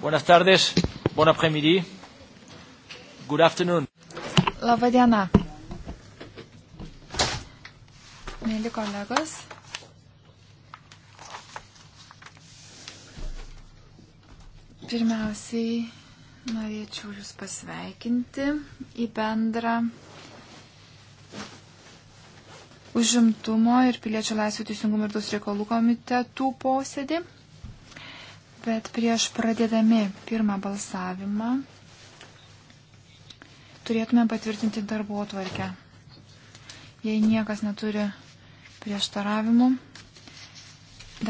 Buenas tardes, bon après-midi, good afternoon. Labą dieną. Mėly kolegos. Pirmiausiai norėčiau Jūs pasveikinti į bendrą užimtumo ir piliečio laisvių teisingumo ir tos reikalų komitetų posėdį. Bet prieš pradėdami pirmą balsavimą turėtume patvirtinti darbo atvarkę. Jei niekas neturi prieštaravimų,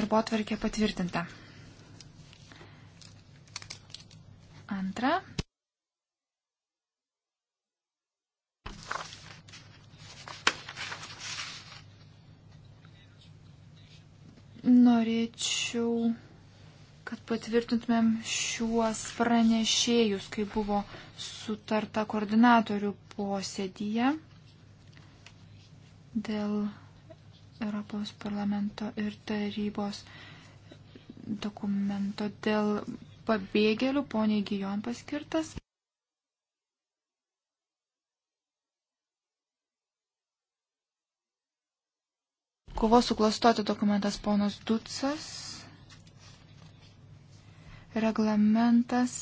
darbo atvarkė patvirtinta. Antra. Norėčiau kad patvirtintumėm šiuos pranešėjus, kai buvo sutarta koordinatorių posėdyje dėl Europos parlamento ir tarybos dokumento dėl pabėgėlių poniai Gijon paskirtas. Kovos suklastoti dokumentas ponas Ducas reglamentas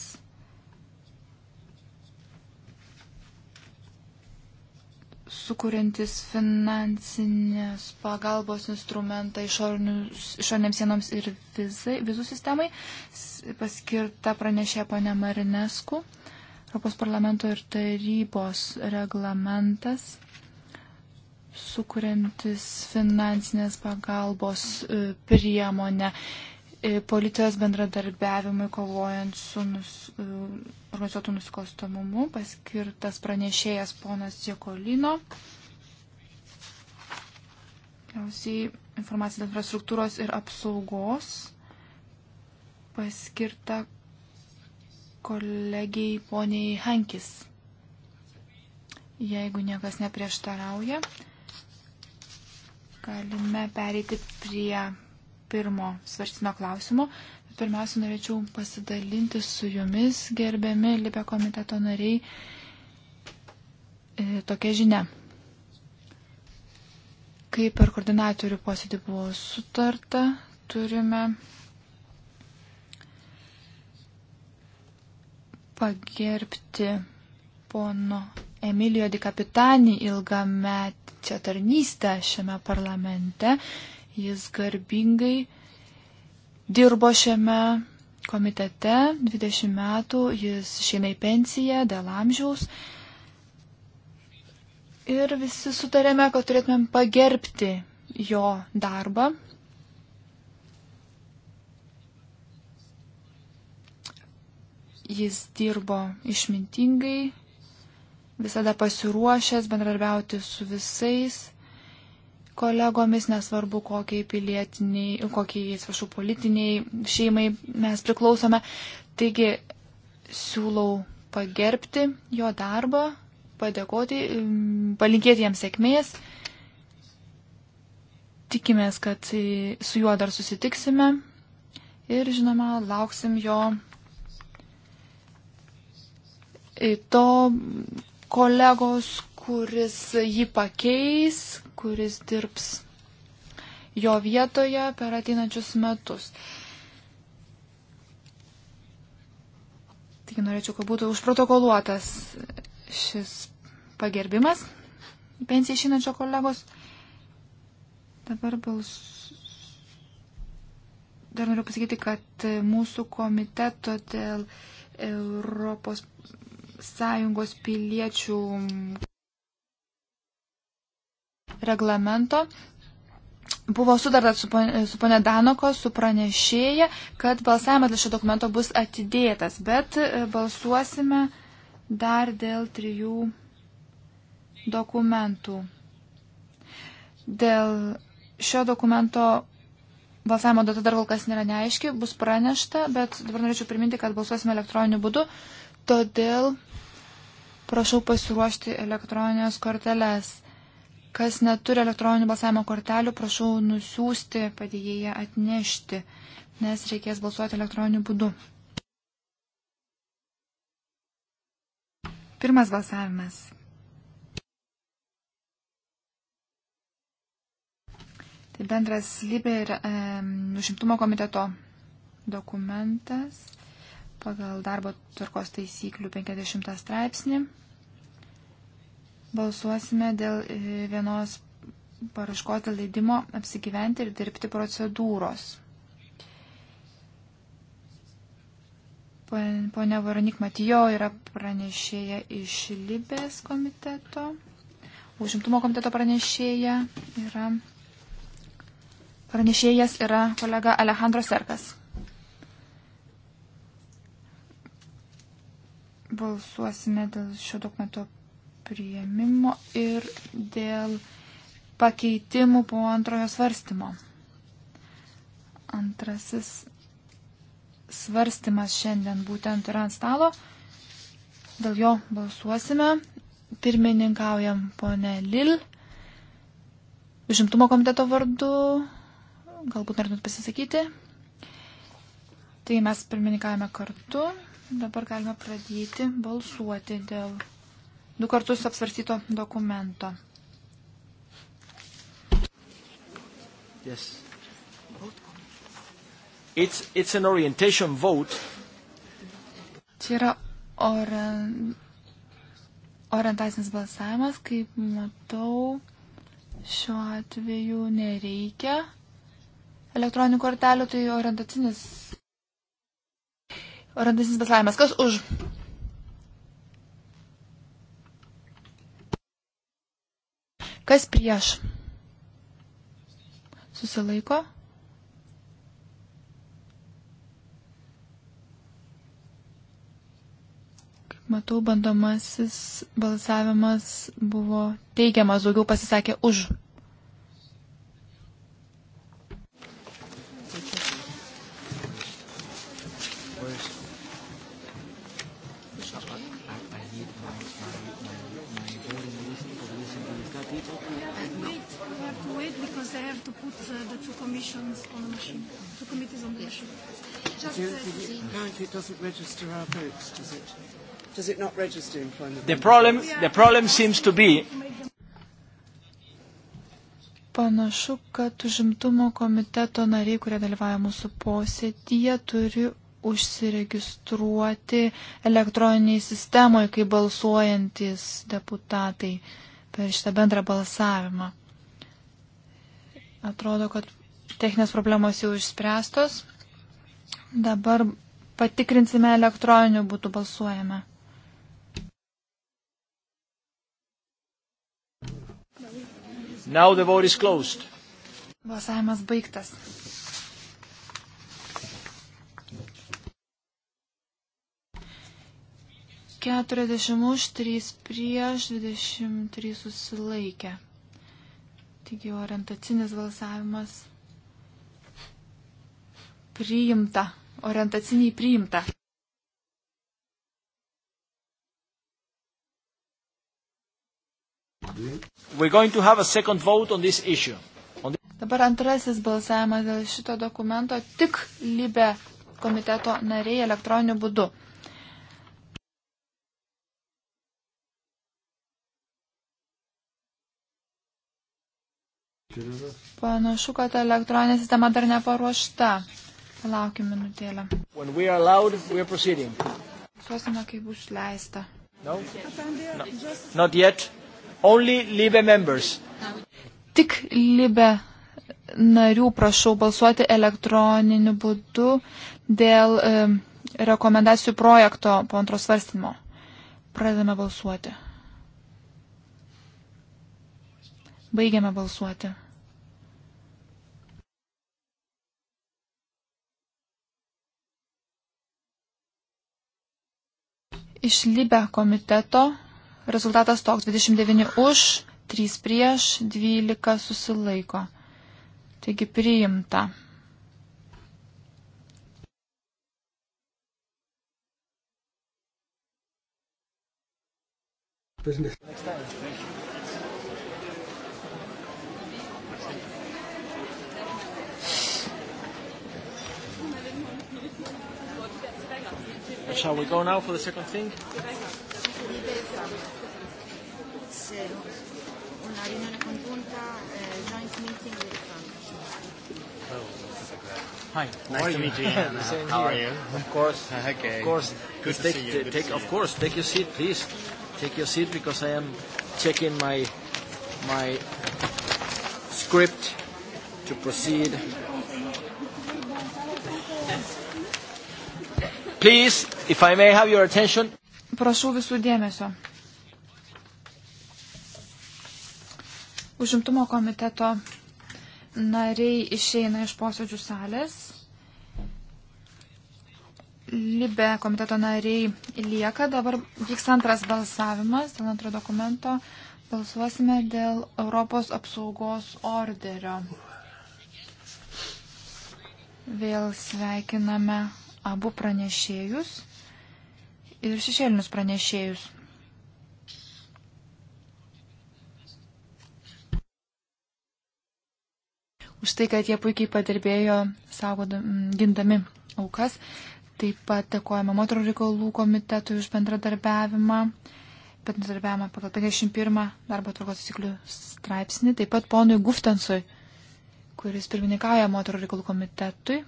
sukūrintis finansinės pagalbos instrumentą išorinėms sienoms ir vizai, vizų sistemai, paskirta pranešė ponė Marinesku, Europos parlamento ir tarybos reglamentas sukūrintis finansinės pagalbos e, priemonę E, policijos bendradarbiavimui kovojant su nus, e, organizuotų nusikalstamumu paskirtas pranešėjas ponas Jekolino. Galiausiai informacinės infrastruktūros ir apsaugos paskirta kolegijai poniai Hankis. Jeigu niekas neprieštarauja, galime pereiti prie pirmo svarstino klausimo. Pirmiausia, norėčiau pasidalinti su jumis, gerbiami Libė komiteto nariai, e, tokia žinia. Kaip per koordinatorių posėdį buvo sutarta, turime pagerbti pono Emilio Di Kapitanį ilgametę tarnystę šiame parlamente Jis garbingai dirbo šiame komitete 20 metų, jis išeina į pensiją dėl amžiaus. Ir visi sutarėme, kad turėtumėm pagerbti jo darbą. Jis dirbo išmintingai, visada pasiruošęs bendradarbiauti su visais kolegomis, nesvarbu, kokiai pilietiniai, kokiai, atsiprašau, politiniai šeimai mes priklausome. Taigi siūlau pagerbti jo darbą, padėkoti, palinkėti jam sėkmės. Tikimės, kad su juo dar susitiksime ir, žinoma, lauksim jo to kolegos, kuris jį pakeis, kuris dirbs jo vietoje per ateinančius metus. Taigi norėčiau, kad būtų užprotokoluotas šis pagerbimas pensiją išinančio kolegos. Dabar bals. Dar noriu pasakyti, kad mūsų komiteto dėl Europos Sąjungos piliečių reglamento buvo sutarta su, su ponė Danoko, su pranešėja, kad balsavimas dėl šio dokumento bus atidėtas, bet e, balsuosime dar dėl trijų dokumentų. Dėl šio dokumento balsavimo data dar kol kas nėra neaiški, bus pranešta, bet dabar norėčiau priminti, kad balsuosime elektroniniu būdu, todėl prašau pasiruošti elektroninės korteles. Kas neturi elektroninių balsavimo kortelių, prašau nusiųsti padėjėją atnešti, nes reikės balsuoti elektroniniu būdu. Pirmas balsavimas. Tai bendras lybė ir e, užimtumo komiteto dokumentas pagal darbo tvarkos taisyklių 50 straipsnį balsuosime dėl e, vienos paraškos dėl leidimo apsigyventi ir dirbti procedūros. Pone Voronik Matijo yra pranešėja iš Libės komiteto. Užimtumo komiteto pranešėja yra. Pranešėjas yra kolega Alejandro Serkas. Balsuosime dėl šio dokumento prieimimo ir dėl pakeitimų po antrojo svarstymo. Antrasis svarstymas šiandien būtent yra ant stalo. Dėl jo balsuosime. Pirmininkaujam ponę Lil. Žimtumo komiteto vardu. Galbūt norėtumėt pasisakyti. Tai mes pirmininkavome kartu. Dabar galime pradėti balsuoti dėl du kartus apsvarstyto dokumento. Yes. It's, it's an orientation vote. Čia yra oren, orientacinis balsavimas, kaip matau, šiuo atveju nereikia elektroninių kortelių, tai orientacinis, orientacinis balsavimas. Kas už? Kas prieš? Susilaiko? Kaip matau, bandomasis balsavimas buvo teigiamas, daugiau pasisakė už because I have to put uh, the two commissions on the machine, two committees on the machine. Just, do, uh, do it, apparently it doesn't register our votes, does it? Does it not register employment? The problem, the problem seems to be Panašu, kad užimtumo komiteto nariai, kurie dalyvauja mūsų posėdyje, turi užsiregistruoti elektroniniai sistemoje, kai balsuojantis deputatai per šitą bendrą balsavimą. Atrodo, kad techninės problemos jau išspręstos. Dabar patikrinsime elektroniniu būtų balsuojame. Now the vote is closed. Balsavimas baigtas. Keturiasdešimt už, trys prieš, dvidešimt trys susilaikė. Taigi orientacinis balsavimas priimta, orientaciniai priimta. The... Dabar antrasis balsavimas dėl šito dokumento tik libe komiteto nariai elektroniniu būdu. Panašu, kad elektroninė sistema dar neparuošta. Palaukim minutėlę. Allowed, Suosime, kai bus leista. No? No. Not yet. Only Libe members. Tik Libe narių prašau balsuoti elektroniniu būdu dėl e, rekomendacijų projekto po antros svarstymo. Pradedame balsuoti. Baigiame balsuoti. Iš Libe komiteto rezultatas toks 29 už, 3 prieš, 12 susilaiko. Taigi priimta. business. Next time. Thank you. Shall we go now for the second thing? Una riunione congiunta, uh, joint meeting with FAM. Oh, Hi, nice are to you? meet you. Anna. Same How here. are you? Of course. okay. Of course. Good Just to take, see you. Good take, to see of you. course, take your seat, please. Take your seat because I am checking my my script to proceed. Please, if I may have your attention. Prašau visų dėmesio. Užimtumo komiteto nariai išeina iš posėdžių salės. Libe komiteto nariai lieka. Dabar vyks antras balsavimas dėl antro dokumento. Balsuosime dėl Europos apsaugos orderio. Vėl sveikiname abu pranešėjus ir šešėlinius pranešėjus. Už tai, kad jie puikiai padirbėjo saugodami, gindami aukas. Taip pat dėkojame moterų reikalų komitetui už bendradarbiavimą, bendradarbiavimą pagal 51 darbo tvarkos įsiklių straipsnį, taip pat ponui Guftensui, kuris pirmininkauja moterų reikalų komitetui,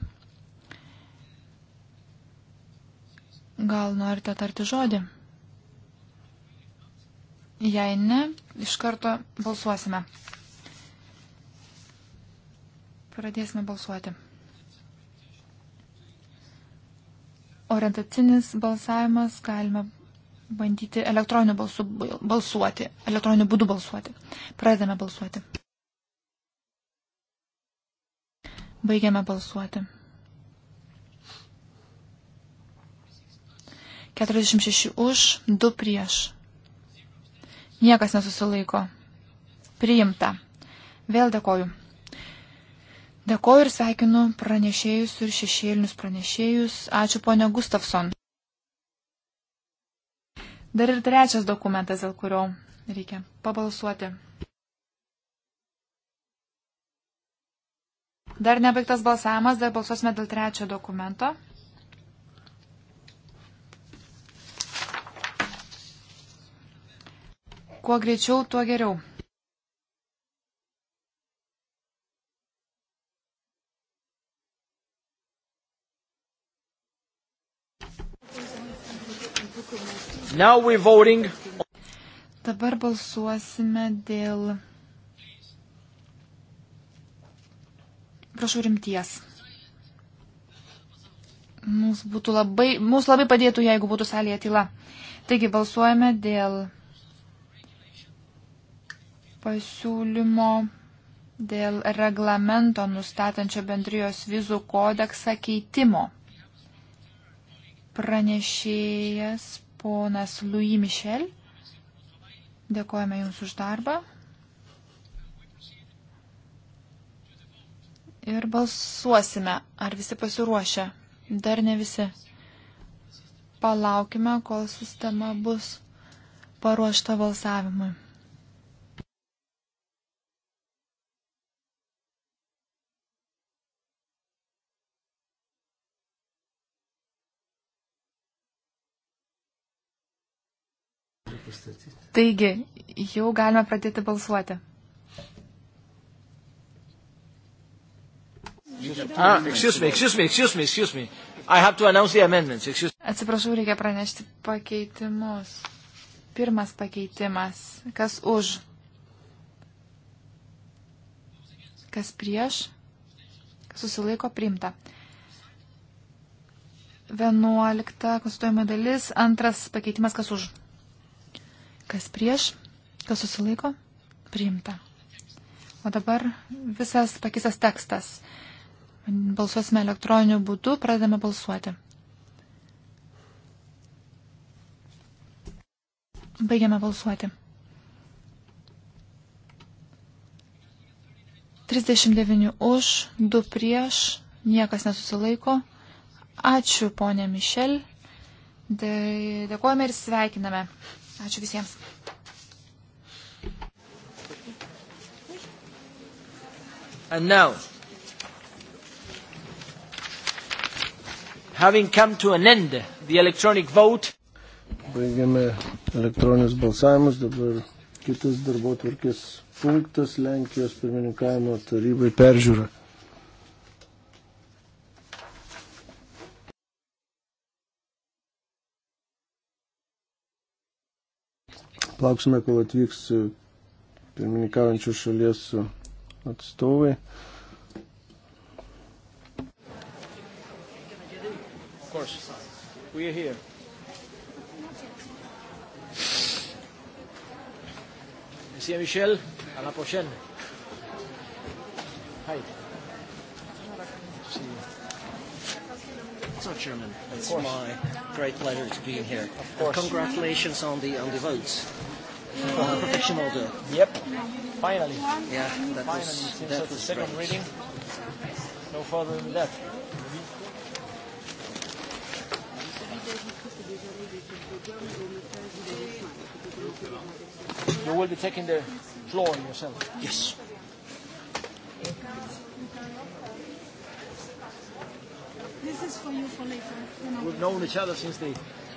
Gal norite tarti žodį? Jei ne, iš karto balsuosime. Pradėsime balsuoti. Orientacinis balsavimas galime bandyti elektroniniu balsu balsuoti, elektroniniu būdu balsuoti. Pradedame balsuoti. Baigiame balsuoti. 46 už, 2 prieš. Niekas nesusilaiko. Priimta. Vėl dėkoju. Dėkoju ir sveikinu pranešėjus ir šešėlinius pranešėjus. Ačiū ponia Gustafson. Dar ir trečias dokumentas, dėl kurio reikia pabalsuoti. Dar nebaigtas balsavimas, dar balsuosime dėl trečio dokumento. Kuo greičiau, tuo geriau. Dabar balsuosime dėl. Prašau rimties. Mums, labai, mums labai padėtų, jeigu būtų salėje tyla. Taigi balsuojame dėl pasiūlymo dėl reglamento nustatančio bendrijos vizų kodeksą keitimo. Pranešėjas ponas Louis Michel. Dėkojame Jums už darbą. Ir balsuosime, ar visi pasiruošę. Dar ne visi. Palaukime, kol sistema bus paruošta balsavimui. pristatyti. Taigi, jau galime pradėti balsuoti. Ah, excuse me, excuse me, excuse me, excuse me. I have to announce the amendments. Excuse me. Atsiprašau, reikia pranešti pakeitimus. Pirmas pakeitimas. Kas už? Kas prieš? Kas susilaiko priimta. 11 konstituojama dalis, antras pakeitimas, kas už. Kas prieš, kas susilaiko, priimta. O dabar visas pakisas tekstas. Balsuosime elektroniniu būdu, pradedame balsuoti. Baigiame balsuoti. 39 už, 2 prieš, niekas nesusilaiko. Ačiū, ponė Mišel. Dėkojame ir sveikiname. Ačiū visiems. And now, having come to an end, the electronic vote. Baigiame elektroninius balsavimus, dabar kitas darbo tvarkės punktas Lenkijos pirmininkavimo tarybai peržiūra. Lauksime, kol atvyks e, pirmininkaujančių šalies e, atstovai. Of course, we are here. Monsieur Michel, à la prochaine. Hi. Sir Chairman, it's my great pleasure to be in here. Of course. And congratulations on the on the votes on oh. the uh, protection order. Yep. Finally. Yeah, that Finally, was since that was second great. reading. No further than that. You will be taking the floor yourself. Yes. notes for you for later. You know. We've known each other since the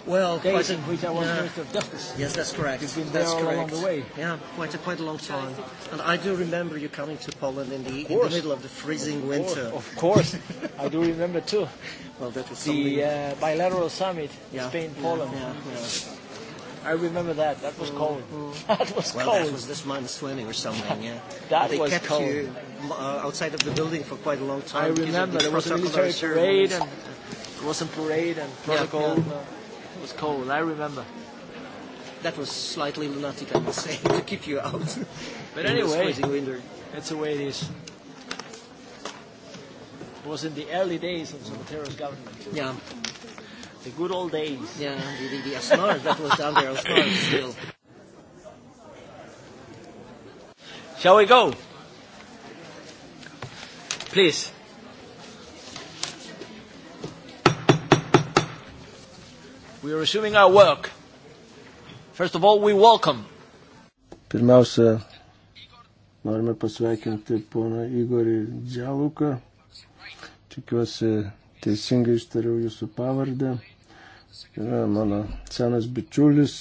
well, days a, in which I was yeah. Minister of Justice. Yes, that's correct. You've been there that's all correct. along the way. Yeah, quite a, quite a long time. And I do remember you coming to Poland in the, in the middle of the freezing of winter. Course, of course, I do remember too. Well, that was the something. uh, bilateral summit, yeah. Spain-Poland. Yeah, yeah, yeah. I remember that. That was mm, cold. Mm. that was well, cold. Well, that was this minus 20 or something, yeah. that but they was kept cold. You, uh, outside of the building for quite a long time. I remember there was a military parade and uh, there was a parade and protocol. Yeah, yeah. Uh, it was cold. I remember. That was slightly lunatic, I must say, to keep you out. but anyway, winter. that's the way it is. It was in the early days of Zapatero's government. Yeah. The good old days. Yeah, the, the, the Asnar, that was down there, Asnar still. Shall we go? Please. We are resuming our work. First of all, we welcome. Pirmiausia, norime pasveikinti poną Igorį Džialuką. Tikiuosi, teisingai ištariau jūsų pavardę. Yra mano senas bičiulis,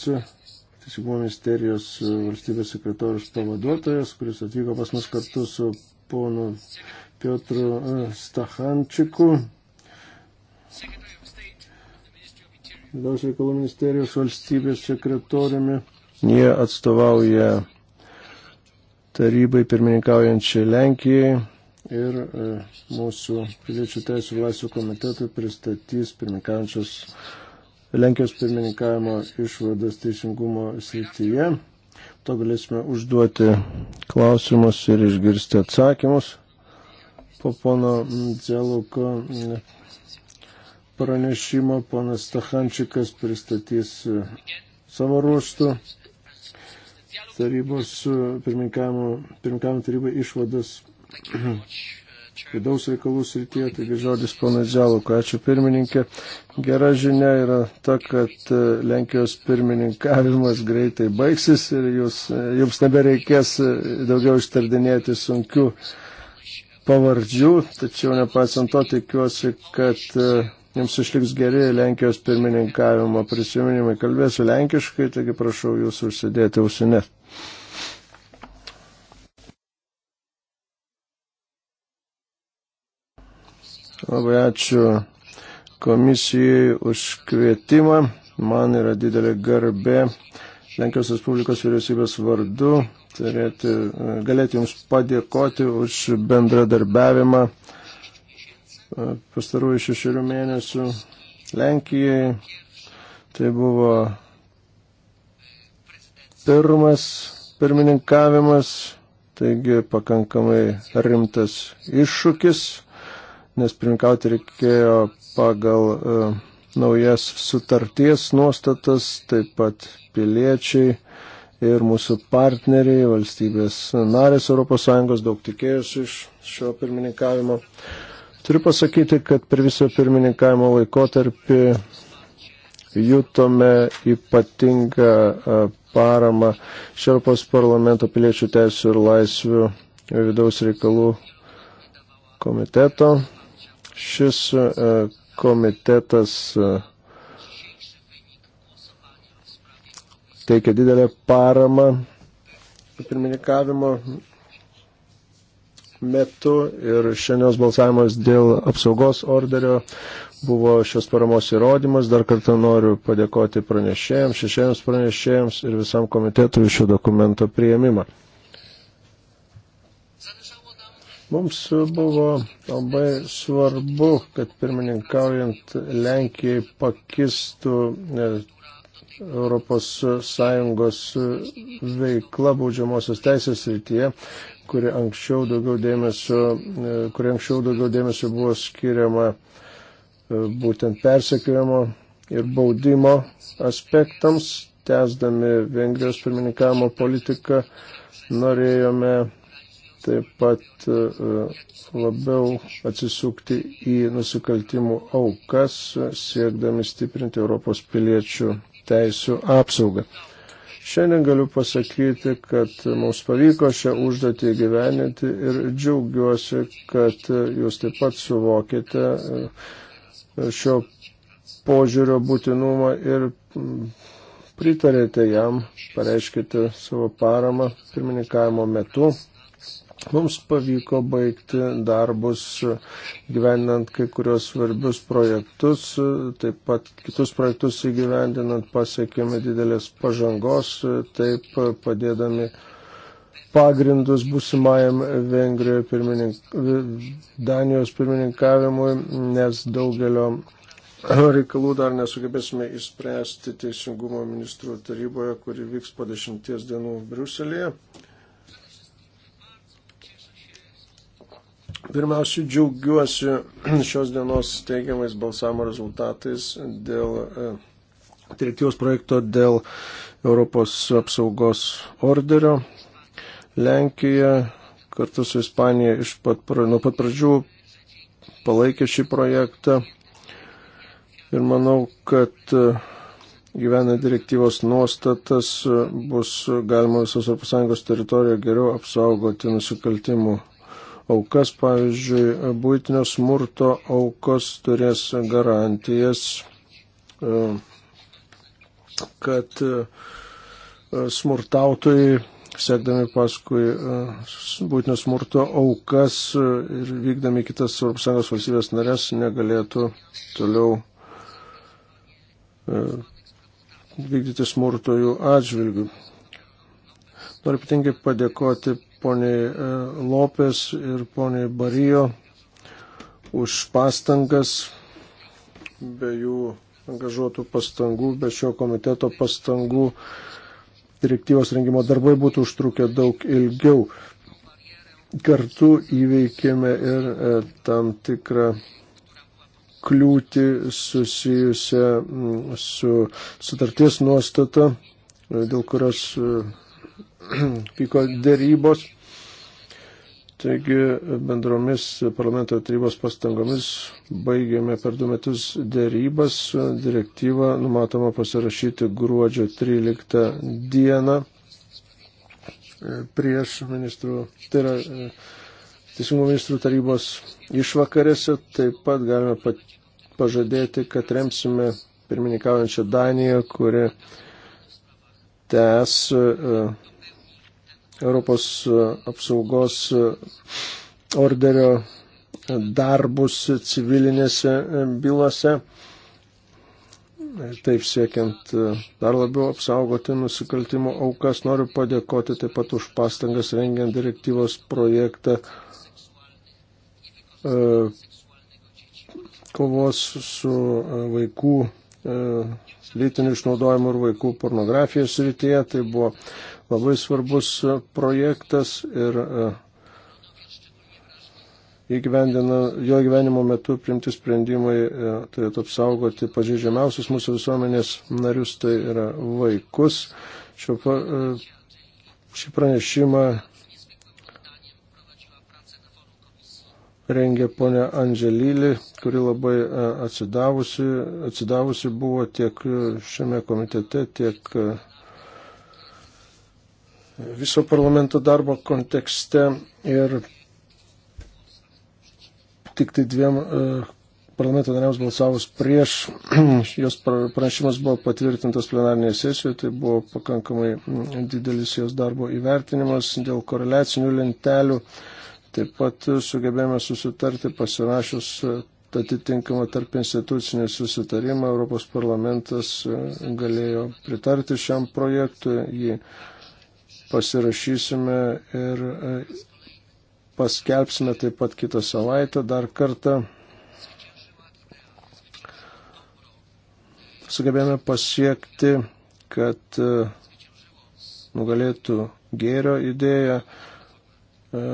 Teisingumo ministerijos valstybės sekretorius pavaduotojas, kuris atvyko pas mus kartu su ponu Piotru e, Stachančiku, vidaus reikalų ministerijos valstybės sekretoriumi. Jie atstovauja tarybai pirmininkaujančiai Lenkijai ir e, mūsų piliečių teisų laisvų komitetui pristatys pirmininkaujančios Lenkijos pirmininkavimo išvadas teisingumo srityje. To galėsime užduoti klausimus ir išgirsti atsakymus. Po pono Dzeluko pranešimo ponas Stahančikas pristatys e, savo ruoštų tarybos e, pirmininkavimo tarybai išvadas vidaus reikalų srityje, taigi žodis pana Džialuko. Ačiū pirmininkė. Gera žinia yra ta, kad e, Lenkijos pirmininkavimas greitai baigsis ir jūs, jums nebereikės daugiau ištardinėti sunkių pavardžių, tačiau nepaisant to tikiuosi, kad e, jums išliks geri Lenkijos pirmininkavimo prisiminimai. Kalbėsiu lenkiškai, taigi prašau jūsų užsidėti ausinės. Labai ačiū komisijai už kvietimą. Man yra didelė garbė Lenkijos Respublikos vyriausybės vardu turėti, galėti Jums padėkoti už bendradarbiavimą e, pastarųjų šešių mėnesių Lenkijai. Tai buvo pirmas pirmininkavimas, taigi pakankamai rimtas iššūkis, nes pirmininkauti reikėjo pagal uh, naujas sutarties nuostatas, taip pat piliečiai ir mūsų partneriai, valstybės narės ES daug tikėjusi iš šio pirmininkavimo. Turiu pasakyti, kad per visą pirmininkavimo laikotarpį jutome ypatingą paramą iš Europos parlamento piliečių teisų ir laisvių vidaus reikalų komiteto. Šis komitetas e, teikia didelę paramą pirmininkavimo metu ir šiandienos balsavimas dėl apsaugos orderio buvo šios paramos įrodymas. Dar kartą noriu padėkoti pranešėjams, šešėjams pranešėjams ir visam komitetui šio dokumento prieimimą. Mums buvo labai svarbu, kad pirmininkaujant Lenkijai pakistų ES veikla baudžiamosios teisės rytyje, kuri anksčiau daugiau dėmesio, e, kuri anksčiau daugiau dėmesio buvo skiriama e, būtent persekiojimo ir baudimo aspektams, tęsdami Vengrijos pirmininkavimo politiką, norėjome taip pat e, labiau atsisukti į nusikaltimų aukas, siekdami stiprinti Europos piliečių teisų apsaugą. Šiandien galiu pasakyti, kad mums pavyko šią užduotį gyveninti ir džiaugiuosi, kad jūs taip pat suvokite e, šio požiūrio būtinumą ir pritarėte jam, pareiškite savo paramą pirmininkavimo metu. Mums pavyko baigti darbus gyvendinant kai kurios svarbius projektus, taip pat kitus projektus įgyvendinant pasiekėme didelės pažangos, taip padėdami pagrindus būsimajam Vengrijoje pirminink, Danijos pirmininkavimui, nes daugelio reikalų dar nesugebėsime įspręsti Teisingumo ministrų taryboje, kuri vyks po dešimties dienų Briuselėje. Pirmiausia, džiaugiuosi šios dienos teigiamais balsavimo rezultatais dėl direktyvos e, projekto dėl Europos apsaugos orderio. Lenkija kartu su Ispanija iš pat, nuo pat pradžių palaikė šį projektą ir manau, kad e, gyvena direktyvos nuostatas bus galima visos ES teritorijoje geriau apsaugoti nusikaltimų aukas, pavyzdžiui, būtinio smurto aukos turės garantijas, e, kad e, smurtautojai, sekdami paskui e, būtinio smurto aukas ir vykdami kitas ES valstybės narės, negalėtų toliau vykdyti smurto jų atžvilgių. Noriu ypatingai padėkoti poniai e, Lopės ir poniai Barijo už pastangas, be jų angažuotų pastangų, be šio komiteto pastangų direktyvos rengimo darbai būtų užtrukę daug ilgiau. Kartu įveikėme ir e, tam tikrą kliūtį susijusią su sutarties nuostata, dėl kurios e, vyko dėrybos. Taigi bendromis parlamento tarybos pastangomis baigėme per du metus dėrybas. Direktyva numatoma pasirašyti gruodžio 13 dieną prieš ministrų, tai yra e, teisingumo ministrų tarybos išvakarėse. Taip pat galime pat, pažadėti, kad remsime pirmininkaujančią Daniją, kuri tęs e, Europos e, apsaugos e, orderio darbus civilinėse e, bylose, taip siekiant dar labiau apsaugoti nusikaltimo aukas. Noriu padėkoti taip pat už pastangas rengiant direktyvos projektą kovos su vaikų lytiniu išnaudojimu ir vaikų pornografijos rytyje. Tai buvo labai svarbus e, projektas ir e, jo gyvenimo metu primti sprendimai e, turėtų apsaugoti pažeidžiamiausius mūsų visuomenės narius, tai yra vaikus. Šio, šį pranešimą rengė ponia Andželylį, kuri labai atsidavusi, atsidavusi buvo tiek šiame komitete, tiek viso parlamento darbo kontekste ir tik tai dviem e, parlamento nariams balsavus prieš, jos pranešimas buvo patvirtintas plenarnėje sesijoje, tai buvo pakankamai mm, didelis jos darbo įvertinimas dėl koreliacinių lentelių. Taip pat sugebėjome susitarti pasirašius atitinkamą tarp institucinį susitarimą. Europos parlamentas e, galėjo pritarti šiam projektui, jį pasirašysime ir e, paskelbsime taip pat kitą savaitę dar kartą. Sugebėjome pasiekti, kad e, nugalėtų gėrio idėja e,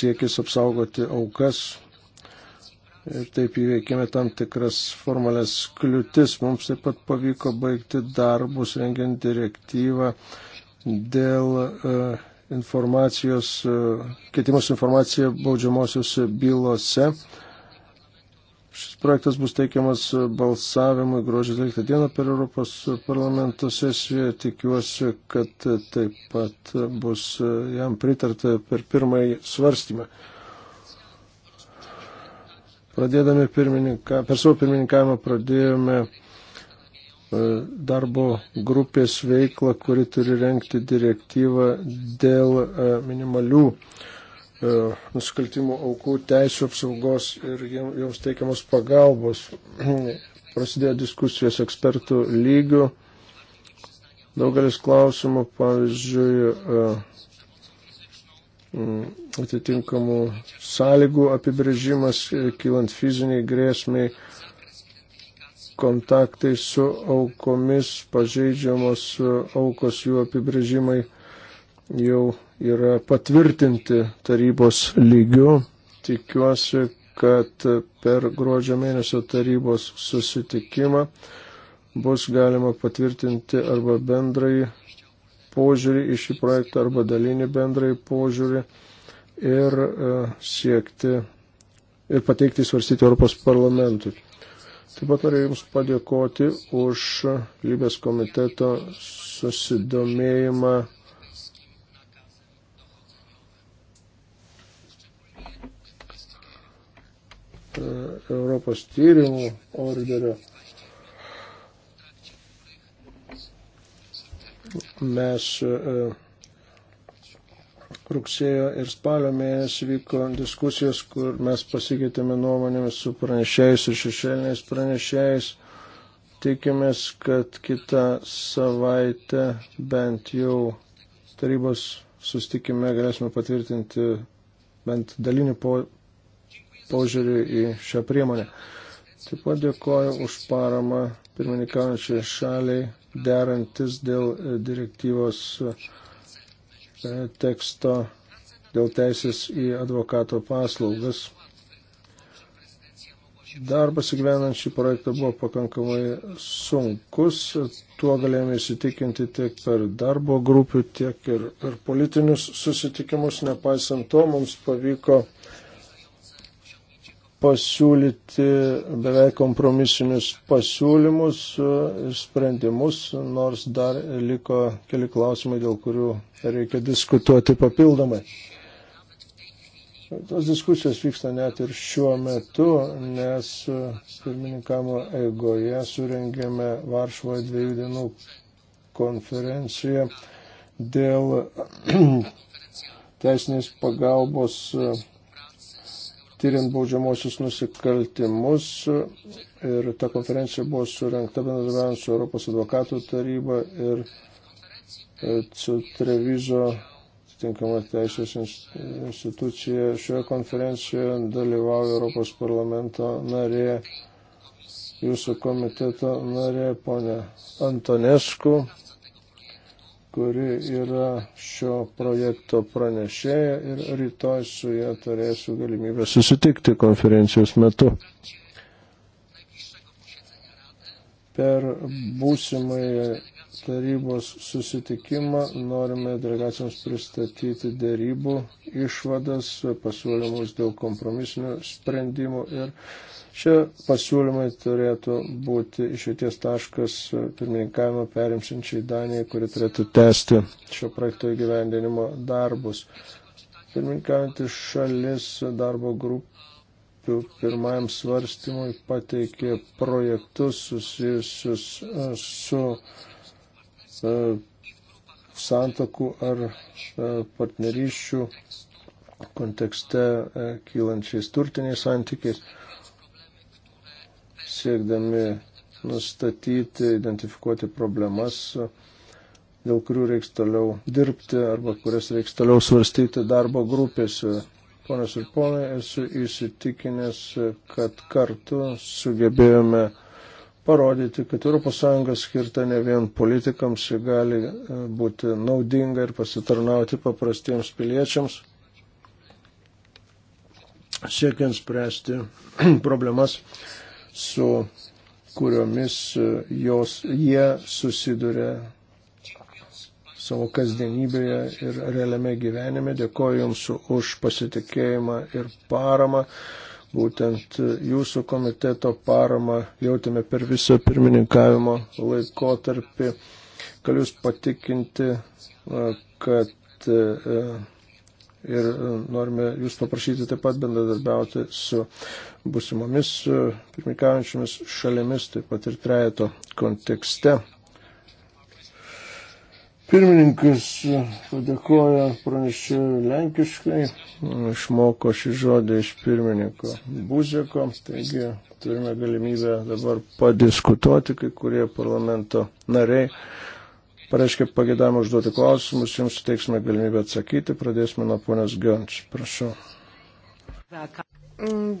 siekis apsaugoti aukas ir taip įveikėme tam tikras formalės kliūtis. Mums taip pat pavyko baigti darbus rengiant direktyvą dėl e, informacijos, e, keitimus informaciją baudžiamosios bylose. Šis projektas bus teikiamas balsavimui gruodžio 12 dieną per Europos parlamento sesiją. Tikiuosi, kad taip pat bus jam pritarta per pirmąjį svarstymą. Pradėdami pirmininką, per savo pirmininkavimą pradėjome e, darbo grupės veiklą, kuri turi renkti direktyvą dėl e, minimalių e, nusikaltimų aukų teisų apsaugos ir joms teikiamos pagalbos. Prasidėjo diskusijos ekspertų lygių. Daugelis klausimų, pavyzdžiui, Mm, atitinkamų sąlygų apibrėžimas, e, kylant fiziniai grėsmiai, kontaktai su aukomis, pažeidžiamos e, aukos jų apibrėžimai jau yra patvirtinti tarybos lygiu. Tikiuosi, kad per gruodžio mėnesio tarybos susitikimą bus galima patvirtinti arba bendrai požiūrį į šį projektą arba dalinį bendrąjį požiūrį ir e, siekti ir pateikti svarstyti Europos parlamentui. Taip pat noriu Jums padėkoti už lybės komiteto susidomėjimą e, Europos tyrimų orderio mes e, rugsėjo ir spalio mėnesį vyko diskusijos, kur mes pasikeitėme nuomonėmis su pranešėjais ir šešėliniais pranešėjais. Tikimės, kad kitą savaitę bent jau tarybos sustikime galėsime patvirtinti bent dalinį po, požiūrį į šią priemonę. Taip pat dėkoju už paramą pirmininkaujančiai šaliai derantis dėl e, direktyvos e, teksto dėl teisės į advokato paslaugas. Darbas įgyvenant šį projektą buvo pakankamai sunkus, tuo galėjome įsitikinti tiek per darbo grupių, tiek ir per politinius susitikimus. Nepaisant to, mums pavyko pasiūlyti beveik kompromisinius pasiūlymus, e, sprendimus, nors dar liko keli klausimai, dėl kurių reikia diskutuoti papildomai. Tos diskusijos vyksta net ir šiuo metu, nes e, pirmininkamo eigoje surengėme Varšuvoje dviejų dienų konferenciją dėl teisinės pagalbos e, tyriant baudžiamosius nusikaltimus ir ta konferencija buvo surinkta bendradarbiavant su Europos advokatų taryba ir e, su Trevizo atitinkama teisės institucija. Šioje konferencijoje dalyvauja Europos parlamento narė, jūsų komiteto narė, ponė Antonesku kuri yra šio projekto pranešėja ir rytoj su ją turėsiu galimybę susitikti konferencijos metu. Per būsimąją tarybos susitikimą norime delegacijoms pristatyti dėrybų išvadas, pasiūlymus dėl kompromisinių sprendimų ir Šie pasiūlymai turėtų būti išėties taškas pirmininkavimo perimsinčiai Danijai, kuri turėtų tęsti šio projekto įgyvendinimo darbus. Pirmininkaujantis šalis darbo grupių pirmajam svarstymui pateikė projektus susijusius e, su e, santokų ar e, partnerysčių kontekste kylančiais turtiniais santykiais siekdami nustatyti, identifikuoti problemas, dėl kurių reiks toliau dirbti arba kurias reiks toliau svarstyti darbo grupėse. Ponas ir ponai, esu įsitikinęs, kad kartu sugebėjome parodyti, kad ES skirta ne vien politikams, ji gali e, būti naudinga ir pasitarnauti paprastiems piliečiams, siekiant spręsti problemas su kuriomis e, jos, jie susiduria savo kasdienybėje ir realiame gyvenime. Dėkoju Jums už pasitikėjimą ir paramą. Būtent Jūsų komiteto paramą jautėme per visą pirmininkavimo laikotarpį. Galiu Jūs patikinti, e, kad e, ir e, norime jūs paprašyti taip pat bendradarbiauti su busimomis e, pirmikaujančiomis šalimis, taip pat ir trejato kontekste. Pirmininkas e, padėkoja pranešėjui lenkiškai, išmoko šį žodį iš pirmininko Buzeko, taigi turime galimybę dabar padiskutuoti kai kurie parlamento nariai pareiškia pagėdavimą užduoti klausimus, jums suteiksime galimybę atsakyti. Pradėsime nuo ponios Gionč. Prašau.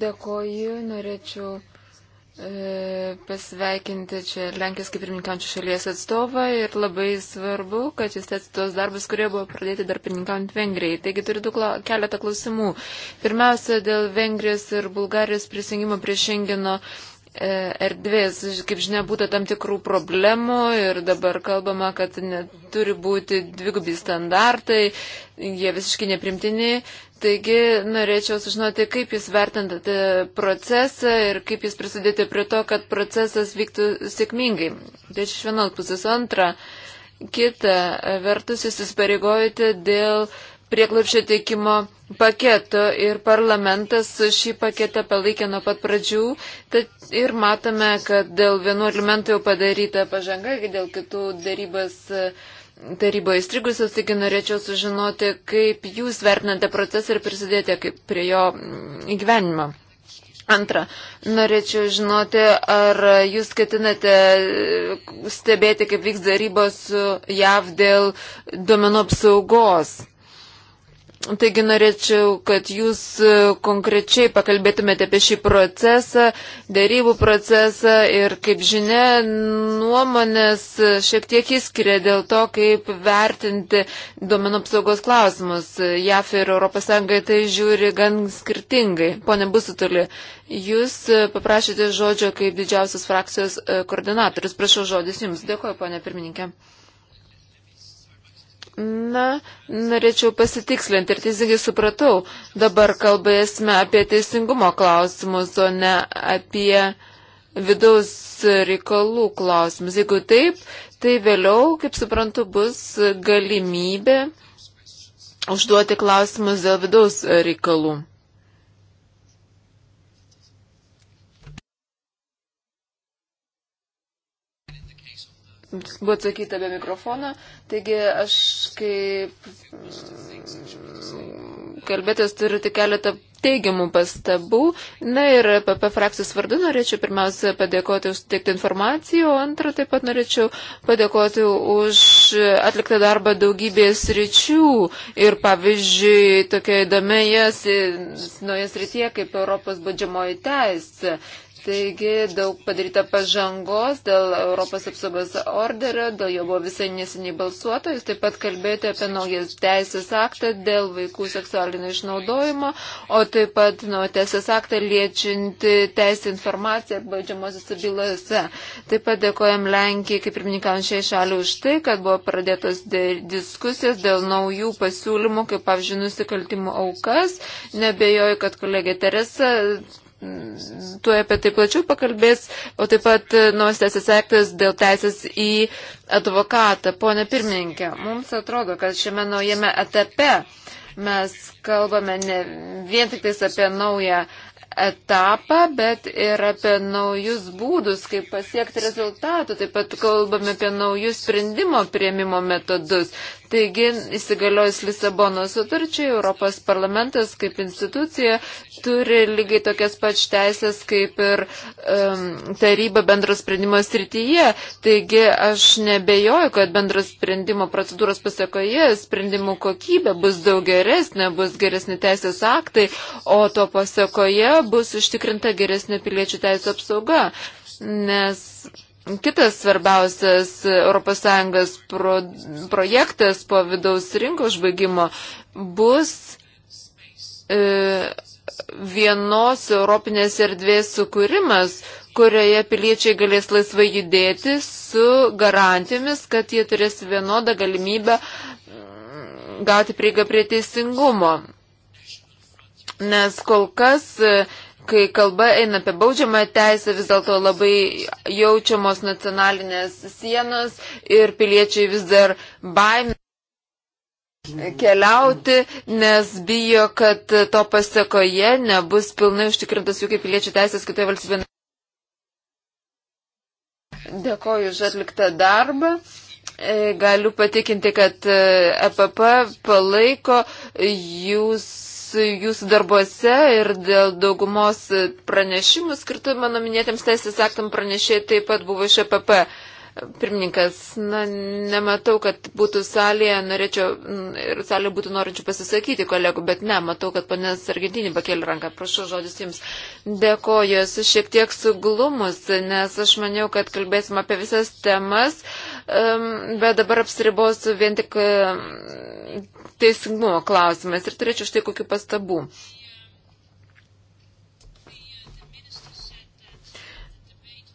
Dėkoju, norėčiau e, pasveikinti čia Lenkijos kaip ir minkančių šalies atstovą ir labai svarbu, kad jis tęs tos darbus, kurie buvo pradėti dar pirmininkant Vengrijai. Taigi turiu dukla, keletą klausimų. Pirmiausia, dėl Vengrijos ir Bulgarijos prisijungimo prie Šengino E, erdvės. Kaip žinia, būtų tam tikrų problemų ir dabar kalbama, kad turi būti dvigubi standartai, jie visiškai neprimtini. Taigi norėčiau sužinoti, kaip jūs vertintate procesą ir kaip jūs prisidėjote prie to, kad procesas vyktų sėkmingai. Tai iš vienos pusės antra. Kita vertus, jūs įsipareigojate dėl uh, prieklapšio teikimo paketo ir parlamentas šį paketą palaikė nuo pat pradžių tad ir matome, kad dėl vienų elementų jau padaryta pažanga, dėl kitų darybas e, taryboje įstrigusios, taigi norėčiau sužinoti, kaip jūs vertinate procesą ir prisidėjote prie jo mm, įgyvenimo. Antra, norėčiau žinoti, ar jūs ketinate e, stebėti, kaip vyks darybos su JAV dėl duomenų apsaugos. Taigi norėčiau, kad jūs e, konkrečiai pakalbėtumėte apie šį procesą, dėrybų procesą ir, kaip žinia, nuomonės šiek tiek įskiria dėl to, kaip vertinti duomenų apsaugos klausimus. JAF ir ES tai žiūri gan skirtingai. Pone Busutuli, jūs e, paprašėte žodžio kaip didžiausios frakcijos e, koordinatorius. Prašau žodis jums. Dėkuoju, pone pirmininkė. Na, norėčiau pasitikslinti ir teisingai supratau. Dabar kalbėsime apie teisingumo klausimus, o ne apie vidaus reikalų klausimus. Jeigu taip, tai vėliau, kaip suprantu, bus galimybė užduoti klausimus dėl vidaus reikalų. buvo atsakyta be mikrofono. Taigi aš kaip mm, kalbėtas turiu tik keletą teigiamų pastabų. Na ir PP frakcijos vardu norėčiau pirmiausia padėkoti už teiktą informaciją, o antrą taip pat norėčiau padėkoti už atliktą darbą daugybės ryčių. Ir pavyzdžiui, tokia įdomioje naujas rytyje kaip Europos badžiamoji teisė. Taigi daug padaryta pažangos dėl Europos apsaugos orderio, dėl jo buvo visai nesiniai balsuota. Jūs taip pat kalbėjote apie naujas teisės aktą dėl vaikų seksualinio išnaudojimo, o taip pat nuo teisės aktą liečianti teisė informacija baudžiamosiose bylose. Taip pat dėkojam Lenkijai, kaip ir minkančiai šaliai, už tai, kad buvo pradėtos diskusijos dėl naujų pasiūlymų, kaip pavyzdžiui, nusikaltimų aukas. Nebejoju, kad kolegė Teresa tuo apie tai plačiau pakalbės, o taip pat e, naujas teisės aktas dėl teisės į advokatą. Pone pirmininkė, mums atrodo, kad šiame naujame etape mes kalbame ne vien tik apie naują etapą, bet ir apie naujus būdus, kaip pasiekti rezultatų. Taip pat kalbame apie naujus sprendimo prieimimo metodus. Taigi, įsigaliojus Lisabono sutarčiai, Europos parlamentas kaip institucija turi lygiai tokias pačias teisės kaip ir um, taryba bendros sprendimo srityje. Taigi, aš nebejoju, kad bendros sprendimo procedūros pasiekoje sprendimų kokybė bus daug geresnė, bus geresni teisės aktai, o to pasiekoje bus užtikrinta geresnė piliečių teisų apsauga. Nes Kitas svarbiausias ES pro, projektas po vidaus rinkos užbaigimo bus e, vienos Europinės erdvės sukūrimas, kurioje piliečiai galės laisvai judėti su garantijomis, kad jie turės vienodą galimybę gauti prieigą prie teisingumo. Nes kol kas kai kalba eina apie baudžiamą teisę, vis dėlto labai jaučiamos nacionalinės sienos ir piliečiai vis dar baimė keliauti, nes bijo, kad to pasiekoje nebus pilnai užtikrintas jų kaip piliečių teisės kitoje valstybėje. Dėkoju už atliktą darbą. E, galiu patikinti, kad EPP e palaiko jūs jūsų darbuose ir dėl daugumos pranešimų skirtų mano minėtėms teisės aktam pranešėjai taip pat buvo iš EPP. Pirmininkas, na, nematau, kad būtų salėje, norėčiau, ir salėje būtų norinčių pasisakyti kolegų, bet ne, matau, kad panės Argentinį pakėlė ranką. Prašau, žodis jums. Dėkoju, esu šiek tiek suglumus, nes aš maniau, kad kalbėsim apie visas temas, bet dabar apsiribosiu vien tik teisingumo klausimas ir turėčiau štai kokiu pastabu.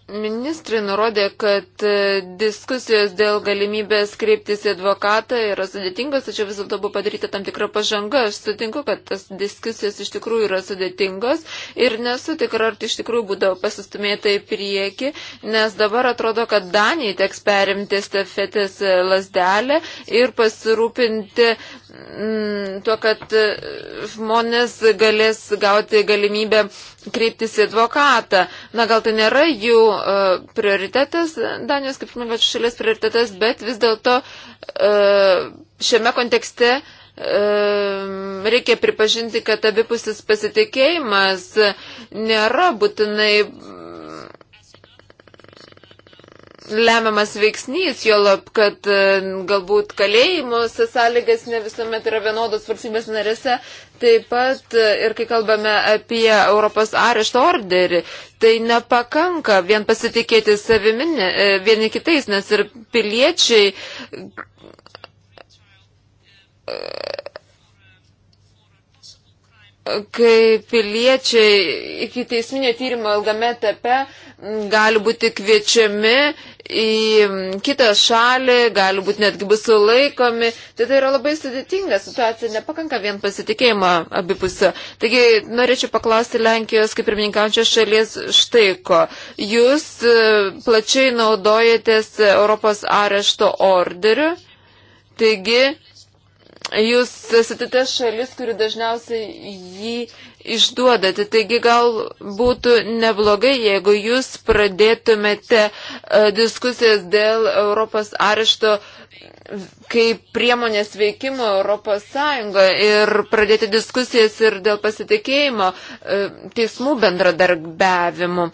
Ministrai nurodė, kad e, diskusijos dėl galimybės kreiptis į advokatą yra sudėtingos, tačiau vis dėlto buvo padaryta tam tikra pažanga. Aš sutinku, kad tas diskusijos iš tikrųjų yra sudėtingos ir nesu tikra, ar tai iš tikrųjų būdavo pasistumėta į priekį, nes dabar atrodo, kad Danijai teks perimti stafetės e, lasdelę ir pasirūpinti Mm, tuo, kad e, žmonės galės gauti galimybę kreiptis į advokatą. Na, gal tai nėra jų e, prioritetas, Danijos kaip žmonės šalies prioritetas, bet vis dėlto e, šiame kontekste reikia pripažinti, kad abipusis pasitikėjimas nėra būtinai lemiamas veiksnys, jo lab, kad e, galbūt kalėjimus sąlygas ne visuomet yra vienodos valstybės narėse. Taip pat e, ir kai kalbame apie Europos arešto orderį, tai nepakanka vien pasitikėti savimi, e, vieni kitais, nes ir piliečiai kai piliečiai iki teisminio tyrimo ilgame etape gali būti kviečiami į kitą šalį, gali būti netgi bus sulaikomi. Tai tai yra labai sudėtinga situacija, nepakanka vien pasitikėjimo abipusio. Taigi norėčiau paklausti Lenkijos kaip pirmininkaujančios šalies štai ko. Jūs e, plačiai naudojatės Europos arešto orderiu. Taigi, jūs esate ta šalis, kuri dažniausiai jį išduodate. Taigi gal būtų neblogai, jeigu jūs pradėtumėte e, diskusijas dėl Europos arešto kaip priemonės veikimo Europos Sąjungoje ir pradėti diskusijas ir dėl pasitikėjimo e, teismų bendradarbiavimu.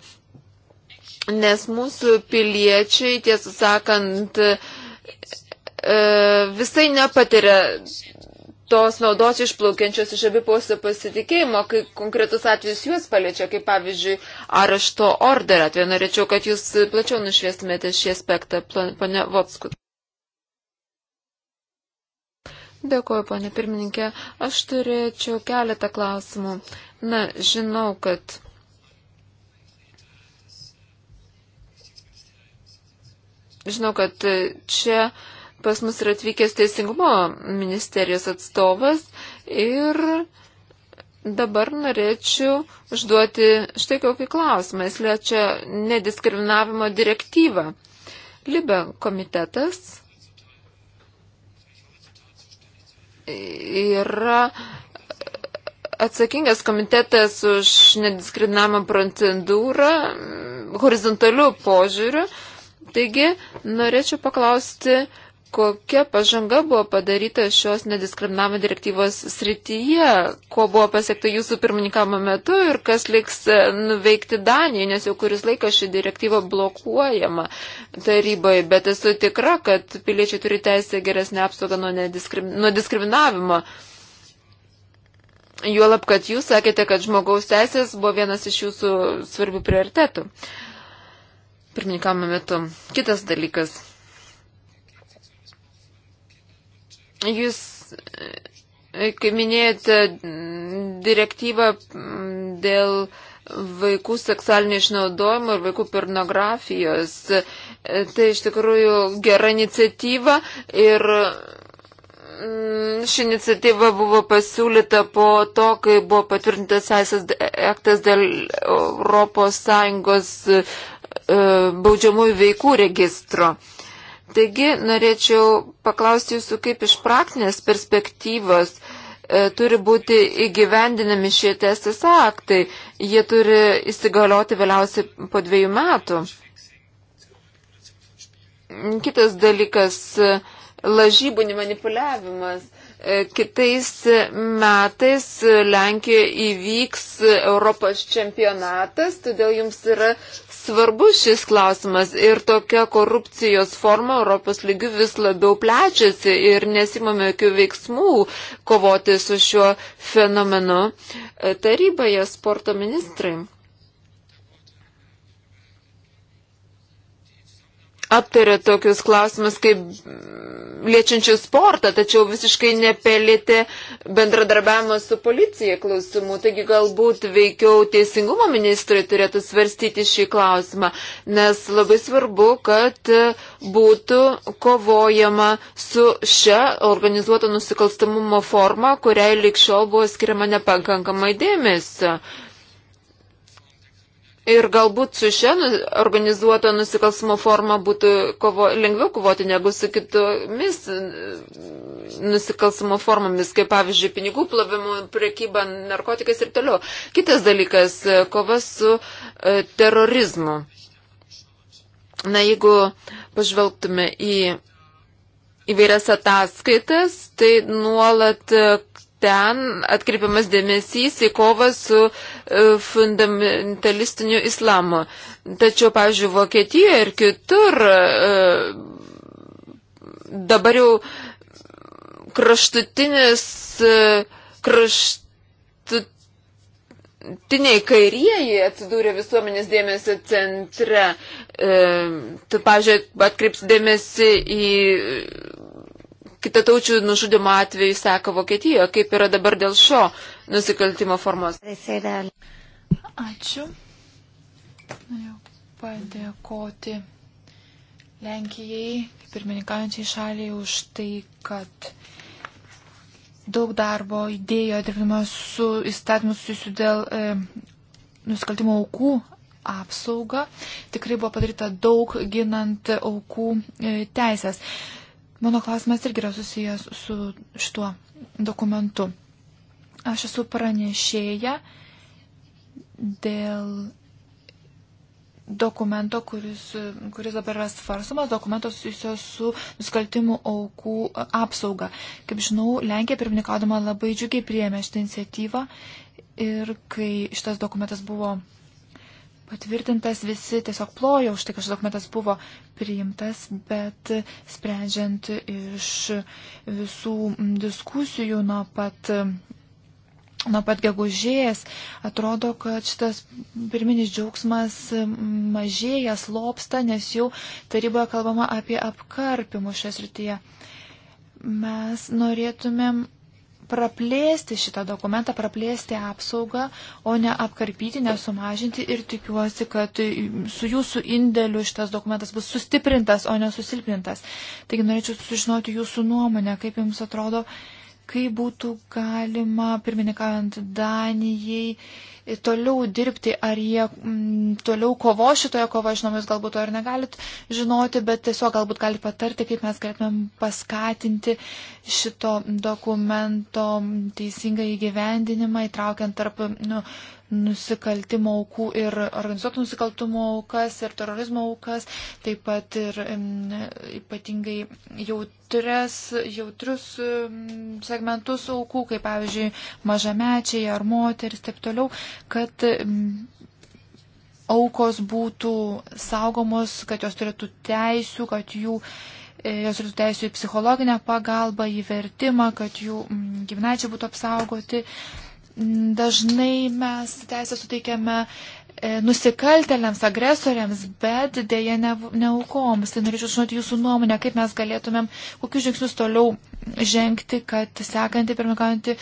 Nes mūsų piliečiai, tiesą sakant, E, visai nepatiria tos naudos išplaukiančios iš abipusio pasitikėjimo, kai konkretus atvejus juos paliečia, kaip pavyzdžiui, arešto orderą. Tai norėčiau, kad jūs plačiau nušviestumėte šį aspektą, pane Votskut. Dėkuoju, ponė pirmininkė. Aš turėčiau keletą klausimų. Na, žinau, kad. Žinau, kad čia uh, Pas mus yra atvykęs Teisingumo ministerijos atstovas ir dabar norėčiau užduoti štai kokį klausimą. Jis liečia nediskriminavimo direktyvą. Libe komitetas yra atsakingas komitetas už nediskriminavimo procedūrą horizontalių požiūrių. Taigi, norėčiau paklausti, kokia pažanga buvo padaryta šios nediskriminavimo direktyvos srityje, ko buvo pasiekta jūsų pirmininkamo metu ir kas liks e, nuveikti Danijai, nes jau kuris laikas ši direktyva blokuojama taryboje, bet esu tikra, kad piliečiai turi teisę geresnę apsaugą nuo, nediskrim, nuo diskriminavimo. Juolab, kad jūs sakėte, kad žmogaus teisės buvo vienas iš jūsų svarbių prioritetų. Pirmininkamo metu. Kitas dalykas. Jūs, e, kaip minėjote, direktyvą dėl vaikų seksualinio išnaudojimo ir vaikų pornografijos. E, tai iš tikrųjų gera iniciatyva ir ši iniciatyva buvo pasiūlyta po to, kai buvo patvirtintas aktas dėl Europos Sąjungos e, baudžiamųjų veikų registro. Uh, Taigi norėčiau paklausti jūsų, kaip iš praktinės perspektyvos e, turi būti įgyvendinami šie teisės aktai. Jie turi įsigalioti vėliausiai po dviejų metų. Kitas dalykas e, - lažybų manipuliavimas. E, kitais metais Lenkijoje įvyks Europos čempionatas, todėl jums yra svarbus šis klausimas ir tokia korupcijos forma Europos lygių vis labiau plečiasi ir nesimame jokių veiksmų kovoti su šiuo fenomenu taryboje sporto ministrai. aptarė tokius klausimus kaip liečiančių sportą, tačiau visiškai nepelėtė bendradarbiavimo su policija klausimų. Taigi galbūt veikiau teisingumo ministrai turėtų svarstyti šį klausimą, nes labai svarbu, kad būtų kovojama su šia organizuota nusikalstamumo forma, kuriai likščiol buvo skiriama nepakankamai dėmesio. Ir galbūt su šia nu, organizuota nusikalstamo forma būtų kovo, lengviau kovoti negu su kitomis nusikalstamo formomis, kaip pavyzdžiui, pinigų plovimu, priekyba narkotikais ir toliau. Kitas dalykas - kova su e, terorizmu. Na, jeigu pažvelgtume į įvairias ataskaitas, tai nuolat ten atkreipiamas dėmesys į kovą su e, fundamentalistiniu islamu. Tačiau, pavyzdžiui, Vokietijoje ir kitur e, dabar jau kraštutinis e, kraštutiniai kairieji atsidūrė visuomenės dėmesio centre. Tu, pažiūrėjau, atkreips dėmesį į kitataučių nužudimo atveju seka Vokietijoje, kaip yra dabar dėl šio nusikaltimo formos. Ačiū. Norėjau padėkoti Lenkijai, pirmininkaujančiai šaliai, už tai, kad daug darbo įdėjo dirbdamas su įstatymus susijusiu dėl e, nusikaltimo aukų apsaugą. Tikrai buvo padaryta daug ginant aukų e, teisės. E, Mano klausimas irgi yra susijęs su šituo dokumentu. Aš esu pranešėja dėl dokumento, kuris, kuris dabar yra svarstamas, dokumento susijusio su nusikaltimų aukų apsauga. Kaip žinau, Lenkija pirmininkaudama labai džiugiai priėmė šitą iniciatyvą ir kai šitas dokumentas buvo patvirtintas, visi tiesiog plojo už tai, kad šis dokumentas buvo priimtas, bet sprendžiant iš visų diskusijų nuo pat nuo pat gegužės atrodo, kad šitas pirminis džiaugsmas mažėja, slopsta, nes jau taryboje kalbama apie apkarpimus šią srityje. Mes norėtumėm praplėsti šitą dokumentą, praplėsti apsaugą, o ne apkarpyti, nesumažinti ir tikiuosi, kad su jūsų indėliu šitas dokumentas bus sustiprintas, o ne susilpnintas. Taigi norėčiau sužinoti jūsų nuomonę, kaip jums atrodo, uh, kaip būtų galima, pirmininkaujant Danijai, toliau dirbti, ar jie m, mm, toliau kovo šitoje kovoje, žinoma, jūs galbūt to ar negalit žinoti, bet tiesiog galbūt galit patarti, kaip mes galėtumėm paskatinti šito dokumento teisingą įgyvendinimą, įtraukiant tarp nu, nusikaltimo aukų ir organizuotų nusikaltumo aukas ir terorizmo aukas, taip pat ir ypatingai jautres, jautrius segmentus aukų, kaip pavyzdžiui mažamečiai ar moteris, taip toliau, kad aukos būtų saugomos, kad jos turėtų teisų, kad jų e, jos turėtų teisų į psichologinę pagalbą, į vertimą, kad jų gyvnačiai būtų apsaugoti. Dažnai mes teisę suteikiame e, nusikaltėliams, agresoriams, bet dėje ne, ne aukoms. Tai norėčiau žinoti jūsų nuomonę, kaip mes galėtumėm, kokius žingsnius toliau žengti, kad sekanti, pirmikaujanti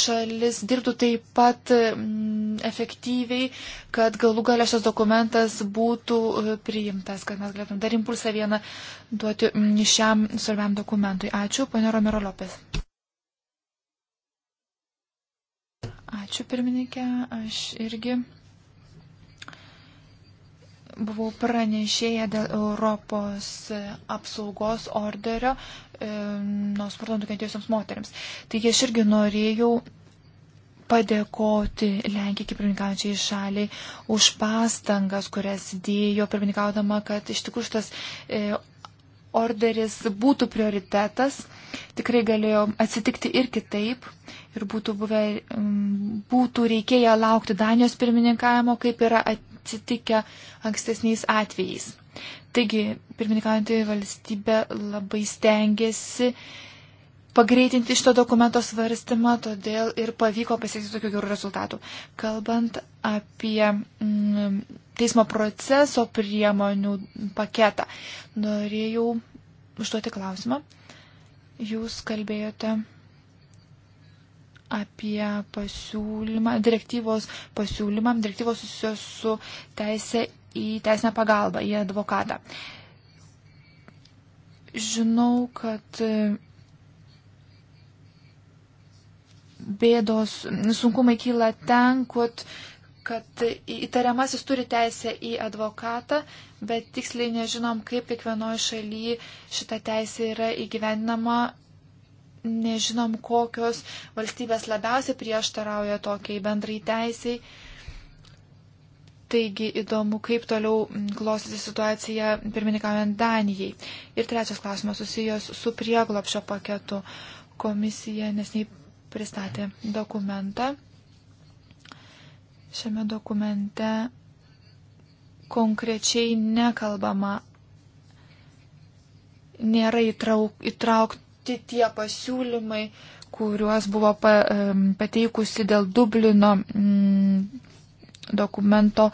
šalis dirbtų taip pat m, efektyviai, kad galų galę šis dokumentas būtų e, priimtas, kad mes galėtum dar impulsą vieną duoti m, šiam svarbiam dokumentui. Ačiū, ponė Romero Lopės. Ačiū pirmininkė, aš irgi buvau pranešėję dėl Europos apsaugos orderio e, nuo smurto nukentėjusiams moteriams. Taigi aš irgi norėjau padėkoti Lenkijai kaip pirmininkaujančiai šaliai už pastangas, kurias dėjo pirmininkaudama, kad iš tikrųjų šitas e, orderis būtų prioritetas, tikrai galėjo atsitikti ir kitaip. Ir būtų, buvę, mm, būtų reikėję laukti Danijos pirmininkavimo, kaip yra atsitikę ankstesniais atvejais. Taigi, pirmininkaujantį valstybę labai stengiasi pagreitinti šito dokumento svarstymą, todėl ir pavyko pasiekti tokių gerų rezultatų. Kalbant apie mm, teismo proceso priemonių paketą, norėjau užduoti klausimą. Jūs kalbėjote apie pasiūlymą, direktyvos pasiūlymą, direktyvos susijusios su teisė į teisinę pagalbą, į advokatą. Žinau, kad bėdos, sunkumai kyla ten, kad, kad įtariamasis turi teisę į advokatą, bet tiksliai nežinom, kaip kiekvienoje šalyje šita teisė yra įgyvendinama. Nežinom, kokios valstybės labiausiai prieštarauja tokiai bendrai teisiai. Taigi įdomu, kaip toliau klostyti situaciją pirmininkaujant Danijai. Ir trečias klausimas susijęs su prieglopšio paketu. Komisija nesnei pristatė dokumentą. Šiame dokumente konkrečiai nekalbama, nėra įtrauk, įtraukti tie pasiūlymai, kuriuos buvo pateikusi dėl Dublino mm, dokumento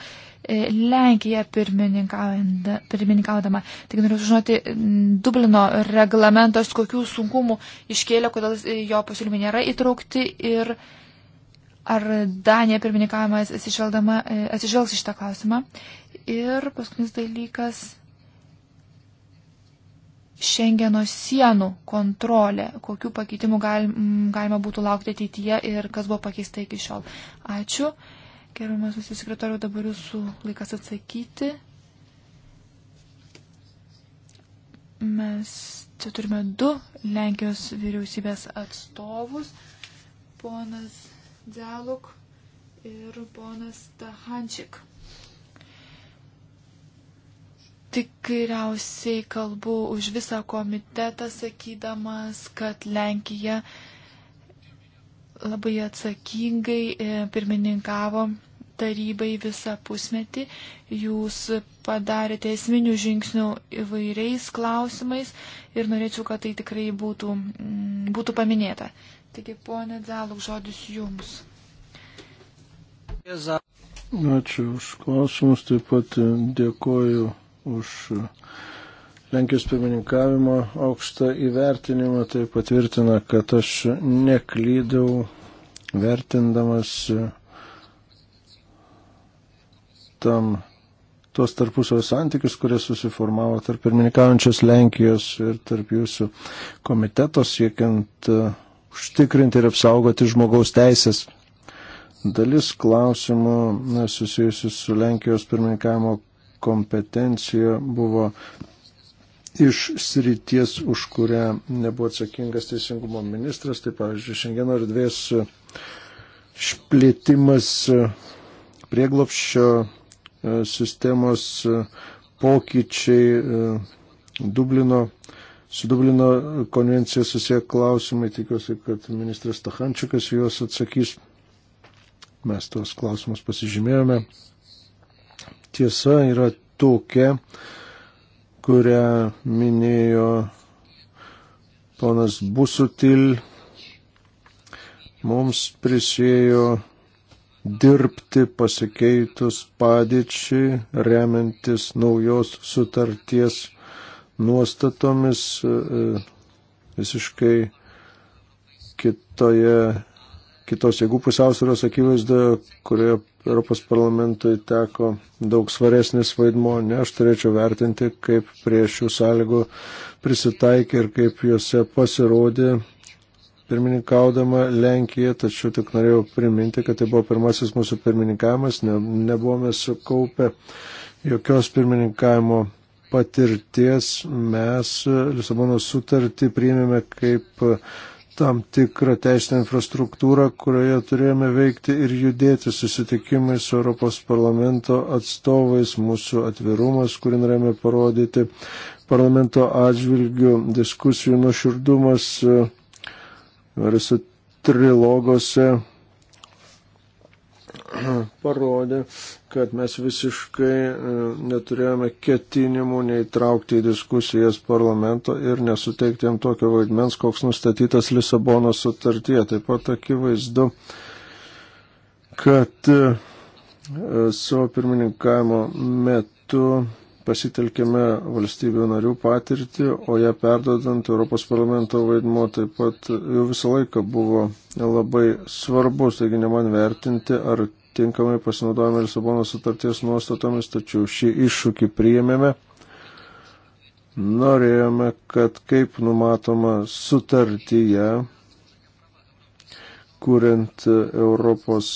E, Lenkija pirmininkaudama. Tik noriu sužinoti, Dublino reglamentas kokių sunkumų iškėlė, kodėl e, jo pasiūlymai nėra įtraukti ir ar Danija pirmininkavimas e, atsižvelgs į šitą klausimą. Ir paskutinis dalykas. Šengeno sienų kontrolė, kokių pakeitimų galima būtų laukti ateityje ir kas buvo pakeista iki šiol. Ačiū. Gerbiamas susisekretoriau, dabar jūsų laikas atsakyti. Mes čia turime du Lenkijos vyriausybės atstovus, ponas Dzeluk ir ponas Tahančik. Tikriausiai kalbu už visą komitetą sakydamas, kad Lenkija labai atsakingai e, pirmininkavo tarybai visą pusmetį. Jūs padarėte esminių žingsnių įvairiais klausimais ir norėčiau, kad tai tikrai būtų, mm, būtų paminėta. Taigi, ponė Dzaluk, žodis jums. Ačiū už klausimus, taip pat dėkoju už Lenkijos pirmininkavimo aukštą įvertinimą, tai patvirtina, kad aš neklydau vertindamas tam tuos tarpusavio santykius, kurie susiformavo tarp pirmininkaujančios Lenkijos ir tarp jūsų komitetos, siekiant e, užtikrinti ir apsaugoti žmogaus teisės. Dalis klausimų susijusių su Lenkijos pirmininkavimo kompetencija buvo iš srities, už kurią nebuvo atsakingas teisingumo ministras. Tai pavyzdžiui, šiandieno erdvės išplėtimas prieglopščio e, sistemos e, pokyčiai e, Dublino, su Dublino konvencija susiję klausimai. Tikiuosi, kad ministras Tahančiukas juos atsakys. Mes tuos klausimus pasižymėjome. Tiesa yra tokia, kurią minėjo ponas Busutil, mums prisėjo dirbti pasikeitus padėčiai, remiantis naujos sutarties nuostatomis e, visiškai kitoje, kitos jėgų pusiausvėros akivaizdoje, kurioje Europos parlamentui teko daug svaresnis vaidmo, ne aš turėčiau vertinti, kaip prie šių sąlygų prisitaikė ir kaip juose pasirodė pirmininkaudama Lenkija, tačiau tik norėjau priminti, kad tai buvo pirmasis mūsų pirmininkavimas, ne, nebuvome sukaupę jokios pirmininkavimo patirties, mes Lisabono sutartį priėmėme kaip tam tikrą teisinę infrastruktūrą, kurioje turėjome veikti ir judėti susitikimai su Europos parlamento atstovais, mūsų atvirumas, kurį norėjome parodyti, parlamento atžvilgių, diskusijų nuoširdumas, e, ar esu trilogose parodė, kad mes visiškai e, neturėjome ketinimų neįtraukti į diskusijas parlamento ir nesuteikti jam tokio vaidmens, koks nustatytas Lisabono sutartyje. Taip pat akivaizdu, kad e, savo pirmininkavimo metu pasitelkėme valstybių narių patirtį, o ją perdodant Europos parlamento vaidmo taip pat jau visą laiką buvo labai svarbus, taigi ne man vertinti, ar tinkamai pasinaudojame Lisabono sutarties nuostatomis, tačiau šį iššūkį priėmėme. Norėjome, kad kaip numatoma sutartyje, kuriant Europos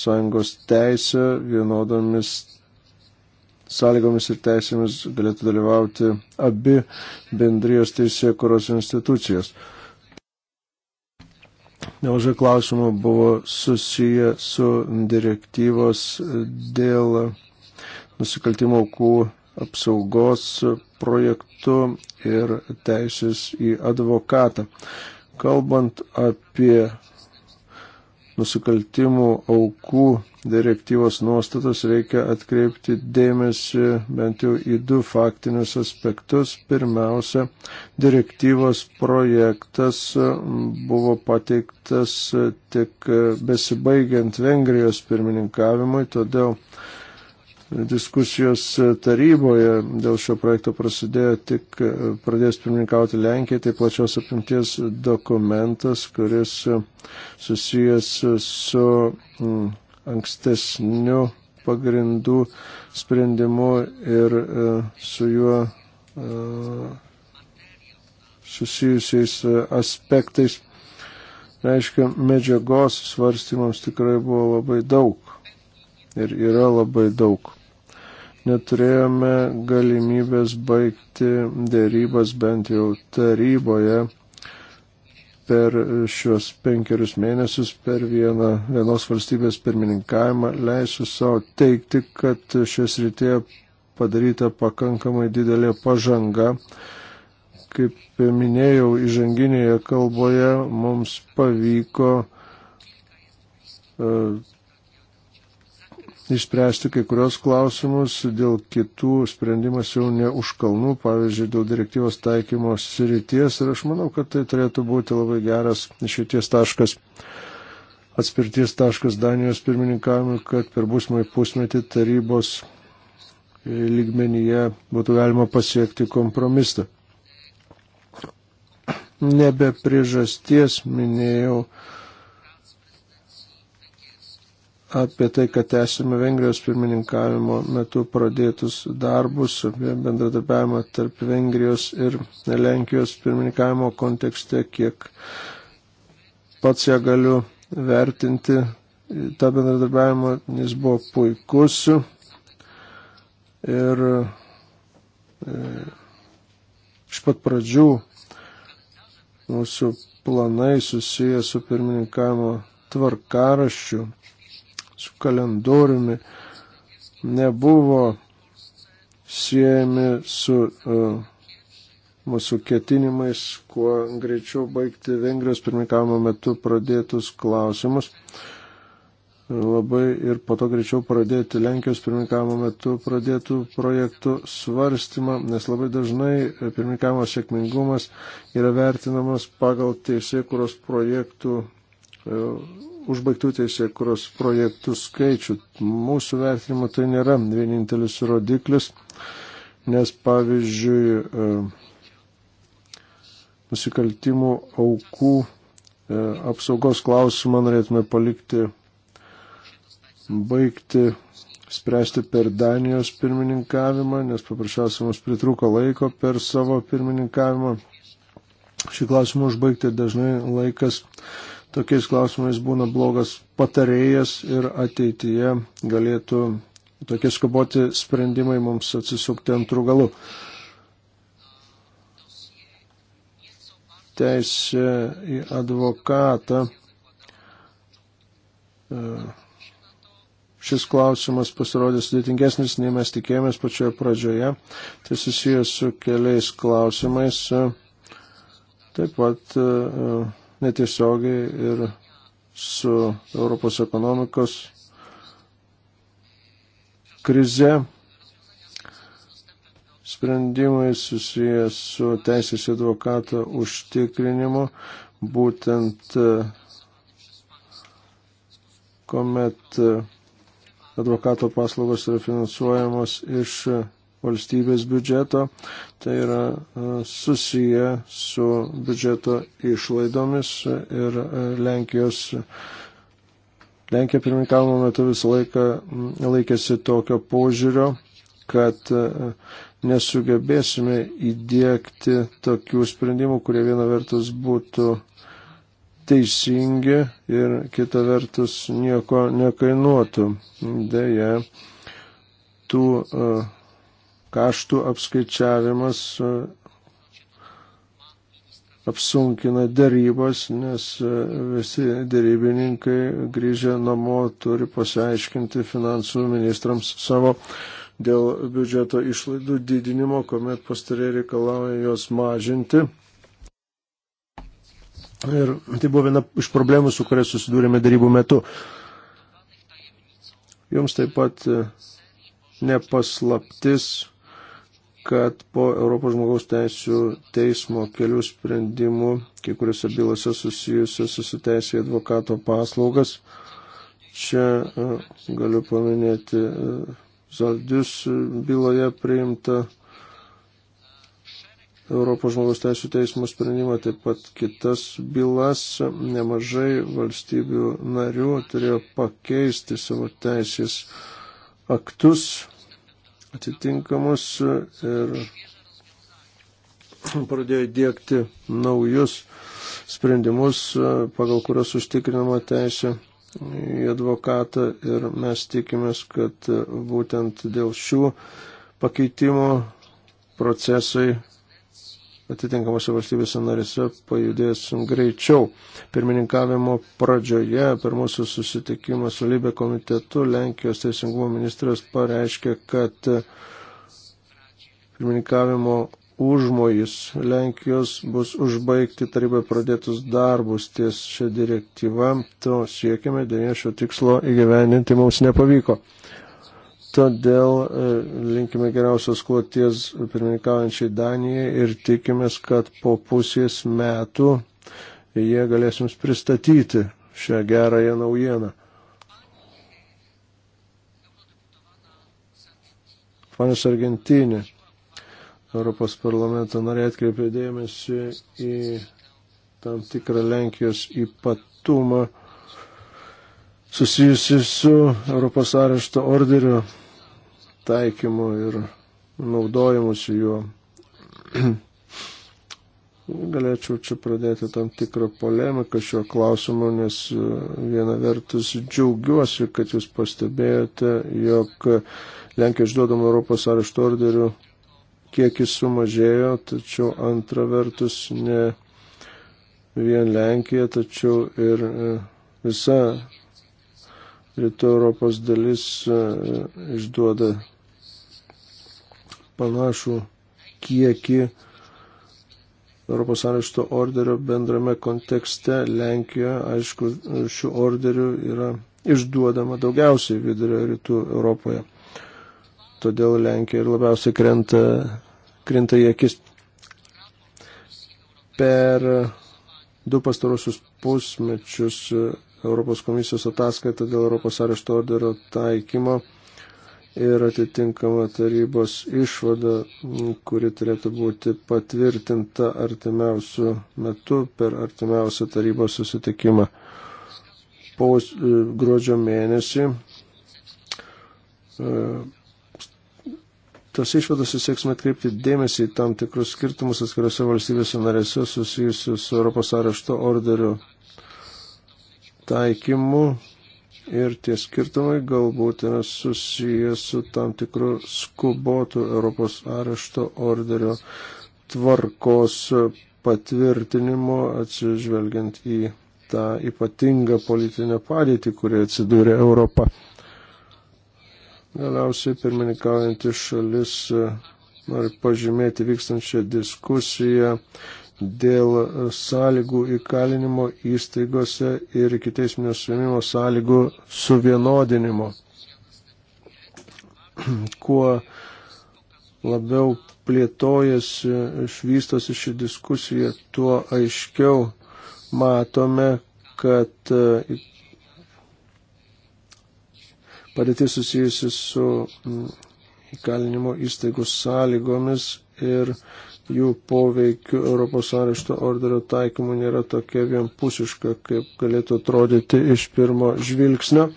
Sąjungos teisę vienodomis sąlygomis ir teisėmis galėtų dalyvauti abi bendrijos teisėkuros institucijos nemažai klausimų buvo susiję su direktyvos dėl nusikaltimo aukų apsaugos projektu ir teisės į advokatą. Kalbant apie nusikaltimų aukų direktyvos nuostatos reikia atkreipti dėmesį bent jau į du faktinius aspektus. Pirmiausia, direktyvos projektas buvo pateiktas tik besibaigiant Vengrijos pirmininkavimui, todėl diskusijos e, taryboje dėl šio projekto prasidėjo tik e, pradės pirmininkauti Lenkijai, tai plačios apimties dokumentas, kuris e, susijęs su ankstesniu pagrindų sprendimu ir su juo susijusiais aspektais. Reiškia, medžiagos svarstymams tikrai buvo labai daug ir yra labai daug neturėjome galimybės baigti dėrybas bent jau taryboje per šios penkerius mėnesius per vieną vienos valstybės pirmininkavimą leisiu savo teikti, kad šios rytėje padaryta pakankamai didelė pažanga. Kaip minėjau, įžanginėje kalboje mums pavyko uh, išspręsti kai kurios klausimus, dėl kitų sprendimas jau ne už kalnų, pavyzdžiui, dėl direktyvos taikymo srities ir aš manau, kad tai turėtų būti labai geras išėties taškas, atspirties taškas Danijos pirmininkavimui, kad per būsimai pusmetį tarybos lygmenyje būtų galima pasiekti kompromisą. Nebe priežasties minėjau, apie tai, kad tęsime Vengrijos pirmininkavimo metu pradėtus darbus apie bendradarbiavimą tarp Vengrijos ir Lenkijos pirmininkavimo kontekste, kiek pats ją galiu vertinti. Ta bendradarbiavimo jis buvo puikus ir e, iš pat pradžių mūsų planai susiję su pirmininkavimo tvarkaraščiu su kalendoriumi nebuvo siejami su uh, mūsų ketinimais, kuo greičiau baigti Vengrijos pirmikavimo metu pradėtus klausimus. E, labai ir po to greičiau pradėti Lenkijos pirmikavimo metu pradėtų projektų svarstymą, nes labai dažnai e, pirmikavimo sėkmingumas yra vertinamas pagal teisėkuros projektų uh, užbaigtų teisėkuros projektų skaičių. Mūsų vertinimu tai nėra vienintelis rodiklis, nes pavyzdžiui, e, nusikaltimų aukų e, apsaugos klausimą norėtume palikti, baigti spręsti per Danijos pirmininkavimą, nes paprasčiausiai mums pritruko laiko per savo pirmininkavimą. Šį klausimą užbaigti dažnai laikas tokiais klausimais būna blogas patarėjas ir ateityje galėtų tokie skuboti sprendimai mums atsisukti antrų galų. Teisė į advokatą. Šis klausimas pasirodė sudėtingesnis, nei mes tikėjomės pačioje pradžioje. Tai susijęs su keliais klausimais. Taip pat uh, netiesiogiai ir su Europos ekonomikos krize sprendimai susijęs su teisės advokato užtikrinimu, būtent kuomet advokato paslaugos yra finansuojamos iš valstybės biudžeto, tai yra e, susiję su biudžeto išlaidomis ir e, Lenkijos. Lenkija pirmininkavimo metu visą laiką laikėsi tokio požiūrio, kad e, nesugebėsime įdėkti tokių sprendimų, kurie viena vertus būtų teisingi ir kita vertus nieko nekainuotų. Deja, tų uh, kaštų apskaičiavimas e, apsunkina darybos, nes e, visi darybininkai grįžę namo turi pasiaiškinti finansų ministrams savo dėl biudžeto išlaidų didinimo, kuomet pastarė reikalauja jos mažinti. Ir tai buvo viena iš problemų, su kuria susidūrėme darybų metu. Jums taip pat e, nepaslaptis, kad po Europos žmogaus teisų teismo kelių sprendimų, kai kuriuose bylose susijusiuose su teisė advokato paslaugas, čia e, galiu paminėti e, Zardius e, byloje priimta Europos žmogaus teisų teismo sprendimą, taip pat kitas bylas nemažai valstybių narių turėjo pakeisti savo teisės aktus atitinkamus ir pradėjo dėkti naujus sprendimus, e, pagal kurios užtikrinama teisė į advokatą ir mes tikimės, kad būtent dėl šių pakeitimų procesai atitinkamose valstybėse narėse pajudės greičiau. Pirmininkavimo pradžioje per mūsų susitikimą su Libė komitetu Lenkijos teisingumo ministras pareiškė, kad pirmininkavimo užmojis Lenkijos bus užbaigti tarybai pradėtus darbus ties šią direktyvą. To siekime, dėja šio tikslo įgyveninti mums nepavyko. Todėl e, linkime geriausios kloties pirmininkaujančiai Danijai ir tikimės, kad po pusės metų jie galės jums pristatyti šią gerąją naujieną. Panas Argentinė, Europos parlamento norė atkreipė dėmesį į tam tikrą Lenkijos ypatumą susijusi su Europos arešto orderiu taikymu ir naudojimusi juo. Galėčiau čia pradėti tam tikrą polemiką šiuo klausimu, nes e, viena vertus džiaugiuosi, kad jūs pastebėjote, jog Lenkija išduodama Europos arešto orderių kiekis sumažėjo, tačiau antra vertus ne vien Lenkija, tačiau ir e, visa rytų Europos dalis e, išduoda panašų kiekį Europos arešto orderio bendrame kontekste Lenkijoje, aišku, šių orderių yra išduodama daugiausiai vidurio rytų Europoje. Todėl Lenkija ir labiausiai krenta, krenta į akis. Per du pastarosius pusmečius Europos komisijos ataskaitą dėl Europos arešto orderio taikymo ir atitinkama tarybos išvada, kuri turėtų būti patvirtinta artimiausių metų per artimiausią tarybos susitikimą po e, gruodžio mėnesį. E, tas išvadas susieksime atkreipti dėmesį į tam tikrus skirtumus atskiriuose valstybėse narėse susijusius su Europos arešto orderio taikymu ir tie skirtumai galbūt yra susijęs su tam tikru skubotu Europos arešto orderio tvarkos patvirtinimu atsižvelgiant į tą ypatingą politinę padėtį, kurį atsidūrė Europa. Galiausiai pirmininkaujantį šalis nori pažymėti vykstančią diskusiją dėl sąlygų įkalinimo įstaigose ir kitaisminio suėmimo sąlygų suvienodinimo. Kuo labiau plėtojasi, išvystosi ši diskusija, tuo aiškiau matome, kad e, padėtis susijusi su mm, įkalinimo įstaigų sąlygomis ir uh, jų poveikiu Europos arešto orderio taikymu nėra tokia vienpusiška, kaip galėtų atrodyti iš pirmo žvilgsnio.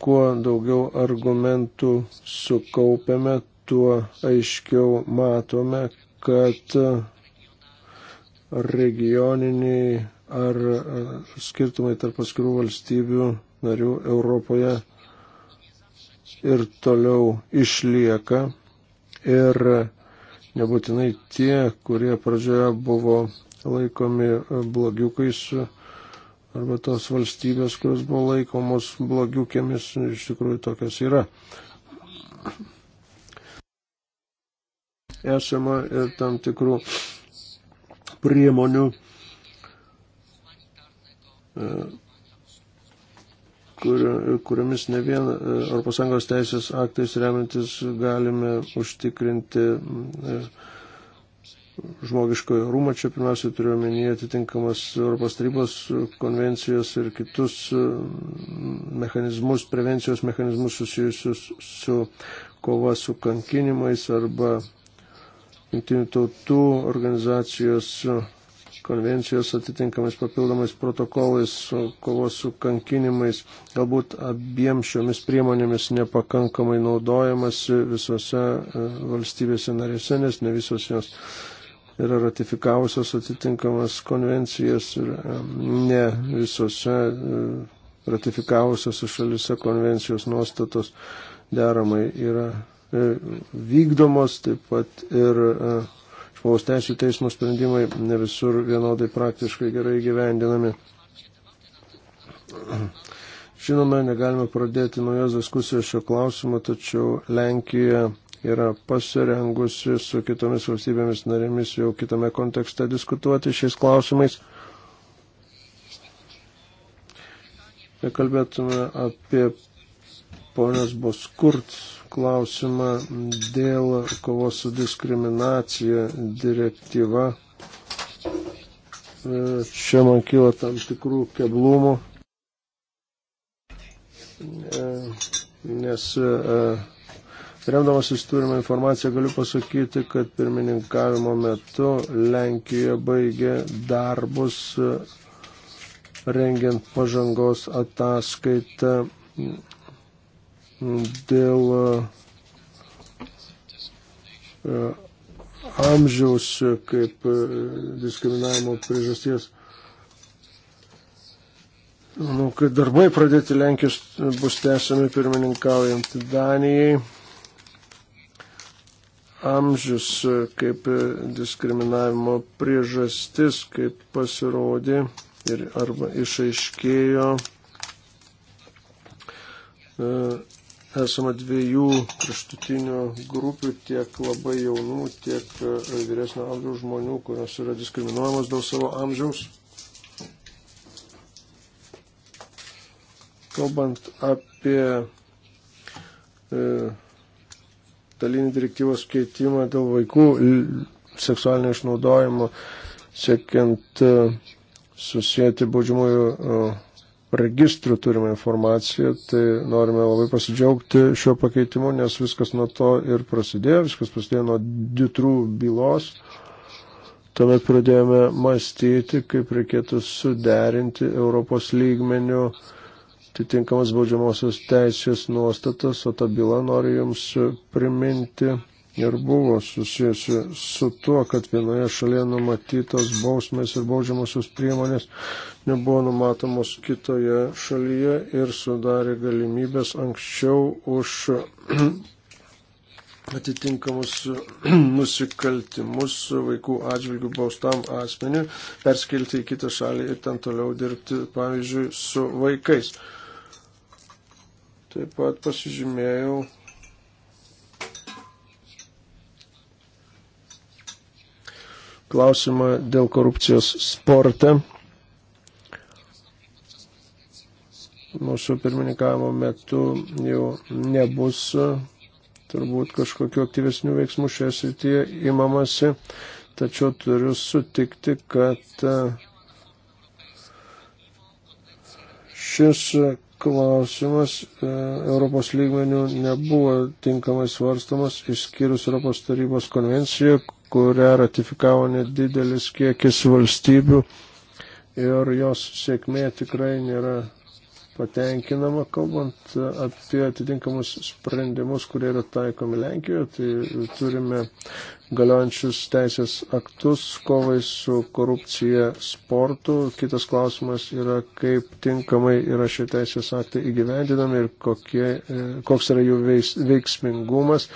Kuo daugiau argumentų sukaupėme, tuo aiškiau matome, kad regioniniai ar e, skirtumai tarp atskirų valstybių narių Europoje ir toliau išlieka ir Nebūtinai tie, kurie pradžioje buvo laikomi blogiukais arba tos valstybės, kurios buvo laikomos blogiukėmis, iš tikrųjų tokios yra. Esama ir tam tikrų priemonių kur, kuriomis ne vien ES teisės aktais remiantis galime užtikrinti e, žmogiškojo rūmo. Čia pirmiausia turiu omenyje atitinkamas Europos tarybos konvencijos ir kitus e, mechanizmus, prevencijos mechanizmus susijusius su kova su kankinimais arba Junktinių tautų organizacijos konvencijos atitinkamais papildomais protokolais, kovos su kankinimais. Galbūt abiem šiomis priemonėmis nepakankamai naudojamas visose e, valstybėse narėse, nes ne visos jos yra ratifikavusios atitinkamas konvencijas ir e, ne visose e, ratifikavusiose šalise konvencijos nuostatos deramai yra vykdomos, taip pat ir žmogaus teisų teismo sprendimai ne visur vienodai praktiškai gerai gyvendinami. Žinoma, negalime pradėti naujos diskusijos šio klausimo, tačiau Lenkija yra pasirengusi su kitomis valstybėmis narėmis jau kitame kontekste diskutuoti šiais klausimais. Kalbėtume apie ponios Boskurt klausimą dėl kovos su diskriminacija direktyva. E, čia man kyla tam tikrų keblumų, e, nes e, remdamasis turimą informaciją galiu pasakyti, kad pirmininkavimo metu Lenkijoje baigė darbus rengiant pažangos ataskaitą dėl e, e, amžiaus kaip e, diskriminavimo priežasties. Manau, kad darbai pradėti Lenkijos bus tęsiami pirmininkaujant Danijai. Amžius kaip diskriminavimo priežastis, kaip pasirodė ir arba išaiškėjo esama dviejų kraštutinių grupių, tiek labai jaunų, tiek e, vyresnio amžiaus žmonių, kurios yra diskriminuojamos dėl savo amžiaus. Kalbant apie e, dalinį direktyvos keitimą dėl vaikų seksualinio išnaudojimo, siekiant e, susijęti baudžiamųjų e, registrų turime informaciją, tai norime labai pasidžiaugti šiuo pakeitimu, nes viskas nuo to ir prasidėjo, viskas prasidėjo nuo ditrų bylos. Tuomet pradėjome mąstyti, kaip reikėtų suderinti Europos lygmenių atitinkamas baudžiamosios teisės nuostatas, o ta byla noriu Jums priminti ir buvo susijusi su tuo, kad vienoje šalyje numatytos bausmės ir baudžiamosios priemonės nebuvo numatomos kitoje šalyje ir sudarė galimybės anksčiau už atitinkamus nusikaltimus vaikų atžvilgių baustam asmeniu perskelti į kitą šalį ir ten toliau dirbti, pavyzdžiui, su vaikais. Taip pat pasižymėjau klausimą dėl korupcijos sporte. Mūsų pirmininkavimo metu jau nebus e, turbūt kažkokiu aktyvesnių veiksmų šioje srityje imamasi, tačiau turiu sutikti, kad e, šis klausimas e, Europos lygmenių nebuvo tinkamai svarstamas, išskyrus Europos tarybos konvenciją, kurią ratifikavo nedidelis kiekis valstybių ir jos sėkmė tikrai nėra patenkinama, kalbant apie atitinkamus sprendimus, kurie yra taikomi Lenkijoje, tai turime galiojančius teisės aktus kovai su korupcija sportu. Kitas klausimas yra, kaip tinkamai yra šie teisės aktai įgyvendinami ir kokie, e, koks yra jų veiks, veiksmingumas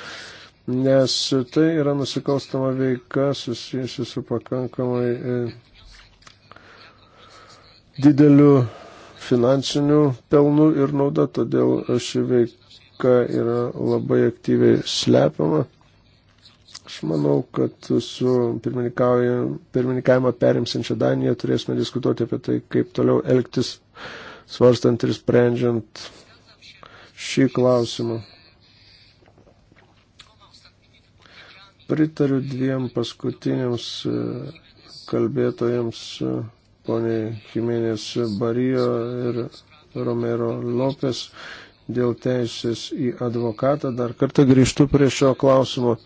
nes tai yra nusikalstama veika susijusi su pakankamai e, dideliu finansiniu pelnu ir nauda, todėl ši veika yra labai aktyviai slepiama. Aš manau, kad su pirmininkavimą perimsinčia Danija turėsime diskutuoti apie tai, kaip toliau elgtis, svarstant ir sprendžiant šį klausimą. Pritariu dviem paskutiniams e, kalbėtojams, e, poniai Jimenės Barijo ir Romero Lopes, dėl teisės į advokatą. Dar kartą grįžtu prie šio klausimo.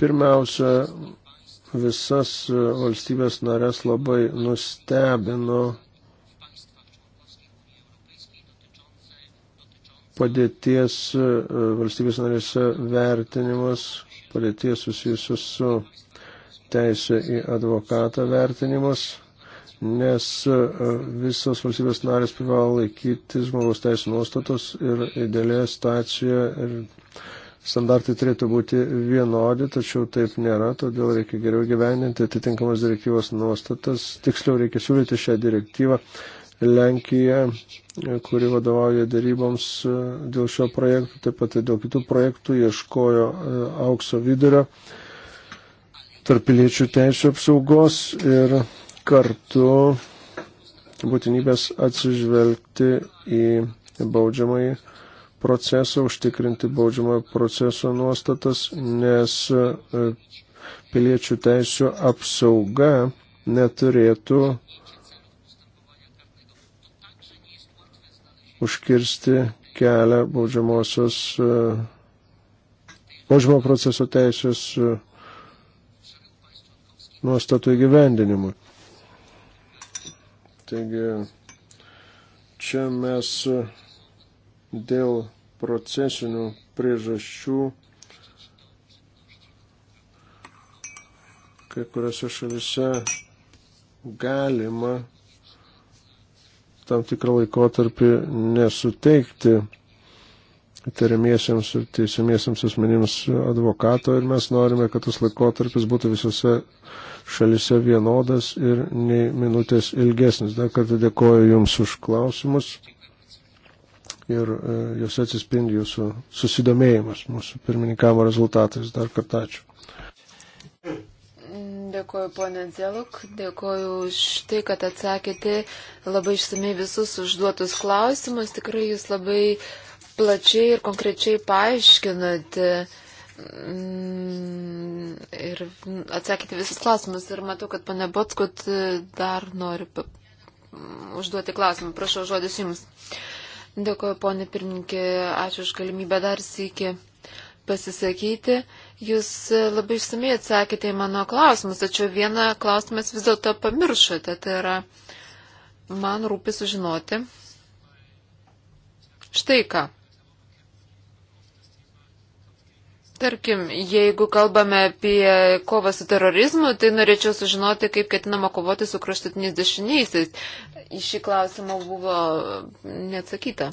Pirmiausia, visas e, valstybės narės labai nustebino padėties valstybės narėse vertinimas padėties susijusius su teisė į advokatą vertinimus, nes e, visos valstybės narės privalo laikyti žmogaus teisų nuostatos ir idealėje stacijoje ir standartai turėtų būti vienodi, tačiau taip nėra, todėl reikia geriau gyveninti atitinkamas direktyvos nuostatas, tiksliau reikia siūlyti šią direktyvą Lenkija, kuri vadovauja daryboms e, dėl šio projektų, taip pat ir dėl kitų projektų, ieškojo e, aukso vidurio tarp piliečių teisų apsaugos ir kartu būtinybės atsižvelgti į baudžiamąjį procesą, užtikrinti baudžiamojo proceso nuostatas, nes e, piliečių teisų apsauga neturėtų uh, užkirsti kelią baudžiamosios, e, baudžiamo proceso teisės e, nuostatų įgyvendinimui. Taigi čia mes e, dėl procesinių priežasčių kai kuriuose šalise galima tam tikrą laikotarpį nesuteikti įtariamiesiams ir teisiamiesiams asmenims advokato ir mes norime, kad tas laikotarpis būtų visose šalise vienodas ir nei minutės ilgesnis. Dar kartą dėkoju Jums už klausimus ir e, jūs atsispindi jūsų susidomėjimas mūsų pirmininkavo rezultatais. Dar kartą ačiū. Dėkoju, ponė Zeluk, dėkoju už tai, kad atsakėte labai išsamei visus užduotus klausimus. Tikrai jūs labai plačiai ir konkrečiai paaiškinate mm, ir atsakėte visus klausimus. Ir matau, kad pane Botskut dar nori užduoti klausimą. Prašau, žodis jums. Dėkoju, ponė pirmininkė, ačiū už galimybę dar sėki pasisakyti. Jūs labai išsamei atsakėte į mano klausimus, tačiau vieną klausimą vis dėlto pamiršote. Tai yra, man rūpi sužinoti. Štai ką. Tarkim, jeigu kalbame apie kovą su terorizmu, tai norėčiau sužinoti, kaip ketinama kovoti su kraštutiniais dešiniaisiais. Į šį klausimą buvo neatsakyta.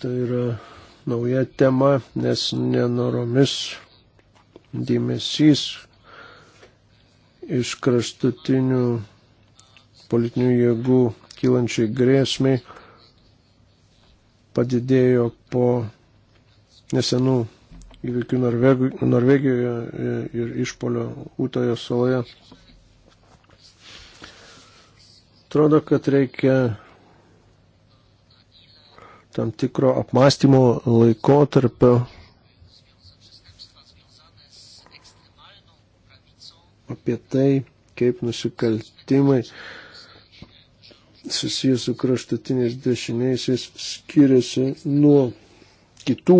tai yra nauja tema, nes nenoromis dėmesys iš kraštutinių politinių jėgų kylančiai grėsmiai padidėjo po nesenų įvykių Norvegijoje ir išpolio Utojo saloje. Atrodo, kad reikia tam tikro apmąstymo laikotarpio apie tai, kaip nusikaltimai susijęs su kraštutiniais dešiniaisiais skiriasi nuo kitų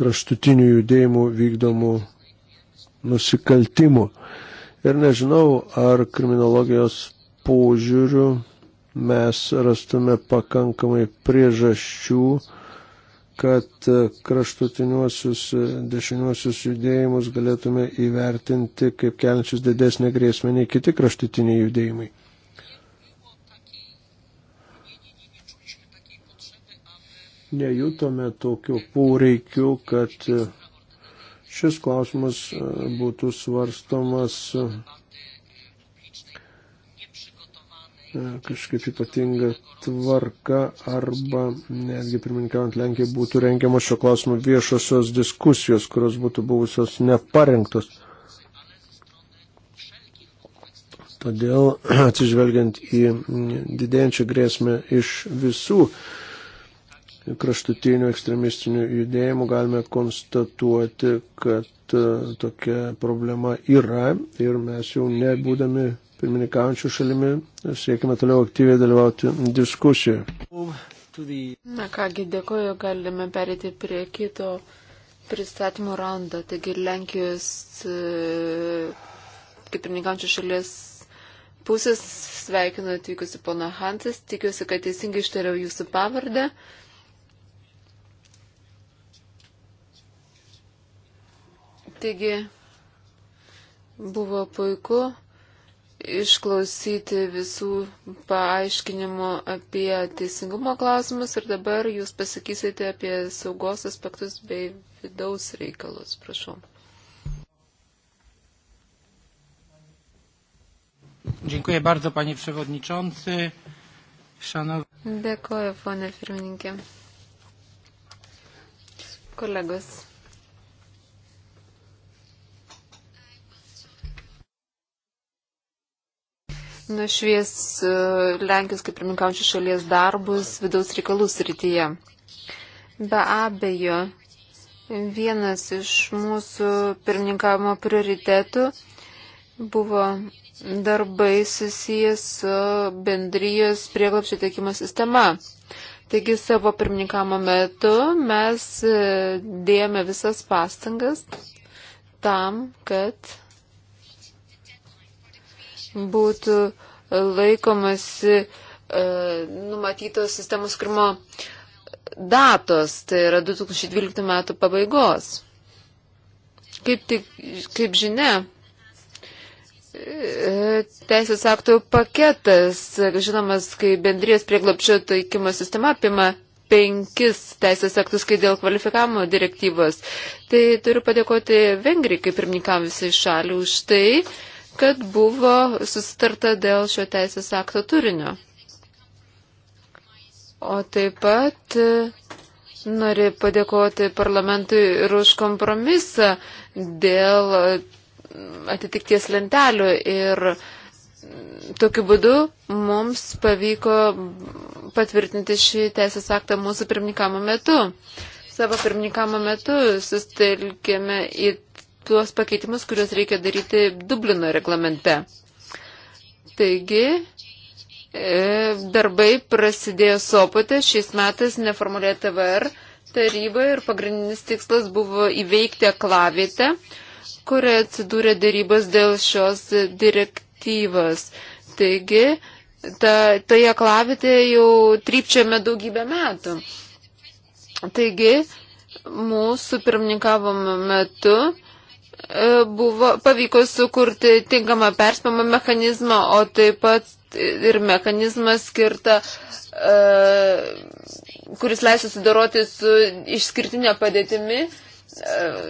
kraštutinių judėjimų vykdomų nusikaltimų. Ir nežinau, ar kriminologijos požiūrių mes rastume pakankamai priežasčių, kad e, kraštutiniuosius e, dešiniuosius judėjimus galėtume įvertinti kaip keliančius didesnį grėsmę nei kiti kraštutiniai judėjimai. Nejutome tokiu poreikiu, kad e, šis klausimas būtų svarstomas E, kažkaip ypatinga tvarka arba netgi pirmininkaujant Lenkijai būtų rengiamos šio klausimo viešosios diskusijos, kurios būtų buvusios neparengtos. Todėl atsižvelgiant į didėjančią grėsmę iš visų kraštutinių ekstremistinių judėjimų galime konstatuoti, kad e, tokia problema yra ir mes jau nebūdami pirmininkaujančių šalimi siekime toliau aktyviai dalyvauti diskusijoje. Na kągi, dėkoju, galime perėti prie kito pristatymų raundo. Taigi Lenkijos e, kaip pirmininkaujančių šalies pusės sveikinu atvykusi pana Hansas. Tikiuosi, kad teisingai ištariau jūsų pavardę. Taigi, buvo puiku išklausyti visų paaiškinimų apie teisingumo klausimus ir dabar jūs pasakysite apie saugos aspektus bei vidaus reikalus, prašau. Dziękuję bardzo, panie przewodniczący. Szanow... Dėkoju, ponė pirmininkė. Kolegos. nušvies e, Lenkijos kaip pirmininkaujančių šalies darbus vidaus reikalų srityje. Be abejo, vienas iš mūsų pirmininkavimo prioritetų buvo darbai susijęs su bendrijos prieglapšio teikimo sistema. Taigi savo pirmininkamo metu mes e, dėjome visas pastangas tam, kad būtų laikomasi e, numatytos sistemos skirmo datos, tai yra 2012 metų pabaigos. Kaip, tik, kaip žinia, e, teisės aktų paketas, žinomas, kai bendrijos prieglapčio taikymo sistema apima penkis teisės aktus, kai dėl kvalifikavimo direktyvos. Tai turiu padėkoti Vengrijai, kaip pirmininkam visai šalių, už tai, kad buvo susitarta dėl šio teisės akto turinio. O taip pat e, noriu padėkoti parlamentui ir už kompromisą dėl e, atitikties lentelių ir tokiu būdu mums pavyko patvirtinti šį teisės aktą mūsų pirmininkamo metu. Savo pirmininkamo metu sustelkėme į tuos pakeitimus, kuriuos reikia daryti Dublino reglamente. Taigi, e, darbai prasidėjo Sopote šiais metais neformulė TVR taryba ir pagrindinis tikslas buvo įveikti aklavietę, kurioje atsidūrė darybas dėl šios direktyvos. Taigi, ta, toje tai aklavietėje jau trypčiame daugybę metų. Taigi, mūsų pirmininkavimo metu E, buvo, pavyko sukurti tinkamą perspamą mechanizmą, o taip pat ir mechanizmą skirtą, e, kuris leisų sudaroti su išskirtinė padėtimi, e,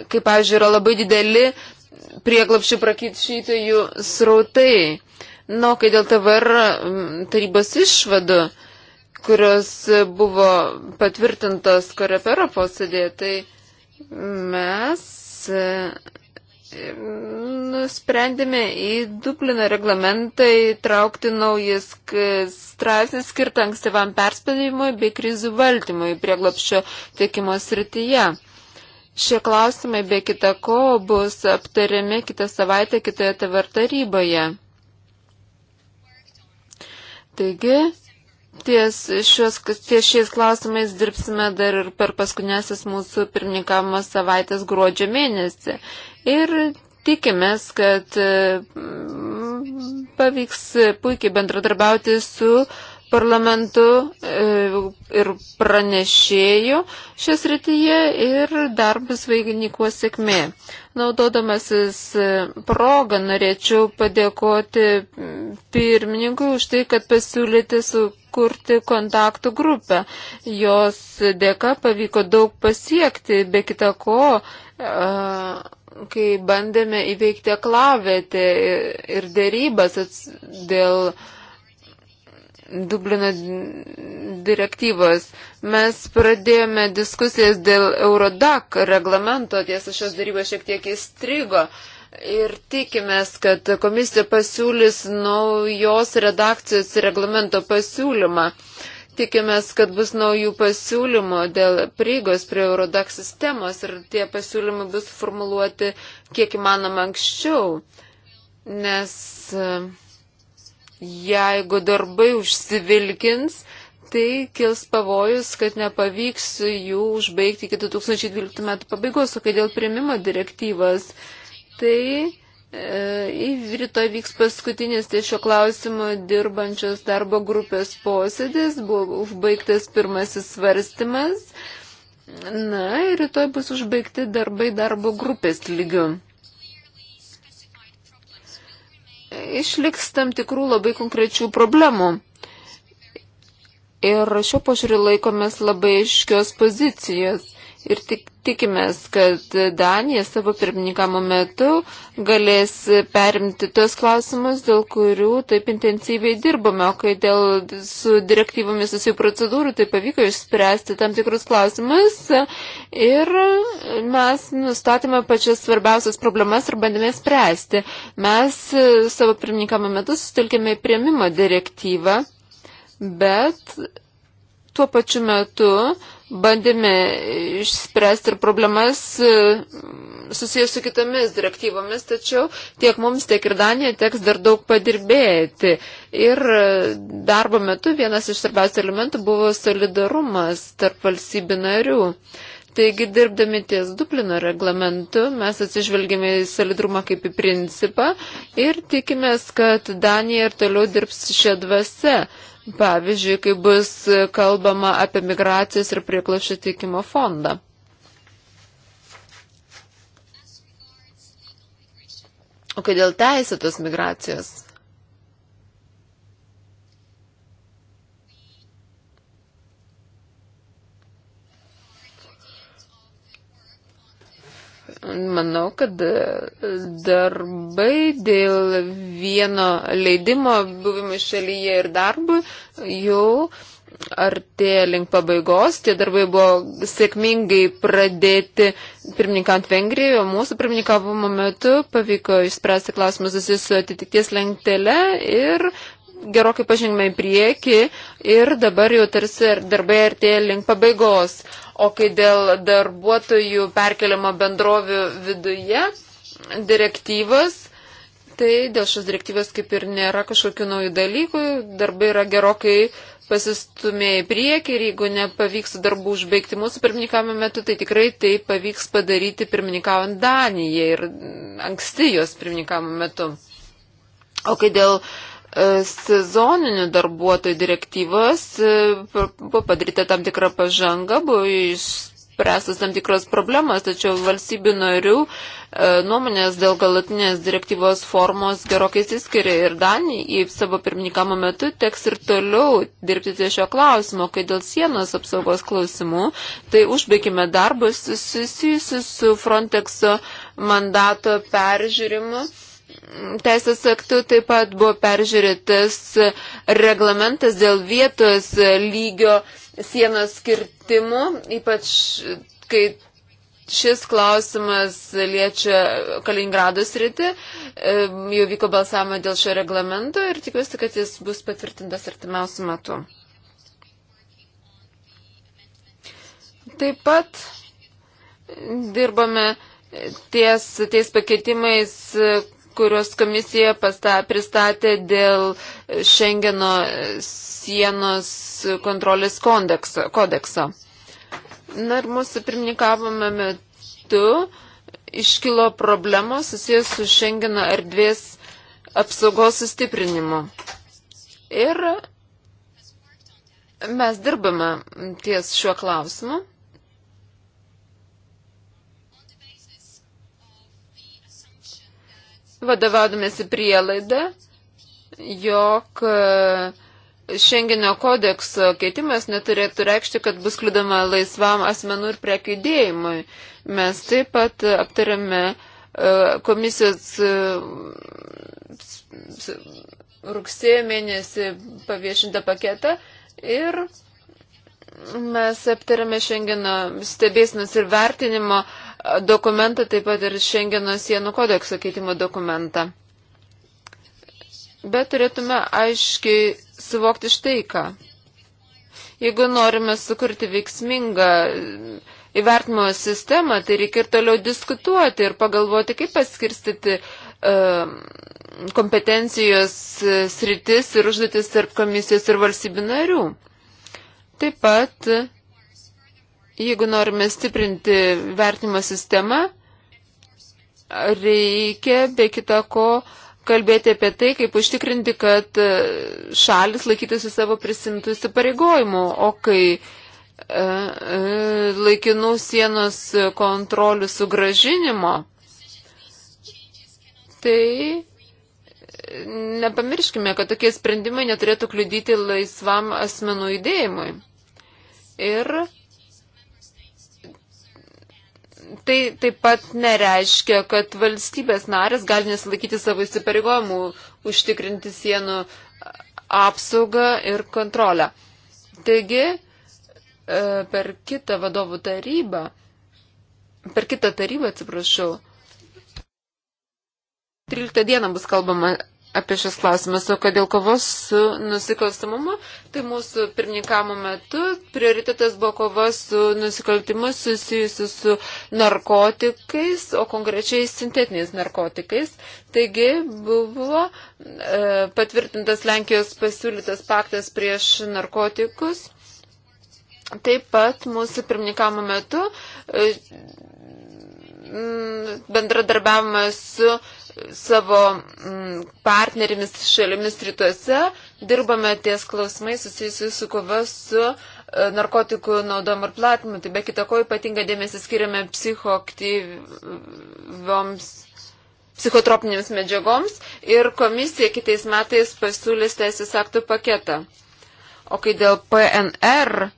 kaip, pavyzdžiui, yra labai dideli prieglapšių prakyčytojų srautai. Na, nu, kai dėl TVR tarybos išvadų, kurios buvo patvirtintos korepero posėdėje, tai mes nusprendėme į Dublino reglamentą įtraukti naujas straipsnis skirtą ankstyvam perspėjimui bei krizių valdymui prieglopščio tiekimo srityje. Šie klausimai be kita ko bus aptariami kitą savaitę kitoje TVR taryboje. Taigi, Ties, šios, ties šiais klausimais dirbsime dar ir per paskutinėsis mūsų pirmininkavimo savaitės gruodžio mėnesį. Ir tikimės, kad mm, pavyks puikiai bendradarbiauti su uh, parlamentu e, ir pranešėjų šias rytyje ir darbas vaiginikuo sėkmė. Naudodamasis e, progą norėčiau padėkoti pirmininkui už tai, kad pasiūlyti sukurti kontaktų grupę. Jos dėka pavyko daug pasiekti, be kita ko. Uh, kai bandėme įveikti aklavietę ir dėrybas dėl uh, Dublino direktyvos. Mes pradėjome diskusijas dėl Eurodac reglamento, tiesa šios darybos šiek tiek įstrigo. Ir tikimės, kad komisija pasiūlys naujos redakcijos reglamento pasiūlymą. Tikimės, kad bus naujų pasiūlymų dėl prieigos prie Eurodac sistemos ir tie pasiūlymai bus formuluoti kiek įmanoma anksčiau. Nes. Uh, Jeigu darbai užsivilkins, tai kils pavojus, kad nepavyks jų užbaigti iki 2012 metų pabaigos, o kai dėl primimo direktyvas, tai e, rytoj vyks paskutinis tai šio klausimo dirbančios darbo grupės posėdis, buvo užbaigtas pirmasis svarstymas, na ir rytoj bus užbaigti darbai darbo grupės lygių. išliks tam tikrų labai konkrečių problemų. Ir šiuo požiūriu laikomės labai iškios pozicijos. Ir tik tikimės, kad Danija savo pirmininkamo metu galės perimti tos klausimus, dėl kurių taip intensyviai dirbome, o kai dėl su direktyvomis susijų procedūrų, tai pavyko išspręsti tam tikrus klausimus ir mes nustatėme pačias svarbiausias problemas ir bandėme spręsti. Mes savo pirmininkamo metu susitelkėme į prieimimo direktyvą, bet tuo pačiu metu bandėme išspręsti ir problemas e, susijęs su kitomis direktyvomis, tačiau tiek mums, tiek ir Danija teks dar daug padirbėti. Ir e, darbo metu vienas iš svarbiausių elementų buvo solidarumas tarp valstybių narių. Taigi, dirbdami ties Dublino reglamentu, mes atsižvelgėme į solidrumą kaip į principą ir tikimės, kad Danija ir toliau dirbs šią dvasę. Pavyzdžiui, kai bus kalbama apie migracijos ir prieklaušio teikimo fondą. O kai dėl teisėtos migracijos? Manau, kad e, darbai dėl vieno leidimo buvimo šalyje ir darbų jau artėja link pabaigos. Tie darbai buvo sėkmingai pradėti pirmininkant Vengrijoje, o mūsų pirmininkavimo metu pavyko išspręsti klausimus susijusius su atitikties lenktele ir gerokai pažengėme į priekį ir dabar jau tarsi darbai artėja link pabaigos. O kai dėl darbuotojų perkeliamo bendrovių viduje direktyvos, tai dėl šios direktyvos kaip ir nėra kažkokių naujų dalykų, darbai yra gerokai pasistumėję į priekį ir jeigu nepavyks darbų užbaigti mūsų pirmininkavimo metu, tai tikrai tai pavyks padaryti pirmininkaujant Danijai ir anksti jos pirmininkavimo metu. O kai dėl E, sezoninių darbuotojų direktyvos e, buvo padaryta tam tikra pažanga, buvo išspręstas tam tikros problemas, tačiau valstybių narių e, nuomonės dėl galutinės direktyvos formos gerokai įsiskiria ir Danijai į savo pirmininkamo metu teks ir toliau dirbti ties šio klausimo, kai dėl sienos apsaugos klausimų, tai užbėgime darbus susijusius su Frontexo mandato peržiūrimu teisės aktų taip pat buvo peržiūrėtas reglamentas dėl vietos lygio sienos skirtimų, ypač kai šis klausimas liečia Kaliningrado sritį. Jau vyko balsavimo dėl šio reglamento ir tikiuosi, kad jis bus patvirtintas artimiausiu metu. Taip pat dirbame ties tais pakeitimais, kuriuos komisija pasta, pristatė dėl Šengeno sienos kontrolės kodekso. Na ir mūsų pirmininkavome metu iškilo problemos susijęs su Šengeno erdvės apsaugos sustiprinimu. Ir mes dirbame ties šiuo klausimu. vadovaudomėsi prielaida, jog e, Šengeno kodekso keitimas neturėtų reikšti, kad bus kliudama laisvam asmenų ir prekydėjimui. Mes taip pat aptarėme e, komisijos e, rugsėjo mėnesį paviešintą paketą ir mes aptarėme Šengeno stebėsnos ir vertinimo uh, dokumentą, taip pat ir Šengeno sienų kodekso keitimo dokumentą. Bet turėtume aiškiai suvokti štai ką. Jeigu norime sukurti veiksmingą įvertimo sistemą, tai reikia ir toliau diskutuoti ir pagalvoti, kaip paskirstyti uh, kompetencijos e, sritis ir užduotis tarp komisijos ir valstybių narių. Taip pat uh, jeigu norime stiprinti vertinimo sistemą, reikia be kita ko kalbėti apie tai, kaip užtikrinti, kad e, šalis laikytųsi savo prisimtų įsipareigojimų, o kai e, e, laikinų sienos kontrolių sugražinimo, tai e, nepamirškime, kad tokie sprendimai neturėtų kliudyti laisvam asmenų judėjimui. Ir tai taip pat nereiškia, kad valstybės narės gali nesilaikyti savo įsipareigojimų užtikrinti sienų apsaugą ir kontrolę. Taigi, e, per kitą vadovų tarybą, per kitą tarybą, atsiprašau, 13 dieną bus kalbama apie šios klausimus, o kad dėl kovos su nusikalstamumu, tai mūsų pirmininkamo metu prioritetas buvo kova su nusikaltimu susijusiu su narkotikais, o konkrečiai sintetiniais narkotikais. Taigi buvo e, patvirtintas Lenkijos pasiūlytas paktas prieš narkotikus. Taip pat mūsų pirmininkamo metu e, Mm, bendradarbiavimą su savo mm, partnerimis šalimis rytuose, dirbame ties klausimai susijusiu su kova su e, narkotikų naudojimu ir platimu. Tai be kita ko ypatinga dėmesį skiriame psichoaktyvioms psichotropinėms medžiagoms ir komisija kitais metais pasiūlys teisės aktų paketą. O kai dėl PNR e,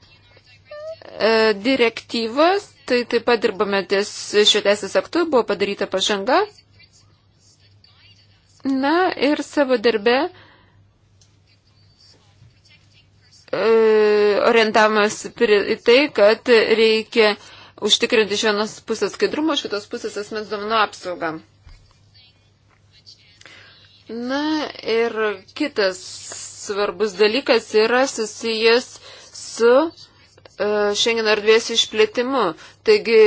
direktyvos, tai taip pat dirbame ties šio teisės aktu, buvo padaryta pažanga. Na ir savo darbe e, orientavimas į tai, kad reikia užtikrinti iš vienos pusės skaidrumą, iš kitos pusės asmens duomenų apsaugą. Na ir kitas svarbus dalykas yra susijęs su E, Šengeno erdvės išplėtimu. Taigi,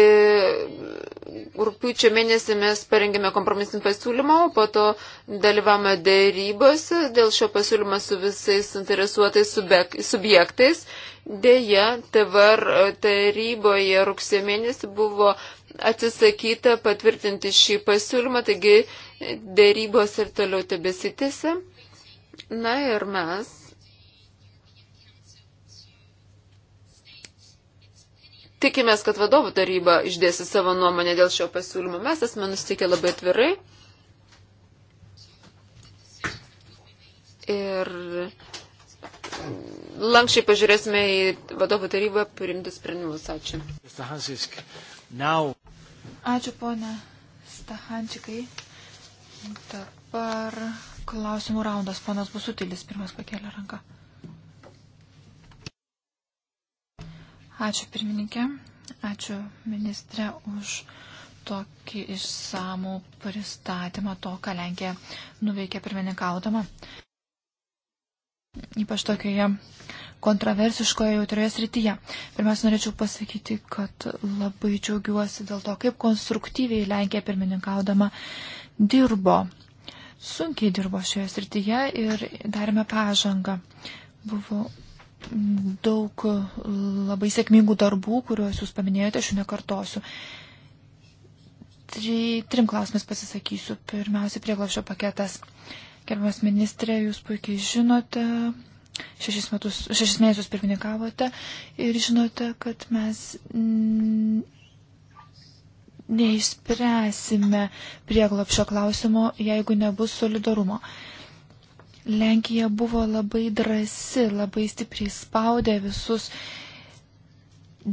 rūpiučio mėnesį mes parengėme kompromisinį pasiūlymą, o po to dalyvavome dėrybose dėl šio pasiūlymo su visais interesuotais subjektais. Dėja, TVR taryboje rugsėjo mėnesį buvo atsisakyta patvirtinti šį pasiūlymą, taigi dėrybos ir toliau tebesitėse. Na ir mes Tikimės, kad vadovų taryba išdėsi savo nuomonę dėl šio pasiūlymo. Mes esame nusiteikę labai atvirai. Ir lankščiai pažiūrėsime į vadovų tarybą priimtus sprendimus. Ačiū. Ačiū, ponė Stahančikai. Dabar klausimų raundas. Ponas Busutilis pirmas pakėlė ranką. Ačiū pirmininkė, ačiū ministrė už tokį išsamų pristatymą to, ką Lenkija nuveikė pirmininkaudama. Ypač tokioje kontroversiškoje jautrioje srityje. Pirmiausia, norėčiau pasakyti, kad labai džiaugiuosi dėl to, kaip konstruktyviai Lenkija pirmininkaudama dirbo. Sunkiai dirbo šioje srityje ir darėme pažangą. Buvo daug e, labai sėkmingų darbų, kuriuos jūs paminėjote, aš jų nekartosiu. Tri, trim klausimais pasisakysiu. Pirmiausia, prieglapšio paketas. Gerbiamas ministrė, jūs puikiai žinote, šešis, metus, šešis mėnesius pirmininkavote ir žinote, kad mes neišspręsime prieglapšio klausimo, jeigu nebus solidarumo. Uh, Lenkija buvo labai drasi, labai stipriai spaudė visus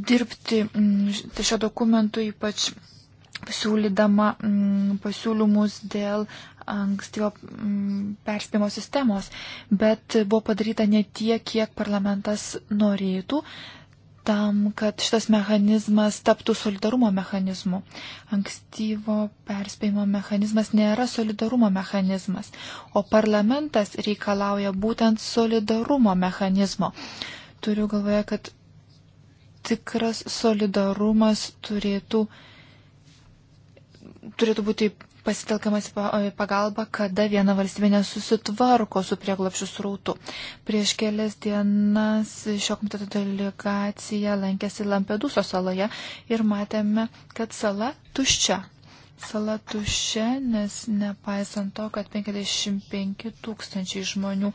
dirbti mm, šio dokumentu, ypač siūlydama mm, pasiūlymus dėl ankstyvo mm, perspėjimo sistemos, bet buvo padaryta ne tiek, kiek parlamentas norėtų, tam, kad šitas mechanizmas taptų solidarumo mechanizmu. Ankstyvo perspėjimo mechanizmas nėra solidarumo mechanizmas, o parlamentas reikalauja būtent solidarumo mechanizmo. Turiu galvoje, kad tikras solidarumas turėtų, turėtų būti pasitelkiamas pagalba, kada viena valstybė nesusitvarko su prieglapšių srautu. Prieš kelias dienas šio komiteto delegacija lankėsi Lampeduso saloje ir matėme, kad sala tuščia. Sala tuščia, nes nepaisant to, kad 55 tūkstančiai žmonių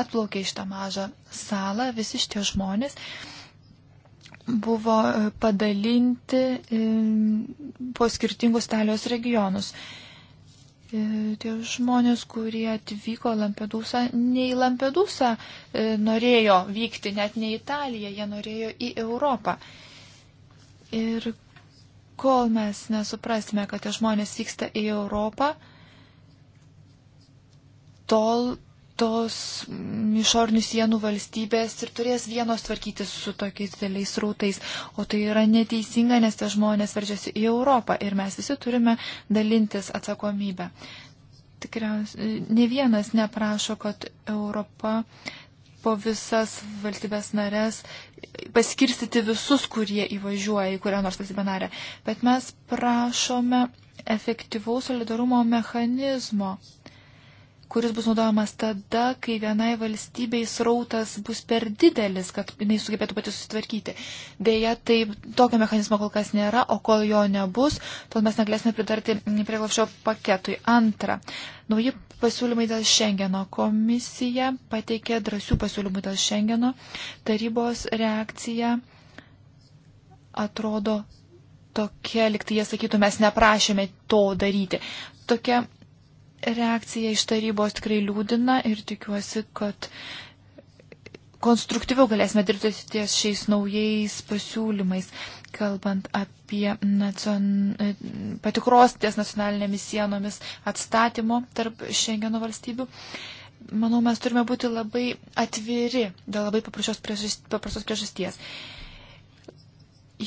atplaukė iš tą mažą salą, visi šitie žmonės buvo e, padalinti e, po skirtingus Italijos regionus. E, tie žmonės, kurie atvyko Lampedusą, ne į Lampedusą e, norėjo vykti, net ne į Italiją, jie norėjo į Europą. Ir kol mes nesuprasime, kad tie žmonės vyksta į Europą, tol tos išornių sienų valstybės ir turės vienos tvarkytis su tokiais dideliais rautais. O tai yra neteisinga, nes tie žmonės veržiasi į Europą ir mes visi turime dalintis atsakomybę. Tikriausiai ne vienas neprašo, kad Europa po visas valstybės narės paskirstyti visus, kurie įvažiuoja į kurią nors valstybę narę. Bet mes prašome efektyvaus solidarumo mechanizmo kuris bus naudojamas tada, kai vienai valstybei srautas bus per didelis, kad jinai sugebėtų pati susitvarkyti. Deja, tai tokio mechanizmo kol kas nėra, o kol jo nebus, tol mes negalėsime pritarti prieglapšio paketui. Antra, nauji pasiūlymai dėl Šengeno. Komisija pateikė drąsių pasiūlymų dėl Šengeno. Tarybos reakcija atrodo tokia, liktai jie sakytų, mes neprašėme to daryti. Tokia reakcija iš tarybos tikrai liūdina ir tikiuosi, kad konstruktyviau galėsime dirbti ties šiais naujais pasiūlymais, kalbant apie nacion... patikros ties nacionalinėmis sienomis atstatymo tarp Šengeno valstybių. Manau, mes turime būti labai atviri dėl labai paprastos priežasties.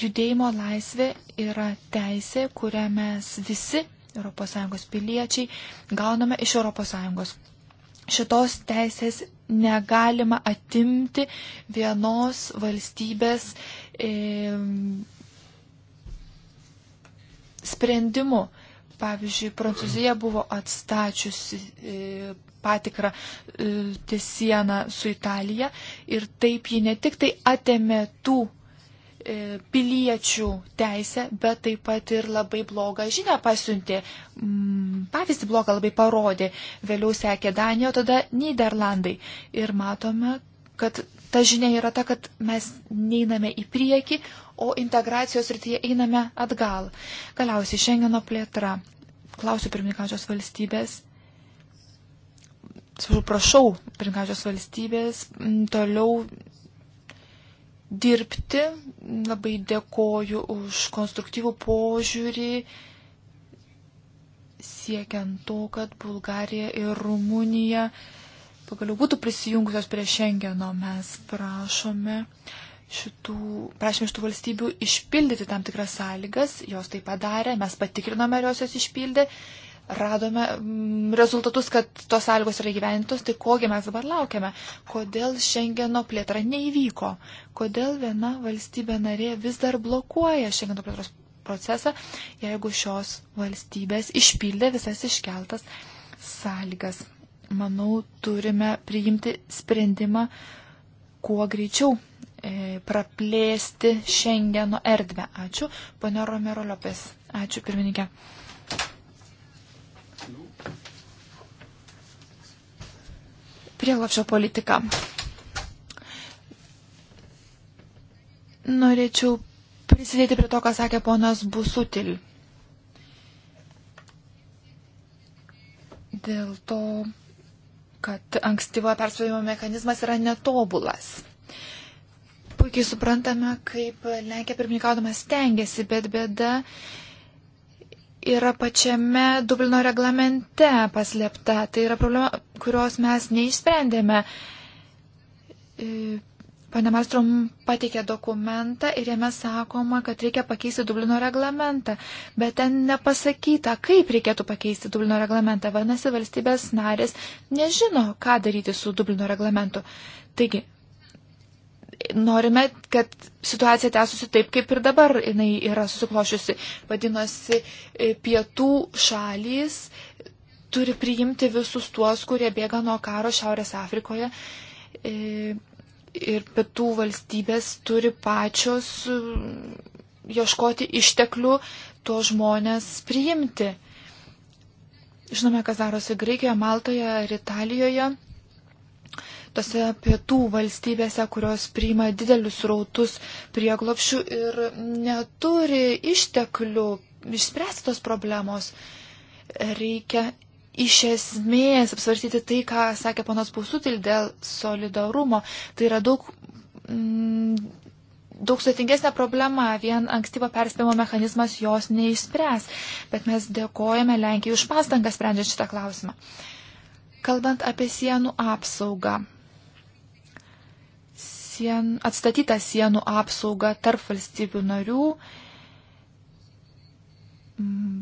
Judėjimo laisvė yra teisė, kurią mes visi ES piliečiai, gauname iš ES. Šitos teisės negalima atimti vienos valstybės e, sprendimu. Pavyzdžiui, Prancūzija buvo atstačiusi e, patikrą e, ties sieną su Italija ir taip ji ne tik tai atėmė tų E, piliečių teisę, bet taip pat ir labai blogą žinią pasiuntė. Mm, pavyzdį blogą labai parodė. Vėliau sekė Danija, tada Niderlandai. Ir matome, kad ta žinia yra ta, kad mes neiname į priekį, o integracijos rytyje einame atgal. Galiausiai Šengeno plėtra. Klausiu pirmininkačios valstybės. Prašau, pirmininkačios valstybės mm, toliau dirbti. Labai dėkoju už konstruktyvų požiūrį siekiant to, kad Bulgarija ir Rumunija pagaliau būtų prisijungusios prie Šengeno. Mes prašome šitų, prašome šitų valstybių išpildyti tam tikras sąlygas, jos tai padarė, mes patikrinome, ar jos jas išpildė radome mm, rezultatus, kad tos sąlygos yra gyventos, tai kogi mes dabar laukiame, kodėl Šengeno plėtra neįvyko, kodėl viena valstybė narė vis dar blokuoja Šengeno plėtros procesą, jeigu šios valstybės išpildė visas iškeltas sąlygas. Manau, turime priimti sprendimą kuo greičiau e, praplėsti Šengeno erdvę. Ačiū, ponio Romero Lopes. Ačiū, pirmininkė. prieglapšio politiką. Norėčiau prisidėti prie to, ką sakė ponas Busutil. Dėl to, kad ankstyvo persvojimo mechanizmas yra netobulas. Puikiai suprantame, kaip Lenkija pirmininkaudamas tengiasi, bet bėda yra pačiame Dublino reglamente paslėpta. Tai yra problema, kurios mes neišsprendėme. E, Pane Mastrom pateikė dokumentą ir jame sakoma, kad reikia pakeisti Dublino reglamentą, bet ten nepasakyta, kaip reikėtų pakeisti Dublino reglamentą. Vadinasi, valstybės narės nežino, ką daryti su Dublino reglamentu. Taigi, norime, kad situacija tęsusi taip, kaip ir dabar jinai yra susiklošiusi. Vadinosi, e, pietų šalys turi priimti visus tuos, kurie bėga nuo karo Šiaurės Afrikoje. E, ir pietų valstybės turi pačios e, ieškoti išteklių tuos žmonės priimti. Žinome, kas darosi Graikijoje, Maltoje ar Italijoje tose pietų valstybėse, kurios priima didelius rautus prieglopšių ir neturi išteklių išspręsti tos problemos. Reikia iš esmės apsvarstyti tai, ką sakė panas Pausutil dėl solidarumo. Tai yra daug. Mm, daug sutingesnė problema, vien ankstyvo perspėjimo mechanizmas jos neišspręs, bet mes dėkojame Lenkijai už pastangas sprendžiant šitą klausimą. Kalbant apie sienų apsaugą, sien, atstatytą sienų apsaugą tarp valstybių narių. Mm.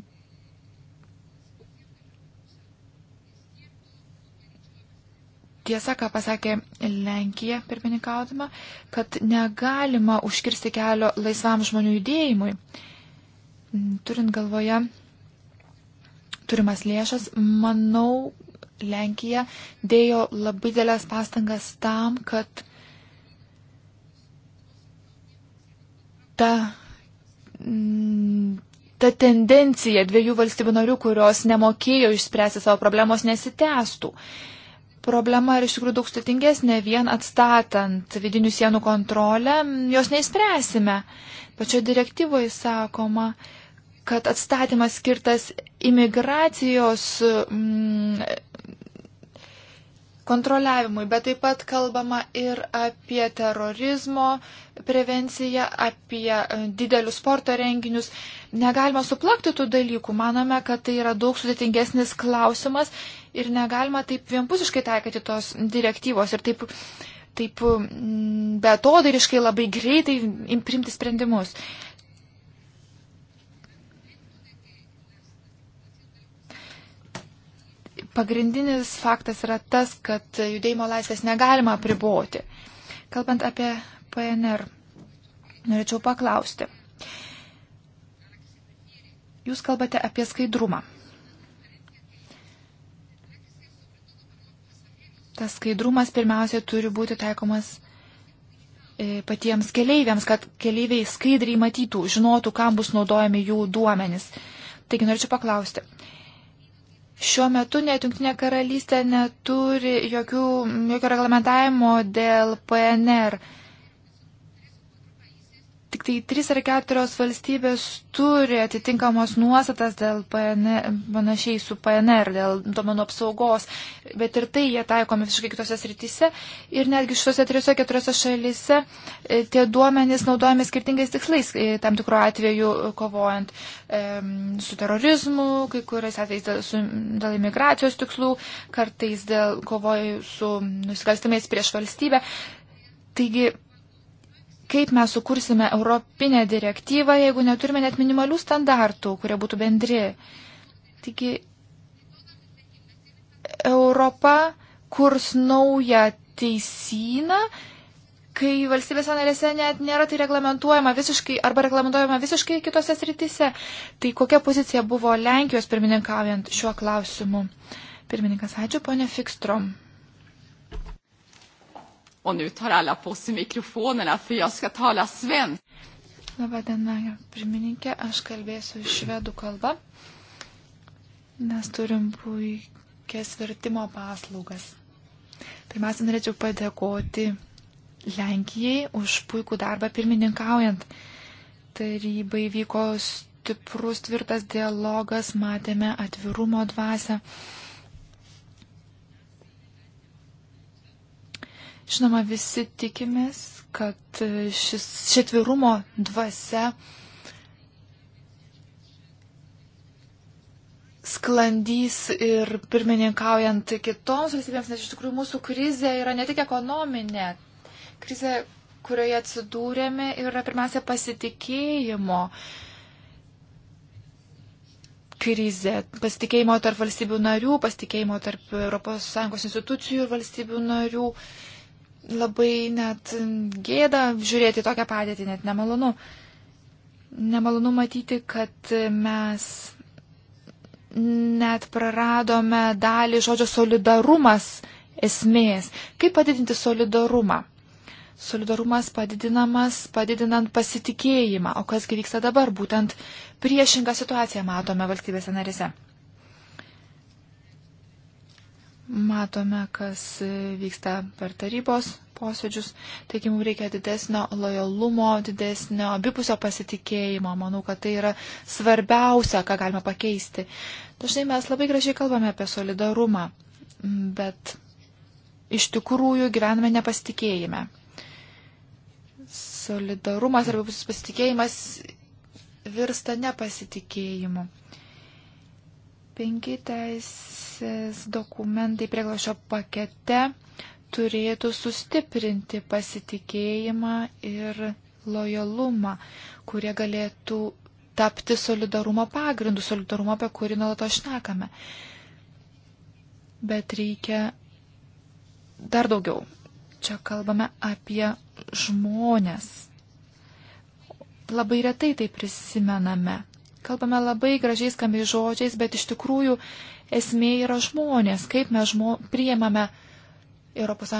Tiesa, ką pasakė Lenkija pirmininkaudama, kad negalima užkirsti kelio laisvam žmonių judėjimui. Mm, turint galvoje turimas lėšas, manau, Lenkija dėjo labai dėlės pastangas tam, kad ta, mm, ta tendencija dviejų valstybių narių, kurios nemokėjo išspręsti savo problemos, nesitęstų. Problema yra iš tikrųjų daug sudėtingesnė, vien atstatant vidinių sienų kontrolę, jos neįspręsime. Pačio direktyvoje sakoma, kad atstatymas skirtas imigracijos mm, kontroliavimui, bet taip pat kalbama ir apie terorizmo prevenciją, apie e, didelius sporto renginius. Negalima suplakti tų dalykų, manome, kad tai yra daug sudėtingesnis klausimas ir negalima taip vienpusiškai taikyti tos direktyvos ir taip, taip betodariškai labai greitai imprimti sprendimus. Uh, pagrindinis faktas yra tas, kad judėjimo laisvės negalima priboti. Kalbant apie PNR, norėčiau paklausti. Jūs kalbate apie skaidrumą. Tas skaidrumas pirmiausia turi būti taikomas e, patiems keleiviams, kad keleiviai skaidriai matytų, žinotų, kam bus naudojami jų duomenys. Taigi norėčiau paklausti, Šiuo metu net Junktinė karalystė neturi jokių, jokio reglamentavimo dėl PNR. Tik tai trys ar keturios valstybės turi atitinkamos nuostatas dėl PNR, e, panašiai su PNR, dėl domenų apsaugos, bet ir tai jie taikomi visiškai kitose srityse ir netgi šiuose trijose keturiose šalyse e, tie duomenys naudojami skirtingais tikslais, e, tam tikru atveju kovojant e, su terorizmu, kai kuriais atvejais dėl, su, dėl imigracijos tikslų, kartais dėl kovojų su nusikalstimais prieš valstybę. Taigi, kaip mes sukursime europinę direktyvą, jeigu neturime net minimalių standartų, kurie būtų bendri. Taigi Europa kurs naują teisyną, kai valstybėse narėse net nėra tai reglamentuojama visiškai arba reglamentuojama visiškai kitose sritise. Tai kokia pozicija buvo Lenkijos pirmininkaujant šiuo klausimu? Pirmininkas, ačiū, ponė Fikstrom. Och nu tar alla på sig mikrofonerna för jag ska tala svenska. Labą dieną, pirmininkė, aš kalbėsiu švedų kalbą, nes turim puikias vertimo paslaugas. Pirmiausia, norėčiau padėkoti Lenkijai už puikų darbą pirmininkaujant. Tarybai vyko stiprus, tvirtas dialogas, matėme atvirumo dvasę. Žinoma, visi tikimės, kad e, šis šitvirumo dvasia sklandys ir pirmininkaujant kitoms valstybėms, nes iš tikrųjų mūsų krizė yra ne tik ekonominė. Krizė, kurioje atsidūrėme, yra pirmiausia pasitikėjimo krizė. Pasitikėjimo tarp valstybių narių, pasitikėjimo tarp ES institucijų ir valstybių narių. Uh, labai net gėda žiūrėti tokią padėtį, net nemalonu. Nemalonu matyti, kad mes net praradome dalį žodžio solidarumas esmės. Kaip padidinti solidarumą? Solidarumas padidinamas, padidinant pasitikėjimą. O kas vyksta dabar? Būtent priešingą situaciją matome valstybėse narise. Matome, kas vyksta per tarybos posėdžius, taigi mums reikia didesnio lojalumo, didesnio abipusio pasitikėjimo. Manau, kad tai yra svarbiausia, ką galima pakeisti. Dažnai mes labai gražiai kalbame apie solidarumą, bet iš tikrųjų gyvename nepasitikėjime. Solidarumas arba pasitikėjimas virsta nepasitikėjimu. Penki teisės dokumentai prieglašio pakete turėtų sustiprinti pasitikėjimą ir lojalumą, kurie galėtų tapti solidarumo pagrindu, solidarumo, apie kurį nuolatos šnekame. Bet reikia dar daugiau. Čia kalbame apie žmonės. Labai retai tai prisimename kalbame labai gražiais skambiais žodžiais, bet iš tikrųjų esmė yra žmonės, kaip mes žmo, priemame ES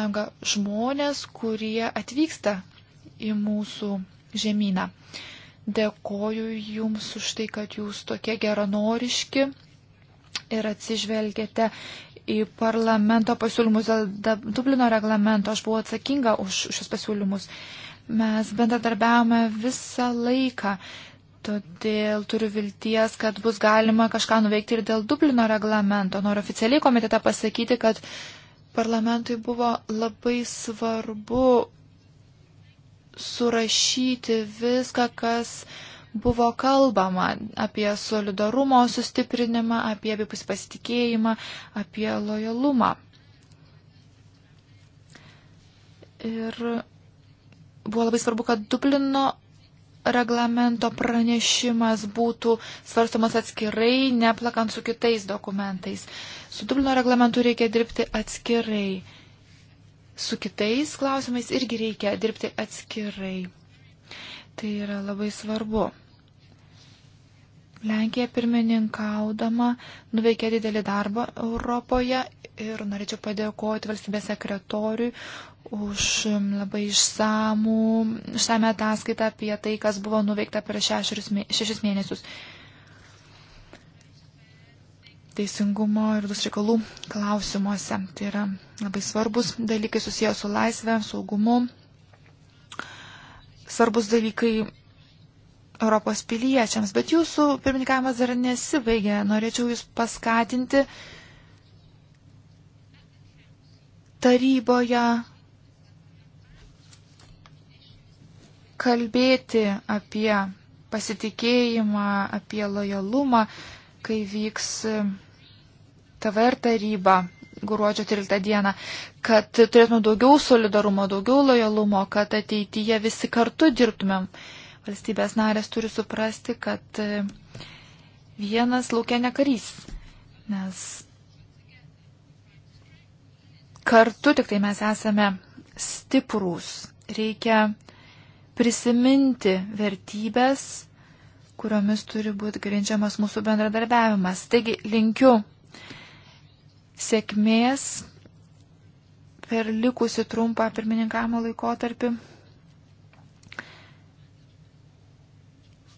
žmonės, kurie atvyksta į mūsų žemyną. Dėkoju Jums už tai, kad Jūs tokie geranoriški ir atsižvelgėte į parlamento pasiūlymus dėl Dublino reglamento. Aš buvau atsakinga už šios pasiūlymus. Mes bendradarbiavome visą laiką Todėl turiu vilties, kad bus galima kažką nuveikti ir dėl Dublino reglamento. Noriu oficialiai komitete pasakyti, kad parlamentui buvo labai svarbu surašyti viską, kas buvo kalbama apie solidarumo sustiprinimą, apie abipusį pasitikėjimą, apie lojalumą. Ir buvo labai svarbu, kad Dublino reglamento pranešimas būtų svarstomas atskirai, neplakant su kitais dokumentais. Su Dublino reglamentu reikia dirbti atskirai. Su kitais klausimais irgi reikia dirbti atskirai. Tai yra labai svarbu. Lenkija pirmininkaudama nuveikė didelį darbą Europoje ir norėčiau padėkoti valstybės sekretoriui už um, labai išsamų, išsamę ataskaitą apie tai, kas buvo nuveikta per šešis, šešis mėnesius. Teisingumo ir dus reikalų klausimuose. Tai yra labai svarbus dalykai susijęs su laisvė, saugumu. Svarbus dalykai Europos piliečiams, bet jūsų pirmininkavimas dar nesibaigė. Norėčiau jūs paskatinti taryboje kalbėti apie pasitikėjimą, apie lojalumą, kai vyks TVR taryba gruodžio 13 dieną, kad turėtume daugiau solidarumo, daugiau lojalumo, kad ateityje visi kartu dirbtumėm. Valstybės narės turi suprasti, kad vienas laukia nekarys, nes kartu tik tai mes esame stiprūs. Reikia prisiminti vertybės, kuriomis turi būti grindžiamas mūsų bendradarbiavimas. Taigi linkiu sėkmės per likusi trumpą pirmininkavimo laikotarpį.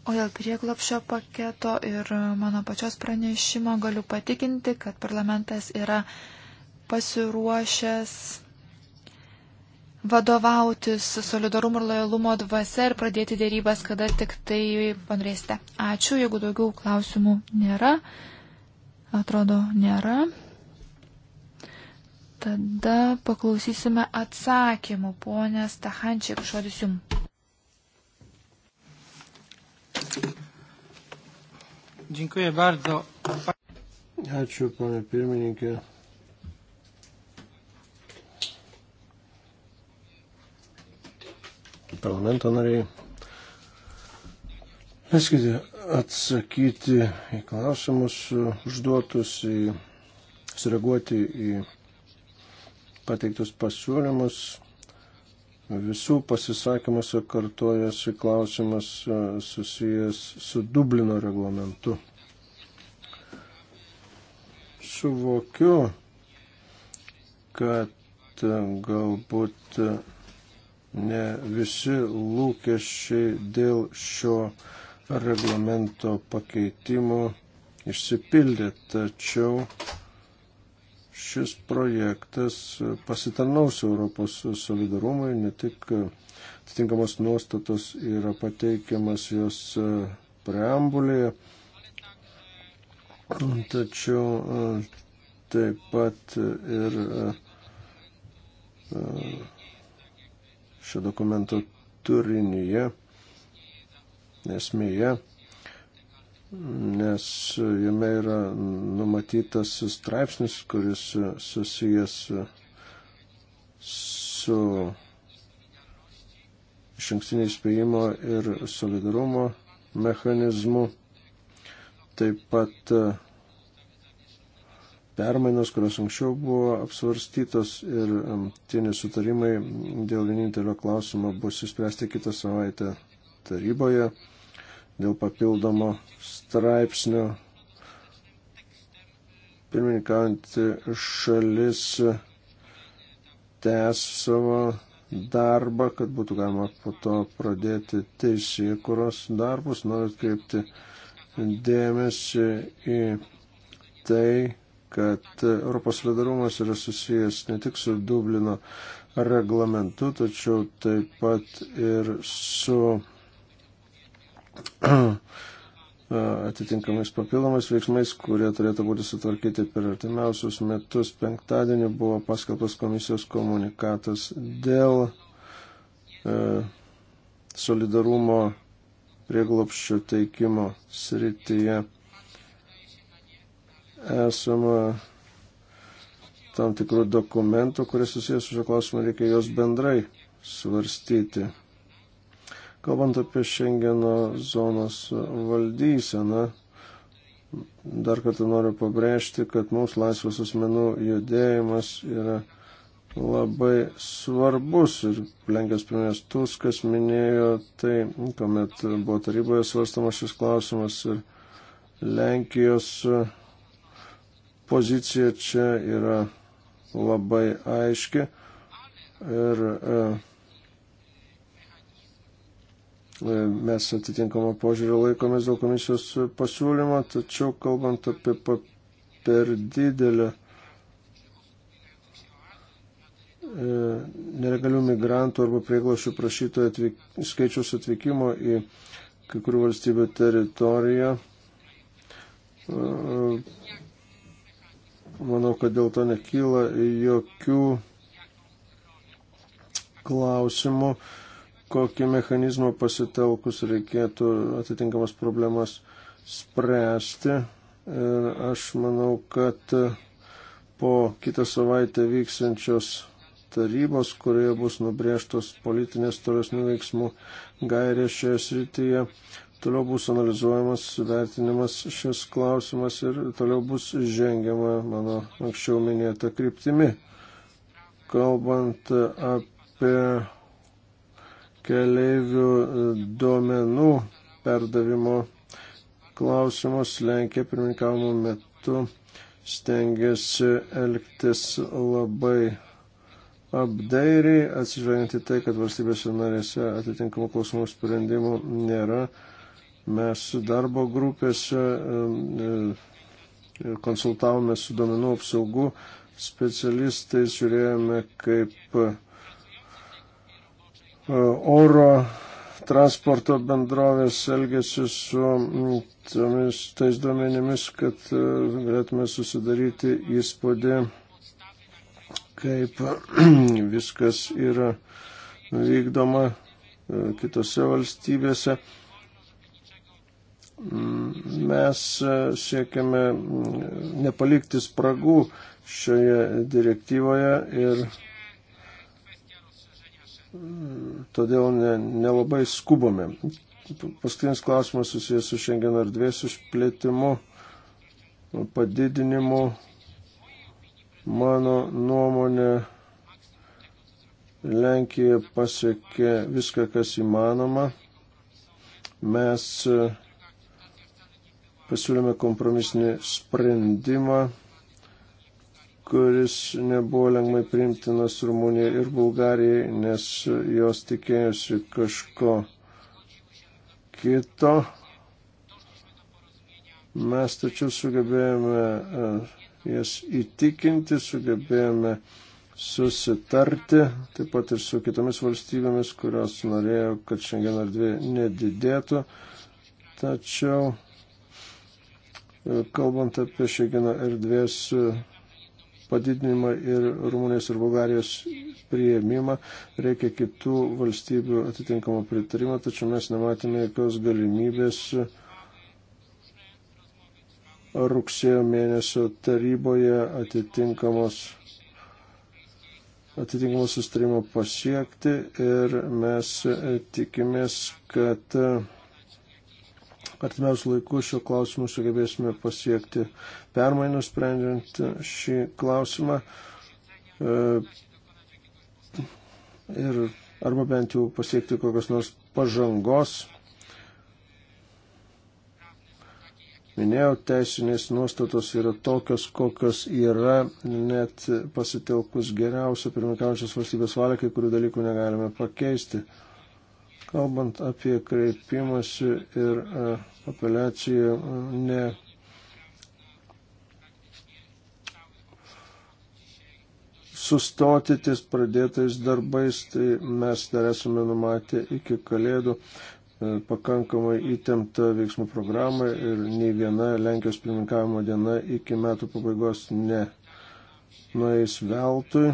O dėl prieglopšio paketo ir mano pačios pranešimo galiu patikinti, kad parlamentas yra pasiruošęs vadovautis solidarumo ir lojalumo dvasia ir pradėti dėrybas, kada tik tai panorėsite. Ačiū, jeigu daugiau klausimų nėra. Atrodo, nėra. Tada paklausysime atsakymų, ponė Stahančiak, šodis jum. Dziękuję bardzo. Ačiū, ponė pirmininkė. parlamento nariai. Leiskite atsakyti į klausimus užduotus, į, sureaguoti į pateiktus pasiūlymus. Visų pasisakymuose kartojasi klausimas e, susijęs su Dublino reglamentu. Suvokiu, kad e, galbūt e, ne visi lūkesčiai dėl šio reglamento pakeitimo išsipildė, tačiau šis projektas pasitarnaus Europos solidarumui, ne tik atitinkamos nuostatos yra pateikiamas jos preambulėje, tačiau e, taip pat ir e, e, šio dokumento turinyje, esmėje, nes jame yra numatytas straipsnis, kuris susijęs su išankstinio įspėjimo ir solidarumo mechanizmu. Taip pat permainos, kurios anksčiau buvo apsvarstytos ir tie nesutarimai dėl vienintelio klausimo bus įspręsti kitą savaitę taryboje dėl papildomo straipsnio. Pirmininkaujant šalis tęs savo darbą, kad būtų galima po to pradėti teisėkuros darbus. Noriu atkreipti dėmesį į tai, kad Europos solidarumas yra susijęs ne tik su Dublino reglamentu, tačiau taip pat ir su atitinkamais papildomais veiksmais, kurie turėtų būti sutvarkyti per artimiausius metus. Penktadienį buvo paskelbtas komisijos komunikatas dėl e, solidarumo prieglopščio teikimo srityje esama tam tikrų dokumentų, kurie susijęs su šio klausimu, reikia juos bendrai svarstyti. Kalbant apie Šengeno zonos valdyseną, dar kartą noriu pabrėžti, kad mums laisvas asmenų judėjimas yra labai svarbus ir Lenkijos premjeras Tuskas minėjo tai, kuomet buvo taryboje svarstamas šis klausimas ir Lenkijos pozicija čia yra labai aiški ir e, e, mes atitinkamą požiūrį laikomės dėl komisijos pasiūlymo, tačiau kalbant apie per didelę e, nelegalių migrantų arba prieglošių prašytojų atvyk, skaičiaus atvykimo į kai kurių valstybių teritoriją Manau, kad dėl to nekyla jokių klausimų, kokį mechanizmą pasitelkus reikėtų atitinkamas problemas spręsti. Ir aš manau, kad po kitą savaitę vyksiančios tarybos, kurioje bus nubrėžtos politinės tolesnių veiksmų gairės šioje srityje, Toliau bus analizuojamas, vertinimas šis klausimas ir toliau bus žengiama mano anksčiau minėta kryptimi. Kalbant apie keleivių duomenų perdavimo klausimus, Lenkija pirmininkavimo metu stengiasi elgtis labai apdairiai, atsižvelgiant į tai, kad valstybėse narėse atitinkamų klausimų sprendimų nėra Mes darbo grupėse e, konsultavome su domenų apsaugų specialistais, žiūrėjome, kaip e, oro transporto bendrovės elgesi su tomis, tais duomenimis, kad e, galėtume susidaryti įspūdį, kaip viskas yra vykdoma kitose valstybėse. Mes e, siekiame mm, nepalikti spragų šioje direktyvoje ir mm, todėl ne, nelabai skubame. Paskutinis klausimas susijęs su šiandien erdvės išplėtimu, padidinimu. Mano nuomonė, Lenkija pasiekė viską, kas įmanoma. Mes e, pasiūlėme kompromisinį sprendimą, kuris nebuvo lengvai priimtinas Rumunijai ir Bulgarijai, nes jos tikėjosi kažko kito. Mes tačiau sugebėjome e, jas įtikinti, sugebėjome susitarti, taip pat ir su kitomis valstybėmis, kurios norėjo, kad šiandien ar dvi nedidėtų. Tačiau kalbant apie Šegino erdvės padidinimą ir Rumunijos ir Bulgarijos prieimimą, reikia kitų valstybių atitinkamo pritarimo, tačiau mes nematėme jokios galimybės rugsėjo mėnesio taryboje atitinkamos atitinkamo sustarimo pasiekti ir mes tikimės, kad artimiausių laikų šio klausimu sugebėsime pasiekti permainų sprendžiant šį klausimą e, ir arba bent jau pasiekti kokios nors pažangos. Minėjau, teisinės nuostatos yra tokios, kokios yra, net pasitelkus geriausią pirmininkaujančios valstybės valia, kai kurių dalykų negalime pakeisti. Kalbant apie kreipimąsi ir e, apeliaciją, ne sustoti ties pradėtais darbais, tai mes dar esame numatę iki kalėdų e, pakankamai įtemptą veiksmų programą ir nei viena Lenkijos pirmininkavimo diena iki metų pabaigos ne nueis veltui.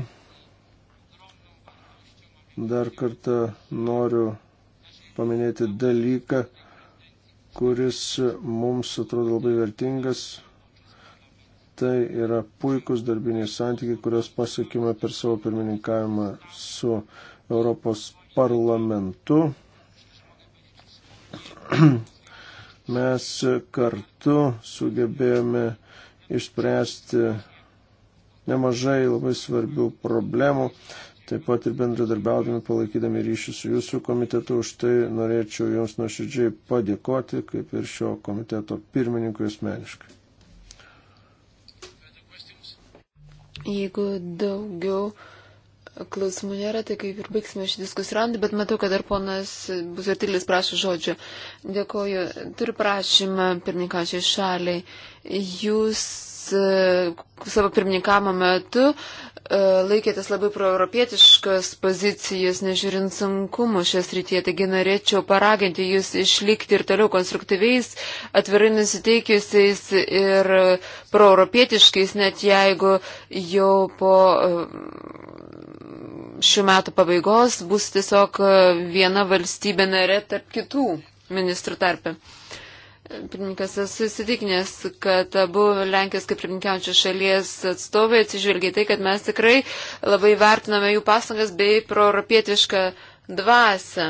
Dar kartą noriu paminėti dalyką, kuris mums atrodo labai vertingas. Tai yra puikus darbiniai santykiai, kurios pasiekime per savo pirmininkavimą su Europos parlamentu. Mes kartu sugebėjome išspręsti nemažai labai svarbių problemų, taip pat ir bendradarbiaudami, palaikydami ryšį su jūsų komitetu. Už tai norėčiau Jums nuoširdžiai padėkoti, kaip ir šio komiteto pirmininkui asmeniškai. Jeigu daugiau klausimų nėra, tai kaip ir baigsime šį diskusijų randą, bet matau, kad dar ponas Buzartilis prašo žodžio. Dėkoju. Turiu prašymą pirmininkačiai šaliai. Jūs e, savo pirmininkamo metu E, laikėtės labai proeuropietiškas pozicijas, nežiūrint sunkumų šias rytyje. Taigi norėčiau paraginti jūs išlikti ir toliau konstruktyviais, atvirai nusiteikiusiais ir proeuropietiškais, net jeigu jau po e, šių metų pabaigos bus tiesiog viena valstybė narė tarp kitų ministrų tarpe. Pirmininkas, esu įsitikinęs, kad abu Lenkijos kaip pirmininkiaujančios šalies atstovai atsižvelgia tai, kad mes tikrai labai vertiname jų pastangas bei proeuropietišką dvasę,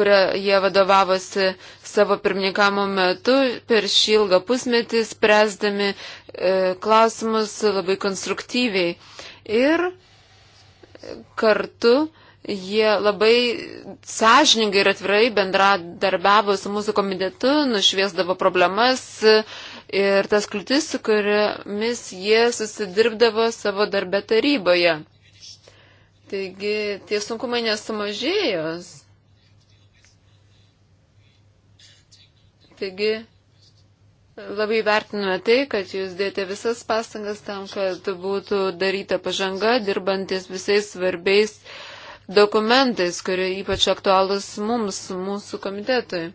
kurią jie vadovavosi savo pirmininkamo metu per šį ilgą pusmetį, spręsdami e, klausimus labai konstruktyviai. Ir kartu e, Jie labai sąžiningai ir atvirai bendradarbiavo su mūsų komitetu, nušviesdavo problemas ir tas kliūtis, su kuriamis jie susidirbdavo savo darbę taryboje. Taigi tie sunkumai nesumažėjos. Taigi Labai vertiname tai, kad jūs dėte visas pastangas tam, kad būtų daryta pažanga, dirbantis visais svarbiais uh, dokumentais, kurie ypač aktualūs mums, mūsų komitetui.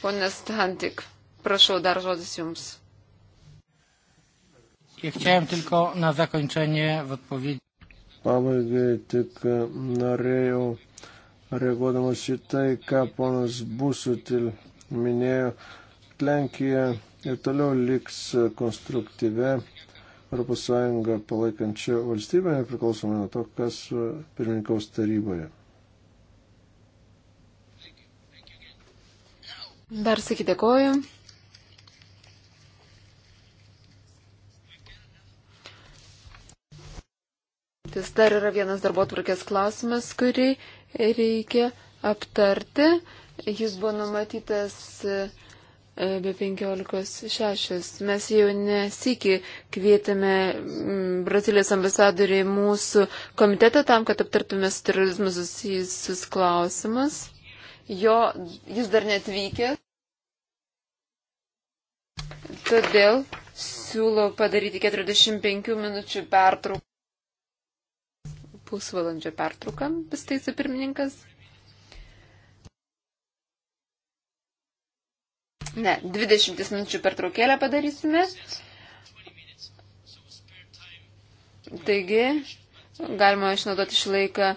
Pone Stantik, prašau dar žodis jums. Ja chciałem tylko na zakończenie w odpowiedzi. Pabaigai tik e, norėjau, reaguodamas į tai, ką ponas Busutil minėjo, Lenkija ir toliau liks konstruktyvę ES palaikančią valstybę, nepriklausomai nuo to, kas pirmininkaus taryboje. Dar sėki dėkoju. Vis dar yra vienas darbo tvarkės klausimas, kurį reikia aptarti. Jis buvo numatytas be 15.6. Mes jau nesikį kvietėme mm, Brazilijos ambasadoriai mūsų komitetą tam, kad aptartume su terorizmu susijusius klausimus. Jo, jis dar netvykė. Todėl siūlau padaryti 45 minučių pertrauką. Pusvalandžio pertrauką, pasteisė pirmininkas. Ne, 20 minučių per traukėlę padarysime. Taigi, galima išnaudoti šį laiką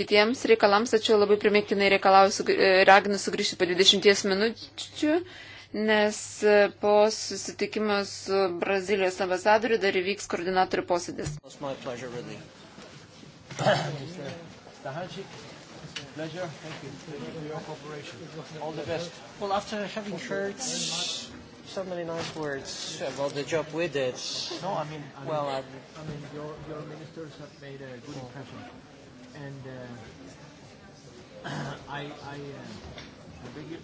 kitiems reikalams, tačiau labai primiktinai reikalauju, e, raginu sugrįžti po 20 minučių, nes e, po susitikimo su Brazilijos ambasadoriu dar įvyks koordinatorių posėdis pleasure. Thank you. Thank you for your cooperation. All the best. Well, after having heard so many nice words about the job we did. No, I mean, I mean well, I mean, I mean your, your ministers have made a good impression, and uh, I, I, uh, I beg your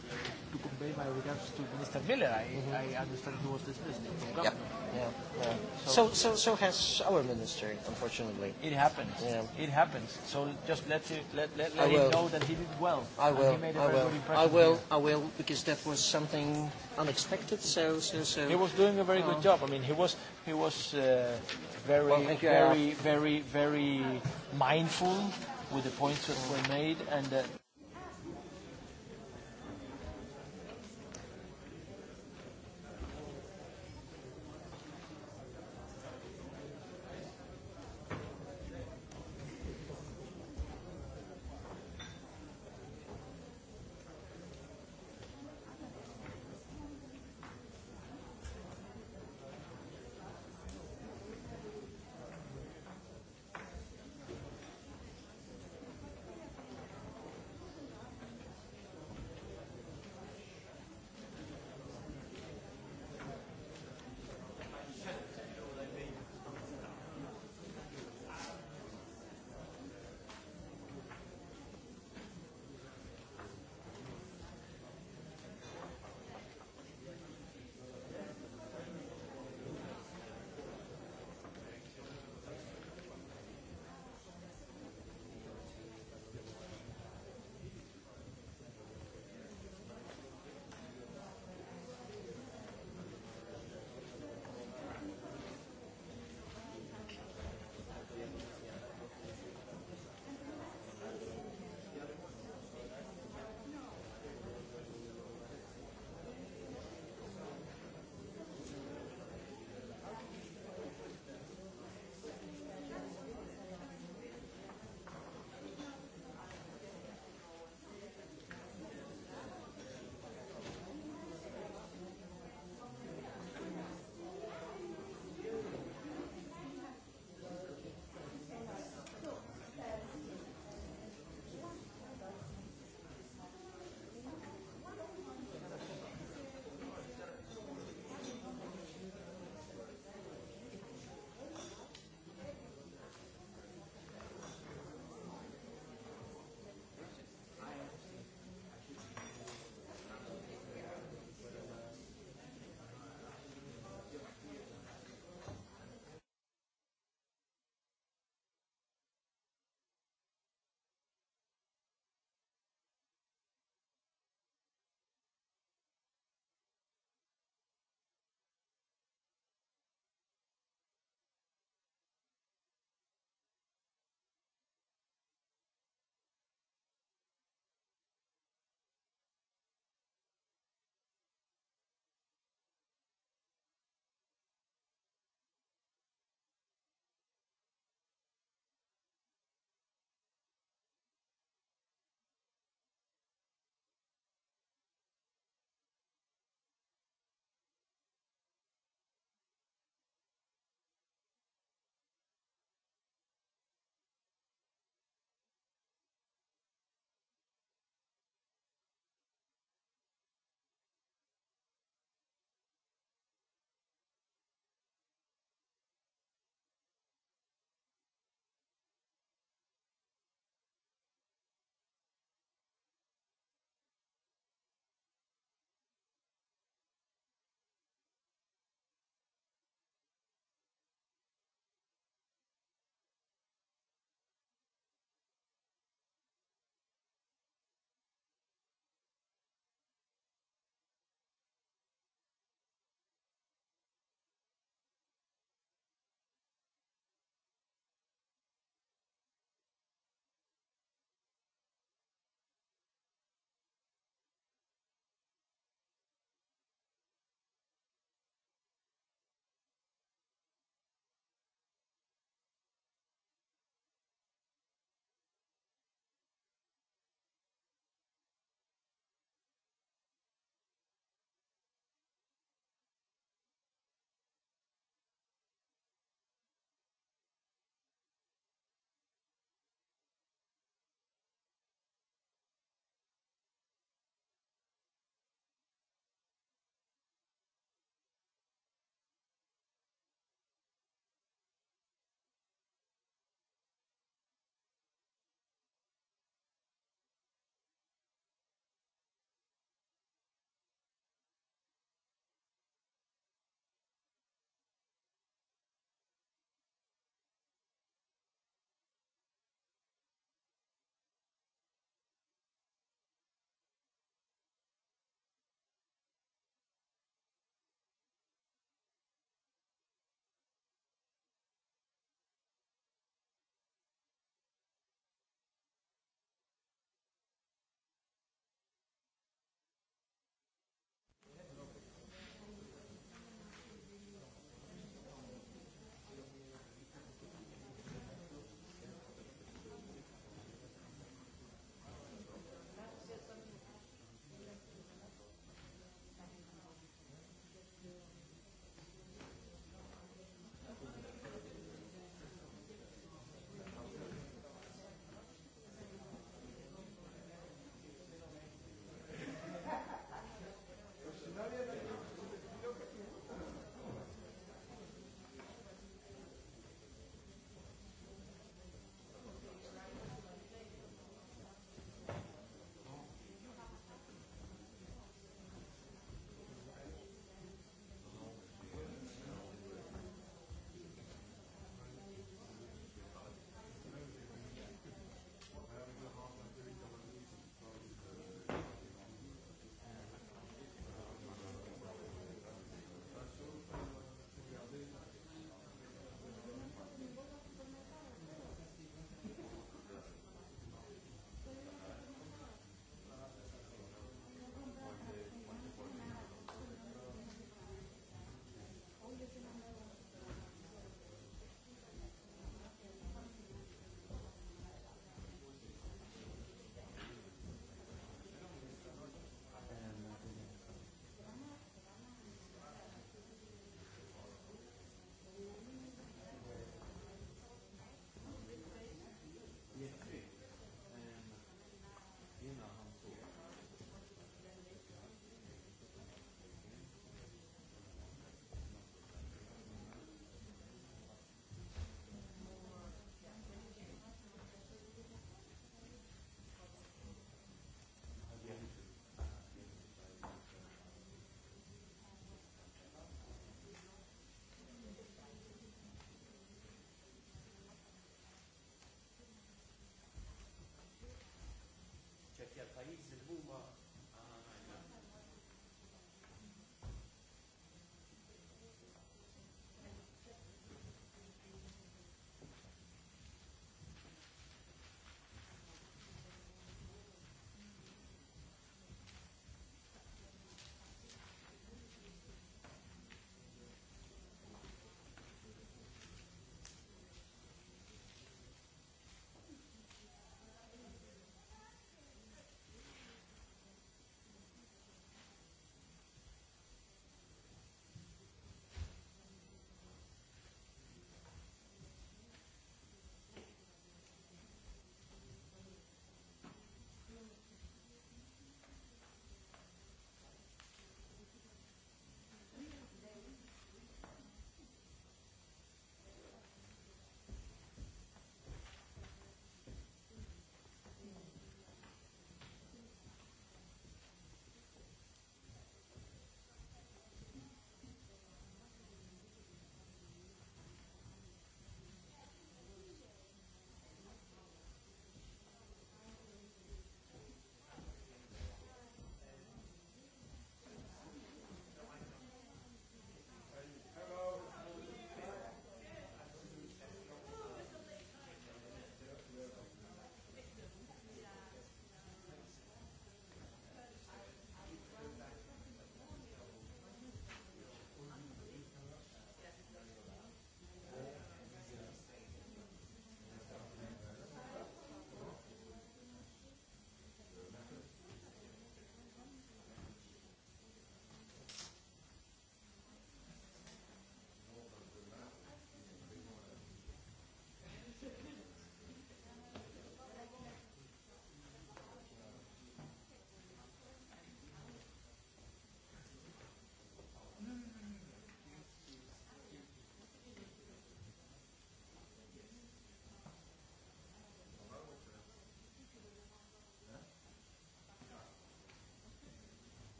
to convey my regards to Mr. Miller. I, mm-hmm. I understand he was dismissed from government. Yeah. Yeah. Yeah. So, so, so, so has our minister, unfortunately. It happens. Yeah. It happens. So just let you, let, let, let I him will. know that he did well. I will. And he made a I very will. Good impression I will. I will, because that was something unexpected. So, so, so. He was doing a very oh. good uh, job. I mean, he was, he was uh, very, well, very, very, very, very mindful with the points that were made and. Uh,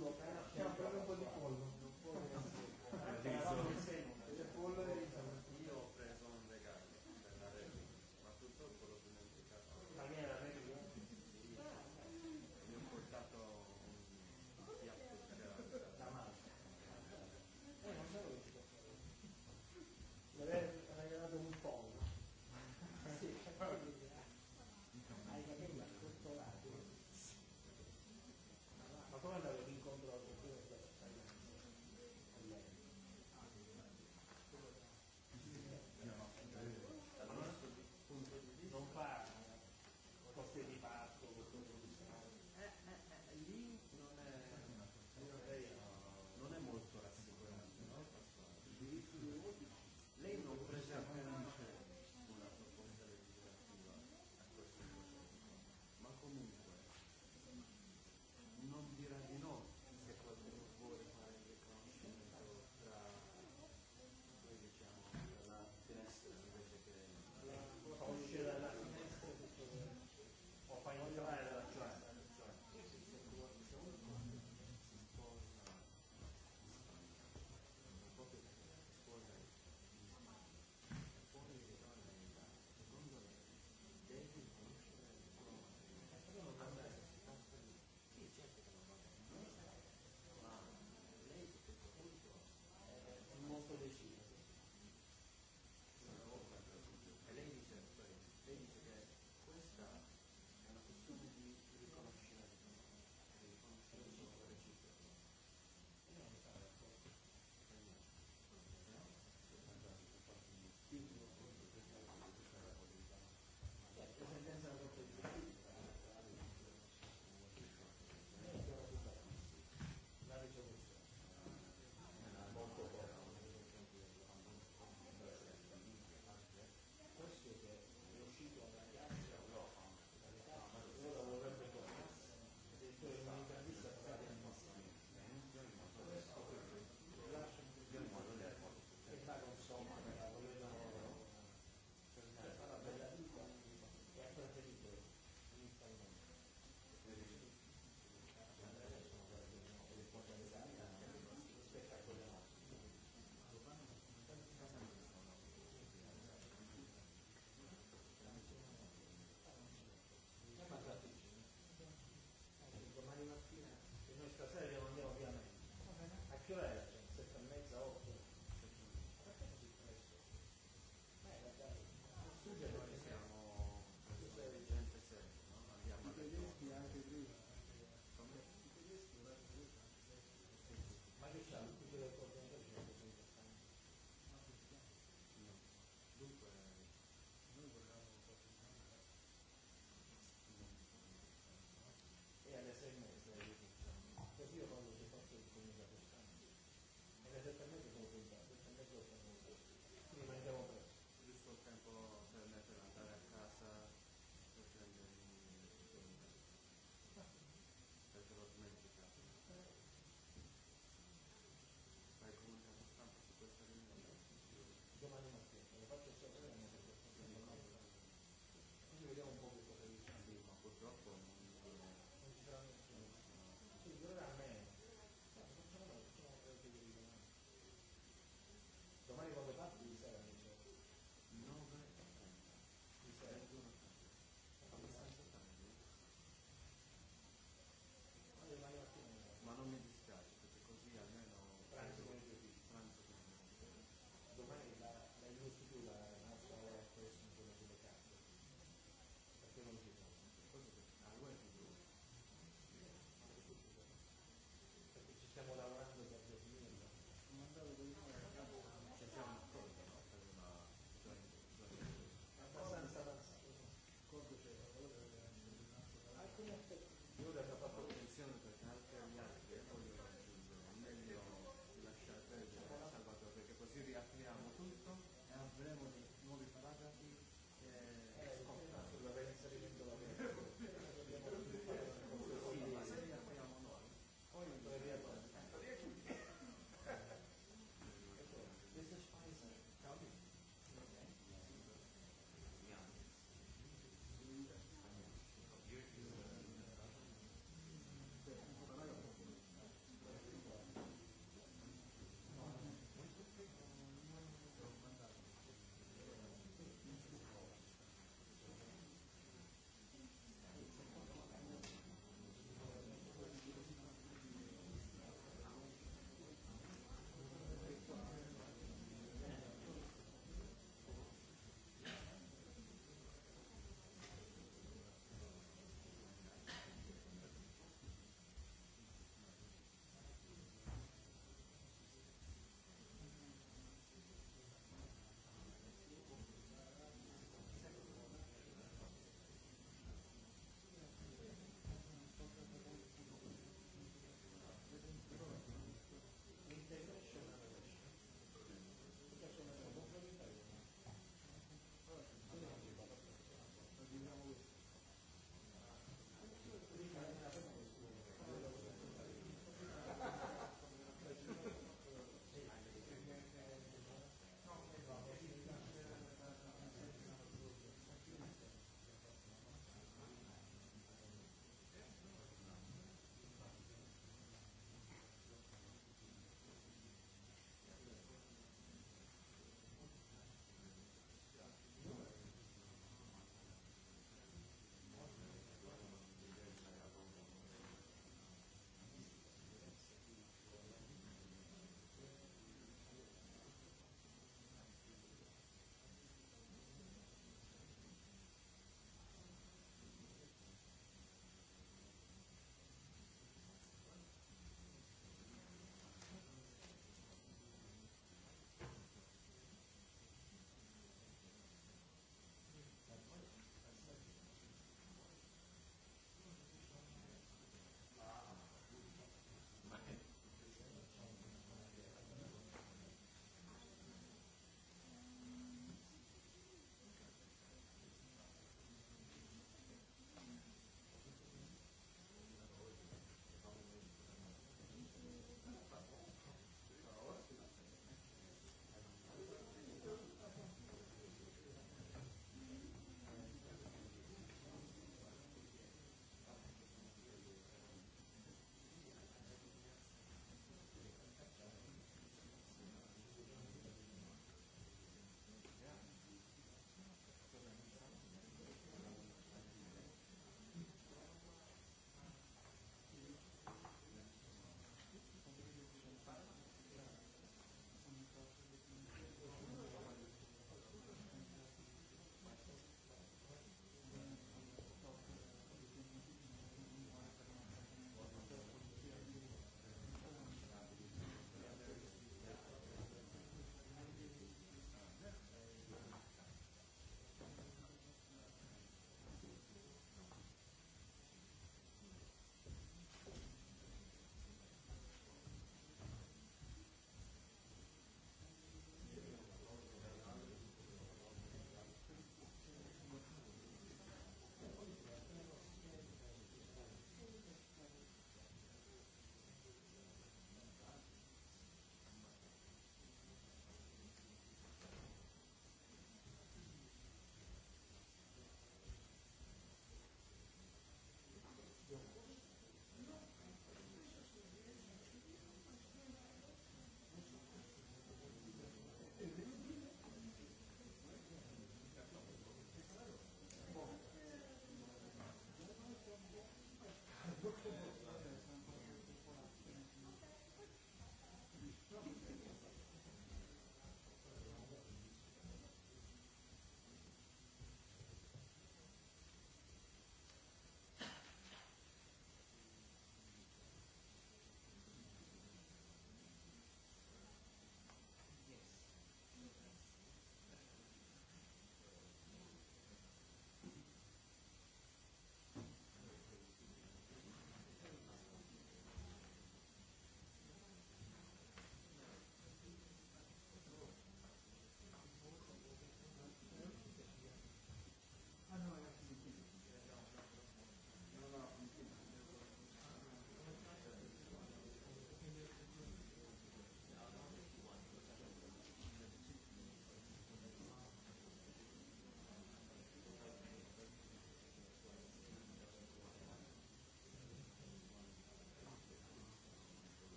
nuo karo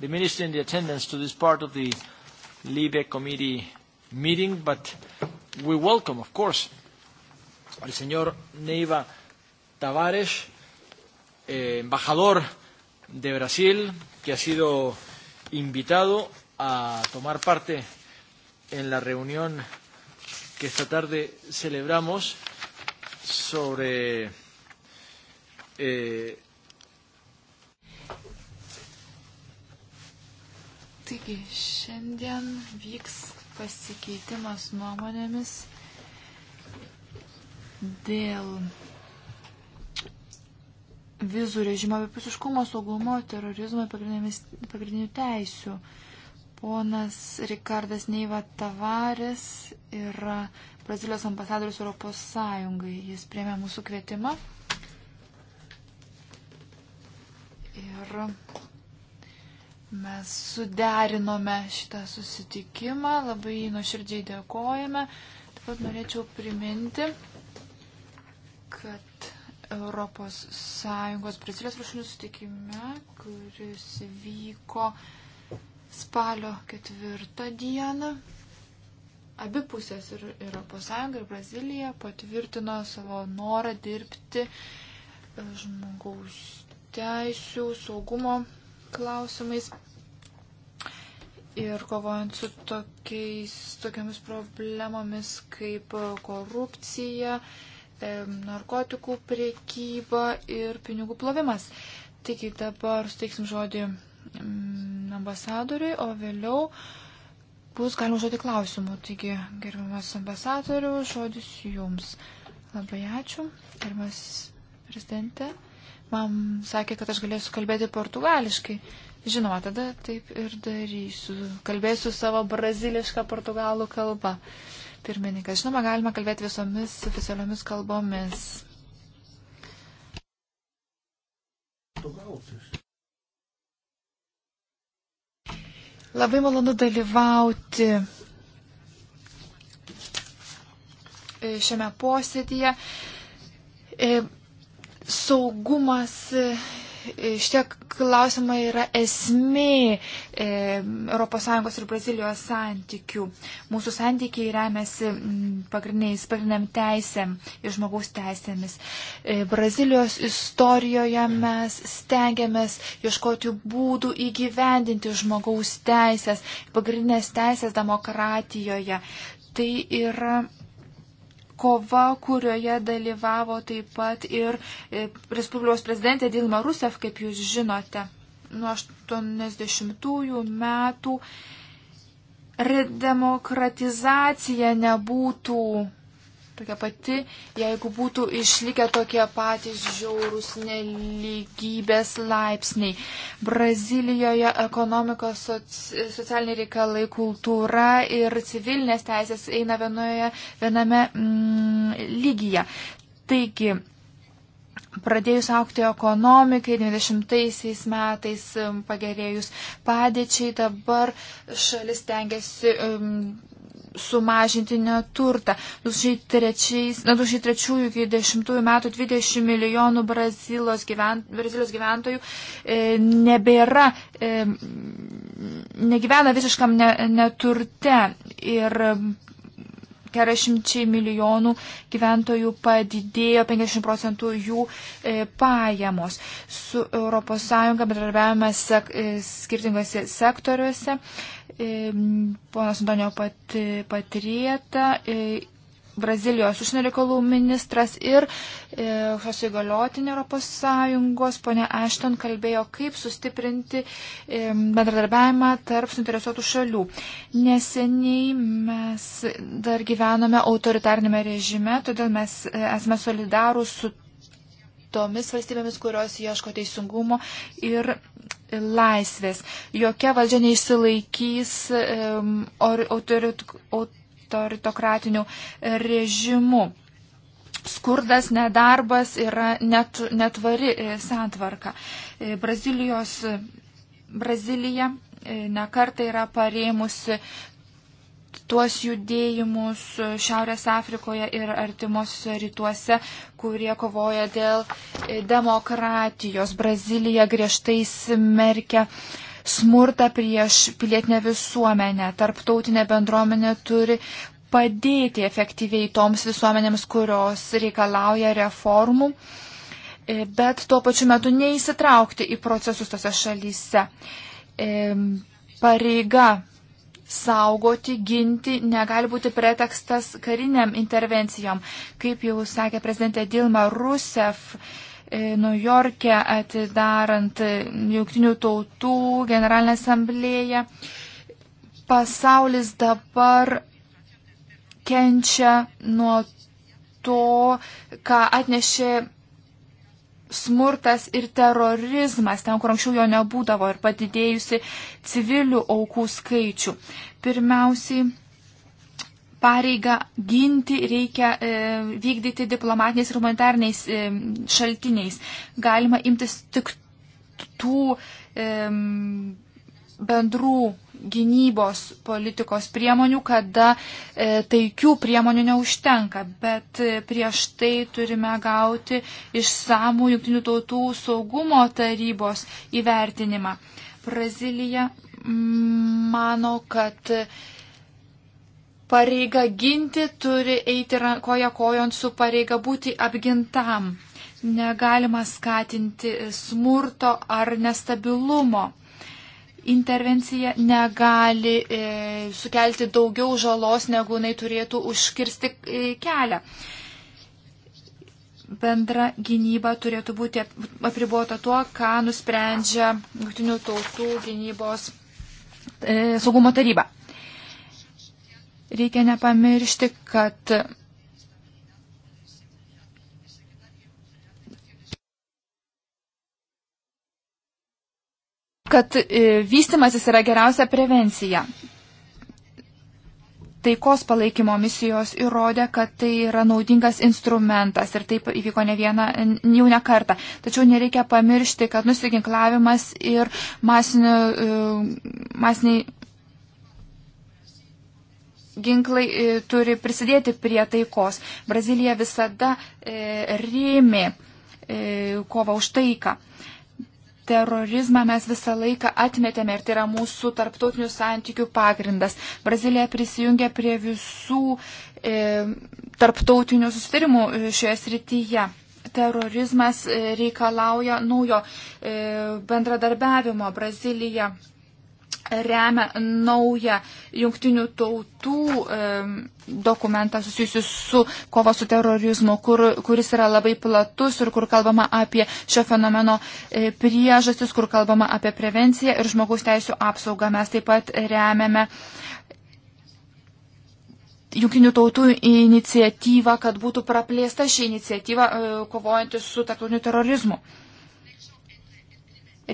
the minister in the attendance to this part of the Libe committee meeting, but we welcome, of course, al señor Neiva Tavares, eh, embajador de Brasil, que ha sido invitado a tomar parte en la reunión que esta tarde celebramos sobre eh, Taigi šiandien vyks pasikeitimas nuomonėmis dėl vizų režimo abipusiškumo, saugumo, terorizmo ir pagrindinių teisių. Ponas Rikardas Neiva Tavares yra Brazilijos ambasadorius Europos Sąjungai. Jis priemė mūsų kvietimą. Ir Mes suderinome šitą susitikimą, labai nuoširdžiai dėkojame. Taip pat norėčiau priminti, kad Europos Sąjungos Brazilijos viršūnių sutikime, kuris vyko spalio ketvirtą dieną, abi pusės ir Europos Sąjunga ir Brazilija patvirtino savo norą dirbti žmogaus teisų, saugumo klausimais ir kovojant su tokiais, tokiamis problemomis kaip korupcija, e, narkotikų priekyba ir pinigų plovimas. Taigi dabar suteiksim žodį mm, ambasadoriui, o vėliau bus galima žodį klausimų. Taigi, gerbiamas ambasadoriu, žodis jums. Labai ačiū. Gerbiamas prezidente, man sakė, kad aš galėsiu kalbėti portugališkai. Žinoma, tada taip ir darysiu. Kalbėsiu savo brazilišką portugalų kalbą. Pirmininkas, žinoma, galima kalbėti visomis oficialiomis kalbomis. Labai malonu dalyvauti šiame posėdėje. E, Saugumas e, šitie klausimai yra esmė ES ir Brazilijos santykių. Mūsų santykiai remiasi pagrindiniais, pagrindiniam teisėm ir žmogaus teisėmis. E, Brazilijos istorijoje mes stengiamės ieškoti būdų įgyvendinti žmogaus teisės, pagrindinės teisės demokratijoje. Tai yra kova, kurioje dalyvavo taip pat ir e, Respublikos prezidentė Dilma Rusev, kaip jūs žinote, nuo 80-ųjų metų redemokratizacija nebūtų tokia pati, jeigu būtų išlikę tokie patys žiaurūs neligybės laipsniai. Brazilijoje ekonomikos, socialiniai reikalai, kultūra ir civilinės teisės eina vienoje, viename mm, lygyje. Taigi, pradėjus aukti ekonomikai, 20 metais mm, pagerėjus padėčiai, dabar šalis tengiasi um, sumažinti neturtą. 2003-2010 metų 20 milijonų Brazilos, gyvent, Brazilos gyventojų e, nebėra, e, negyvena visiškam ne, neturte ir 400 milijonų gyventojų padidėjo 50 procentų jų e, pajamos. Su ES bendradarbiavime sek, e, skirtingose sektoriuose. E, ponas Antonio pat, Patrieta, e, Brazilijos užsienio reikalų ministras ir e, šios įgaliotinė Europos Sąjungos, ponė Ashton, kalbėjo, kaip sustiprinti bendradarbiavimą tarp suinteresuotų šalių. Neseniai mes dar gyvenome autoritarnėme režime, todėl mes e, esame solidarūs su tomis valstybėmis, kurios ieško teisingumo ir laisvės. Jokia valdžia neišsilaikys um, autoritokratinių režimų. Skurdas, nedarbas yra net, netvari e, santvarka. E, Brazilijos, Brazilija e, nekartai yra pareimusi tuos judėjimus Šiaurės Afrikoje ir artimuose rytuose, kurie kovoja dėl e, demokratijos. Brazilija griežtai smerkia smurtą prieš pilietinę visuomenę. Tarptautinė bendruomenė turi padėti efektyviai toms visuomenėms, kurios reikalauja reformų, e, bet tuo pačiu metu neįsitraukti į procesus tose šalyse. E, pareiga saugoti, ginti negali būti pretekstas kariniam intervencijom. Kaip jau sakė prezidentė Dilma Rusev, e, Niujorke atidarant e, Junktinių tautų generalinę asamblėją, pasaulis dabar kenčia nuo to, ką atnešė smurtas ir terorizmas, ten, kur anksčiau jo nebūdavo ir padidėjusi civilių aukų skaičių. Pirmiausiai, pareigą ginti reikia e, vykdyti diplomatiniais ir humanitarniais e, šaltiniais. Galima imtis tik tų e, bendrų gynybos politikos priemonių, kada e, taikių priemonių neužtenka, bet e, prieš tai turime gauti išsamų Junktinių tautų saugumo tarybos įvertinimą. Brazilija mano, kad pareiga ginti turi eiti koja kojon su pareiga būti apgintam. Negalima skatinti smurto ar nestabilumo intervencija negali e, sukelti daugiau žalos, negu jinai turėtų užkirsti e, kelią. Bendra gynyba turėtų būti apribota tuo, ką nusprendžia Junktinių tautų gynybos e, saugumo taryba. Reikia nepamiršti, kad kad e, vystimasis yra geriausia prevencija. Taikos palaikymo misijos įrodė, kad tai yra naudingas instrumentas ir taip įvyko ne vieną, jau ne kartą. Tačiau nereikia pamiršti, kad nusiginklavimas ir e, masiniai ginklai e, turi prisidėti prie taikos. Brazilija visada rėmė kovą už taiką terorizmą mes visą laiką atmetėme ir tai yra mūsų tarptautinių santykių pagrindas. Brazilija prisijungia prie visų e, tarptautinių susitarimų e, šioje srityje. Terorizmas e, reikalauja naujo e, bendradarbiavimo Brazilija remia naują jungtinių tautų e, dokumentą susijusiu su kova su terorizmu, kur, kuris yra labai platus ir kur kalbama apie šio fenomeno e, priežastis, kur kalbama apie prevenciją ir žmogaus teisų apsaugą. Mes taip pat remiame jungtinių tautų iniciatyvą, kad būtų praplėsta ši iniciatyva e, kovojantis su tarptautiniu terorizmu. E,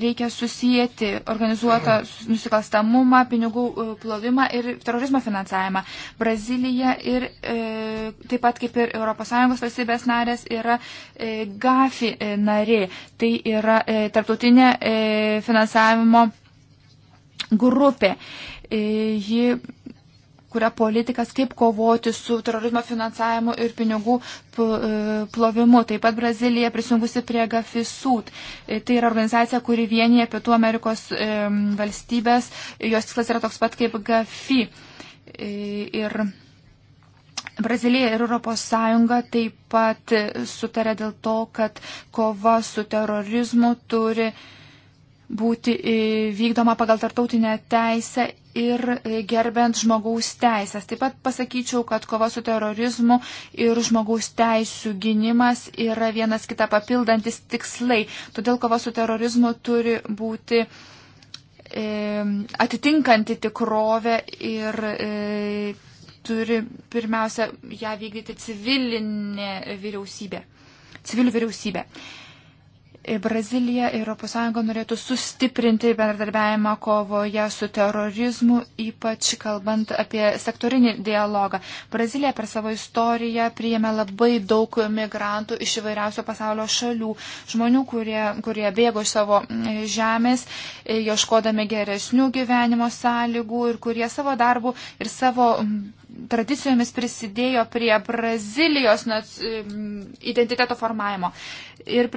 reikia susijęti organizuotą nusikalstamumą, pinigų e, plovimą ir terorizmo finansavimą. Brazilija ir e, taip pat kaip ir ES valstybės narės yra e, GAFI e, nari. Tai yra e, tarptautinė e, finansavimo grupė. E, ji kuria politikas, kaip kovoti su terorizmo finansavimu ir pinigų e, plovimu. Taip pat Brazilija prisijungusi prie GAFISUT. E, tai yra organizacija, kuri vienyje Pietų Amerikos e, valstybės. Jos tikslas yra toks pat kaip GAFI. Ir Brazilija ir ES taip pat sutarė dėl to, kad kova su terorizmu turi būti vykdoma pagal tartautinę teisę ir e, gerbent žmogaus teisės. Taip pat pasakyčiau, kad kova su terorizmu ir žmogaus teisų gynimas yra vienas kitą papildantis tikslai. Todėl kova su terorizmu turi būti e, atitinkanti tikrovę ir e, turi pirmiausia ją vykdyti civilinė vyriausybė, civilių vyriausybė. E, Brazilija ir ES norėtų sustiprinti bendradarbiavimą kovoje su terorizmu, ypač kalbant apie sektorinį dialogą. Brazilija per savo istoriją priėmė labai daug migrantų iš įvairiausio pasaulio šalių, žmonių, kurie, kurie bėgo iš savo e, žemės, e, ieškodami geresnių gyvenimo sąlygų ir kurie savo darbų ir savo tradicijomis prisidėjo prie Brazilijos nac, identiteto formavimo. Ir,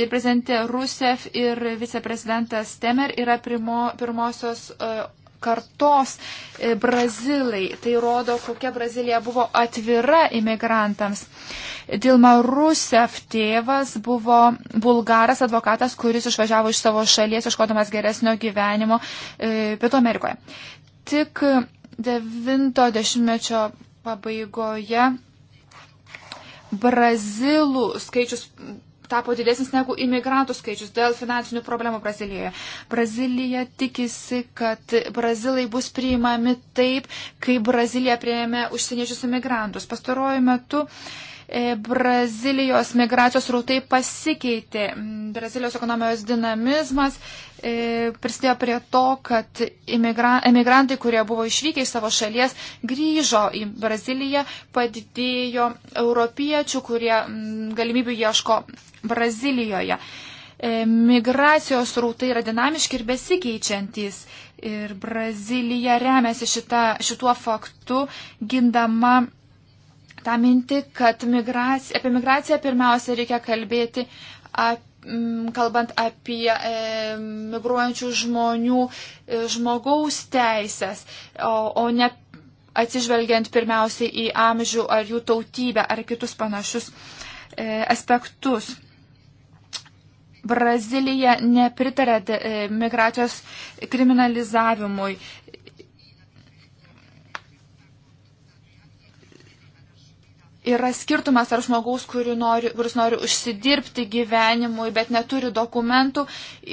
ir prezidentė Rusev ir viceprezidentas Temer yra primo, pirmosios e, kartos e, brazilai. Tai rodo, kokia Brazilija buvo atvira imigrantams. Dilma Rusev tėvas buvo bulgaras advokatas, kuris išvažiavo iš savo šalies, iškodamas geresnio gyvenimo e, Pietų Amerikoje. Tik devinto dešimtmečio pabaigoje brazilų skaičius tapo didesnis negu imigrantų skaičius dėl finansinių problemų Brazilijoje. Brazilija tikisi, kad brazilai bus priimami taip, kaip Brazilija prieėmė užsieniečius imigrantus. Pastaruoju metu uh, E, Brazilijos migracijos rautai pasikeitė. Brazilijos ekonomijos dinamizmas e, prisidėjo prie to, kad emigrantai, kurie buvo išvykę iš savo šalies, grįžo į Braziliją, padidėjo europiečių, kurie galimybių ieško Brazilijoje e, migracijos rautai yra dinamiški ir besikeičiantys. Ir Brazilija remiasi šita, šituo faktu, gindama tą mintį, kad migraci apie migraciją pirmiausia reikia kalbėti, ap, m, kalbant apie e, migruojančių žmonių e, žmogaus teisės, o, o ne atsižvelgiant pirmiausiai į amžių ar jų tautybę ar kitus panašius e, aspektus. Brazilija nepritarė e, migracijos kriminalizavimui yra skirtumas ar žmogaus, nori, kuris nori užsidirbti gyvenimui, bet neturi dokumentų,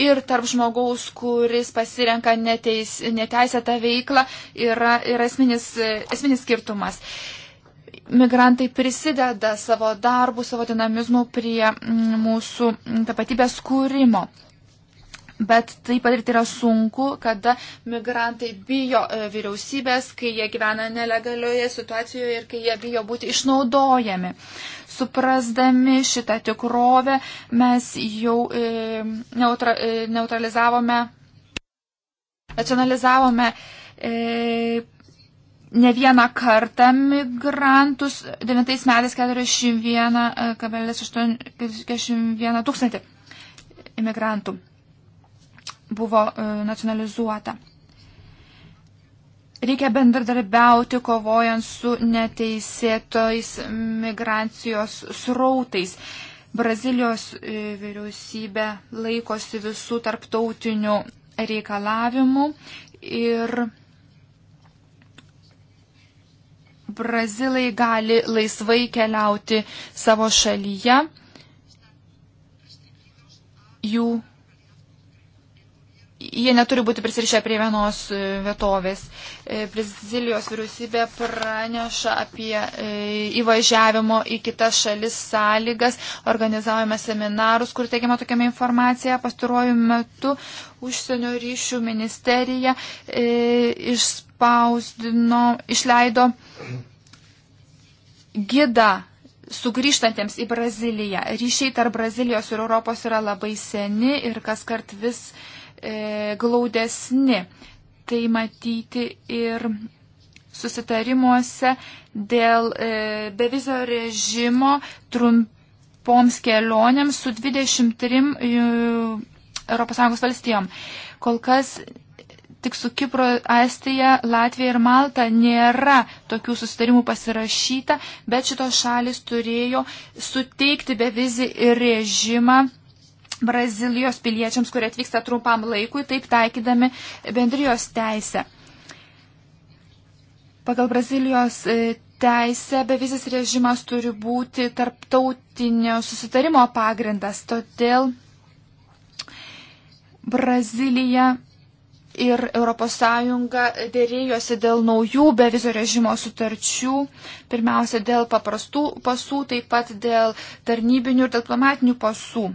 ir tarp žmogaus, kuris pasirenka neteis, neteisėtą veiklą, yra, yra esminis, esminis skirtumas. Migrantai prisideda savo darbų, savo dinamizmų prie mm, mūsų mm, tapatybės kūrimo. Bet tai padaryti yra sunku, kada migrantai bijo e, vyriausybės, kai jie gyvena nelegalioje situacijoje ir kai jie bijo būti išnaudojami. Suprasdami šitą tikrovę, mes jau e, neutra, e, neutralizavome, nacionalizavome ne vieną kartą migrantus, 9 metais 41,81 tūkstantį imigrantų buvo e, nacionalizuota. Reikia bendradarbiauti, kovojant su neteisėtojais migracijos srautais. Brazilijos e, vyriausybė laikosi visų tarptautinių reikalavimų ir brazilai gali laisvai keliauti savo šalyje. Jų jie neturi būti prisirišę prie vienos e, vietovės. E, Brazilijos vyriausybė praneša apie e, įvažiavimo į kitas šalis sąlygas, organizavome seminarus, kur teigiama tokiame informacija pastaruoju metu užsienio ryšių ministerija išspausdino, išleido gidą sugrįžtantiems į Braziliją. Ryšiai tarp Brazilijos ir Europos yra labai seni ir kas kart vis uh, e, glaudesni. Tai matyti ir susitarimuose dėl e, bevizio režimo trumpoms kelionėms su 23 e, ES valstijom. Kol kas tik su Kipro, Estija, Latvija ir Malta nėra tokių susitarimų pasirašyta, bet šitos šalis turėjo suteikti bevizį režimą Brazilijos piliečiams, kurie atvyksta trumpam laikui, taip taikydami bendrijos teisę. Pagal Brazilijos e, teisę bevizis režimas turi būti tarptautinio susitarimo pagrindas, todėl Brazilija ir ES dėrėjosi dėl naujų bevizio režimo sutarčių, pirmiausia dėl paprastų pasų, taip pat dėl tarnybinių ir diplomatinių pasų.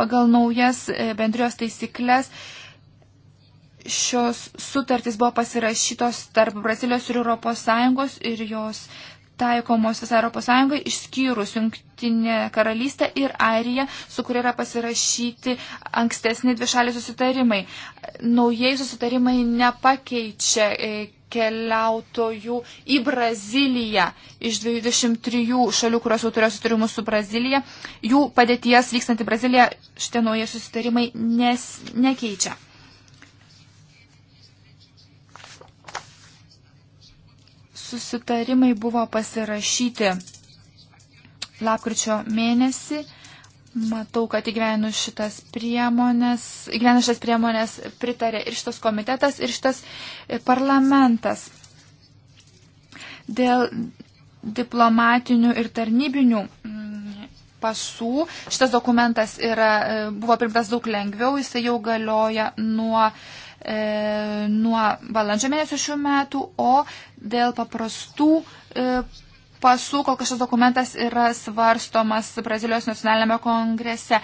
Pagal naujas e, bendrijos taisyklės šios sutartys buvo pasirašytos tarp Brazilijos ir ES ir jos taikomos visą Europos Sąjungą, išskyrus Junktinė karalystė ir Airija, su kuria yra pasirašyti ankstesni dvišaliai susitarimai. Naujai susitarimai nepakeičia e, keliautojų į Braziliją iš 23 šalių, kurios jau turėjo susitarimus su Brazilija. Jų padėties vykstant į Braziliją šitie nauji susitarimai nes, nekeičia. susitarimai buvo pasirašyti lapkričio mėnesį. Matau, kad įgyvenu šitas priemonės, įgyvenu šitas priemonės pritarė ir šitas komitetas, ir šitas e, parlamentas. Dėl diplomatinių ir tarnybinių mm, pasų šitas dokumentas yra, e, buvo primtas daug lengviau, jisai jau galioja nuo e, nuo balandžio mėnesio šių metų, o dėl paprastų e, pasų, kol kas šis dokumentas yra svarstomas Brazilijos nacionalinėme kongrese.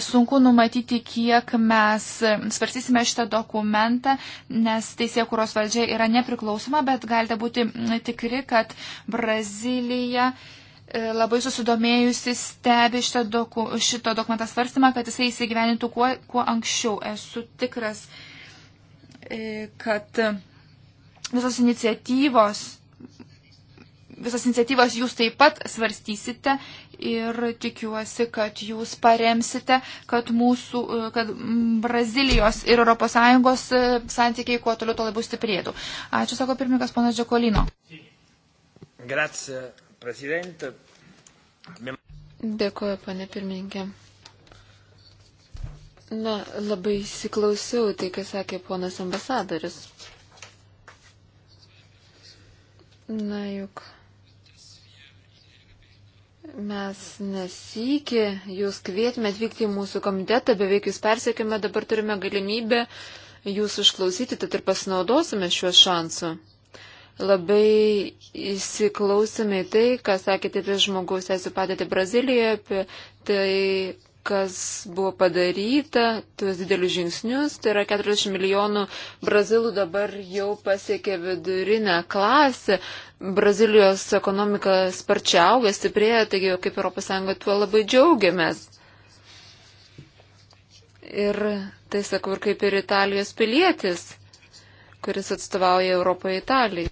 Sunku numatyti, kiek mes svarstysime šitą dokumentą, nes teisė, kurios valdžia yra nepriklausoma, bet galite būti tikri, kad Brazilija e, labai susidomėjusi stebi šitą doku, šito dokumentą svarstymą, kad jisai įsigyvenintų kuo, kuo anksčiau. Esu tikras, E, kad visos iniciatyvos, visas iniciatyvas jūs taip pat svarstysite ir tikiuosi, kad jūs paremsite, kad mūsų, e, kad Brazilijos ir ES e, santykiai kuo toliau to labiau stiprėtų. Ačiū, sako pirmininkas ponas Džekolino. Grazie, prezidentė. Dėkuoju, pane pirmininkė. Na, labai įsiklausiau tai, ką sakė ponas ambasadoris. Na juk mes nesikį, jūs kvietime atvykti į mūsų komitetą, beveik jūs persiekime, dabar turime galimybę jūs išklausyti, tad ir pasinaudosime šiuo šansu. Labai įsiklausime į tai, ką sakėte apie žmogaus teisų padėtį Brazilijoje, apie tai, kas buvo padaryta, tuos didelius žingsnius, tai yra 40 milijonų brazilų dabar jau pasiekė vidurinę klasę, Brazilijos ekonomika sparčiai auga, stiprėja, taigi kaip ES tuo labai džiaugiamės. Ir tai sakau ir kaip ir Italijos pilietis, kuris atstovauja Europoje Italijai.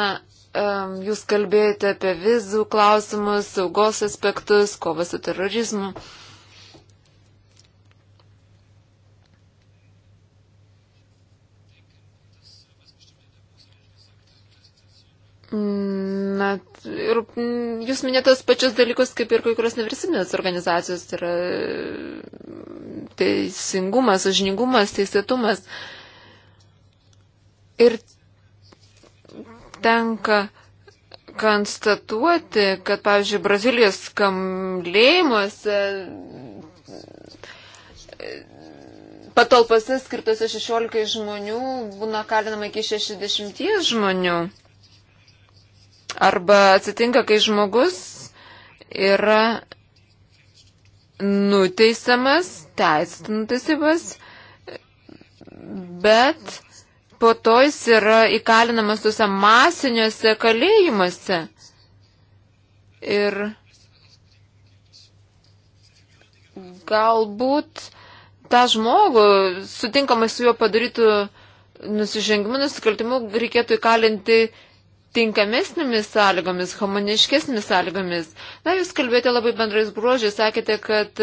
Na, jūs kalbėjote apie vizų klausimus, saugos aspektus, kovą su terorizmu. Na, ir jūs minėtos pačius dalykus, kaip ir kai kurios nevyriausybinės organizacijos, tai yra teisingumas, sažiningumas, teisėtumas. Ir tenka konstatuoti, kad, pavyzdžiui, Brazilijos skamblėjimuose patalpose skirtose 16 žmonių būna kalinama iki 60 žmonių. Arba atsitinka, kai žmogus yra nuteisamas, teisėtas nuteisimas, bet po to jis yra įkalinamas tuose masiniuose kalėjimuose. Ir galbūt tą žmogų, sutinkamai su juo padarytų nusižengimų, nusikaltimų, reikėtų įkalinti tinkamesnėmis sąlygomis, homoniškesnėmis sąlygomis. Na, jūs kalbėjote labai bendrais bruožiais, sakėte, kad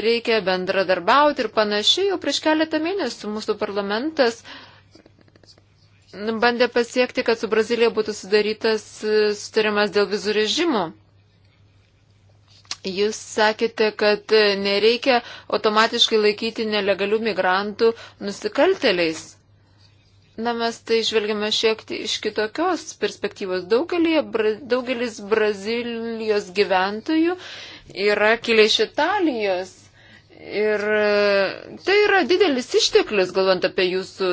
reikia bendradarbiauti ir panašiai. Jau prieš keletą mėnesių mūsų parlamentas uh, bandė pasiekti, kad su Brazilija būtų sudarytas e, sutarimas dėl vizų režimų. Jūs sakėte, kad e, nereikia automatiškai laikyti nelegalių migrantų nusikalteliais. Na, mes tai žvelgiame šiek tiek iš kitokios perspektyvos. Daugelį, bra, daugelis Brazilijos gyventojų yra kilę iš Italijos Ir e, tai yra didelis išteklis, galvant apie jūsų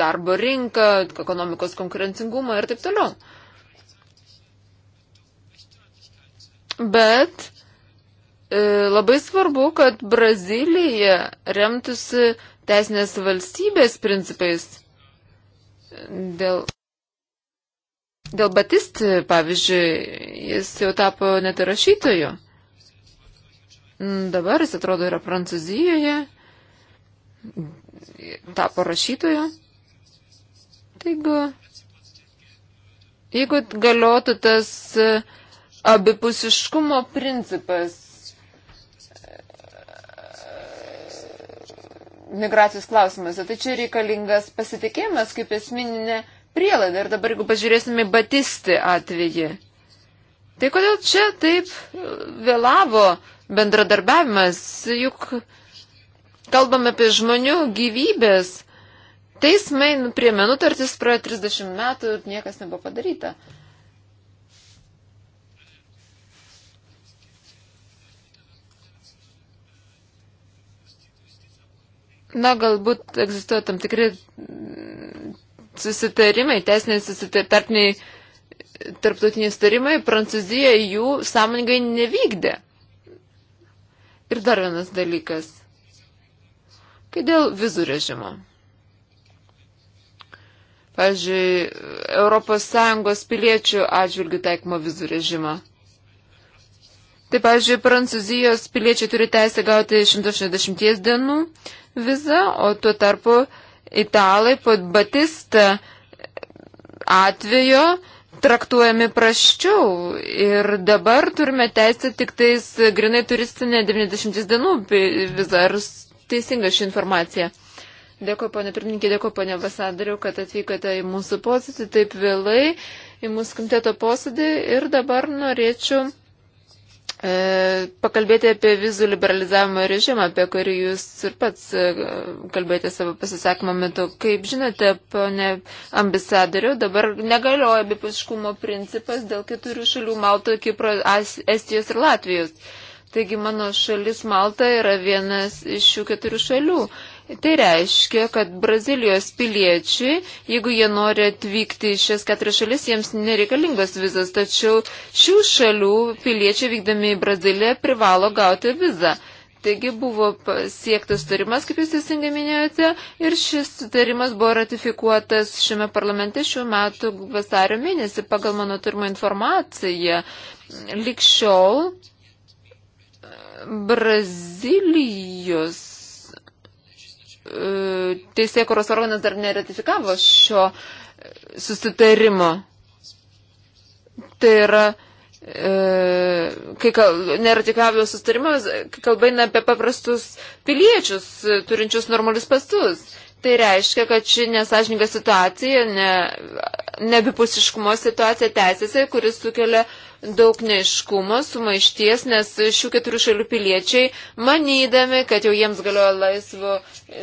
darbo rinką, ekonomikos konkurencingumą ir taip toliau. Bet e, labai svarbu, kad Brazilija remtųsi teisinės valstybės principais. Dėl, dėl Batisti, pavyzdžiui, jis jau tapo net rašytoju. Mm, dabar jis atrodo yra Prancūzijoje, tapo rašytoju. Taigi, jeigu galiotų tas e, abipusiškumo principas e, migracijos klausimuose, tai čia reikalingas pasitikėjimas kaip esmininė prielaida. Ir dabar, jeigu pažiūrėsime Batisti atvejį, tai kodėl čia taip vėlavo bendradarbiavimas, juk kalbame apie žmonių gyvybės. Teismai priemė nutartis praėjo 30 metų ir niekas nebuvo padaryta. Na, galbūt egzistuoja tam tikri susitarimai, teisiniai susitarimai, tarptautiniai sutarimai, Prancūzija jų sąmoningai nevykdė. Ir dar vienas dalykas. Kai dėl vizų režimo. Pavyzdžiui, ES piliečių atžvilgių taikoma vizų režimą. Tai, pavyzdžiui, Prancūzijos piliečiai turi teisę gauti 160 dienų vizą, o tuo tarpu italai po Batista atvejo traktuojami praščiau ir dabar turime teisę tik tais grinai turistinę 90 dienų vizą. Ar teisinga ši informacija? Dėkuoju, ponė pirmininkė, dėkuoju, ponė ambasadoriu, kad atvykote į mūsų posėdį taip vėlai, į mūsų komiteto posėdį ir dabar norėčiau E, pakalbėti apie vizų liberalizavimo režimą, apie kurį jūs ir pats e, kalbėjote savo pasisakymo metu. Kaip žinote, ponė ambasadoriu, dabar negalioja abipusiškumo principas dėl keturių šalių - Malto, Kipro, Estijos ir Latvijos. Taigi mano šalis Malta yra vienas iš šių keturių šalių. Tai reiškia, kad Brazilijos piliečiai, jeigu jie nori atvykti į šias keturias šalis, jiems nereikalingos vizas, tačiau šių šalių piliečiai vykdami į Braziliją privalo gauti vizą. Taigi buvo siektas sutarimas, kaip jūs teisingai minėjote, ir šis sutarimas buvo ratifikuotas šiame parlamente šių metų vasario mėnesį pagal mano turimą informaciją. Likščiol Brazilijos teisėkuros organas dar neratifikavo šio susitarimo. Tai yra, e, kai kal, neratifikavo susitarimo, kai kalba eina apie paprastus piliečius, e, turinčius normalius pastus. Tai reiškia, kad ši nesažininga situacija, ne, nebipusiškumo situacija tęsiasi, kuris sukelia uh, daug neiškumo, sumaišties, nes šių keturių šalių piliečiai, manydami, kad jau jiems galioja laisvo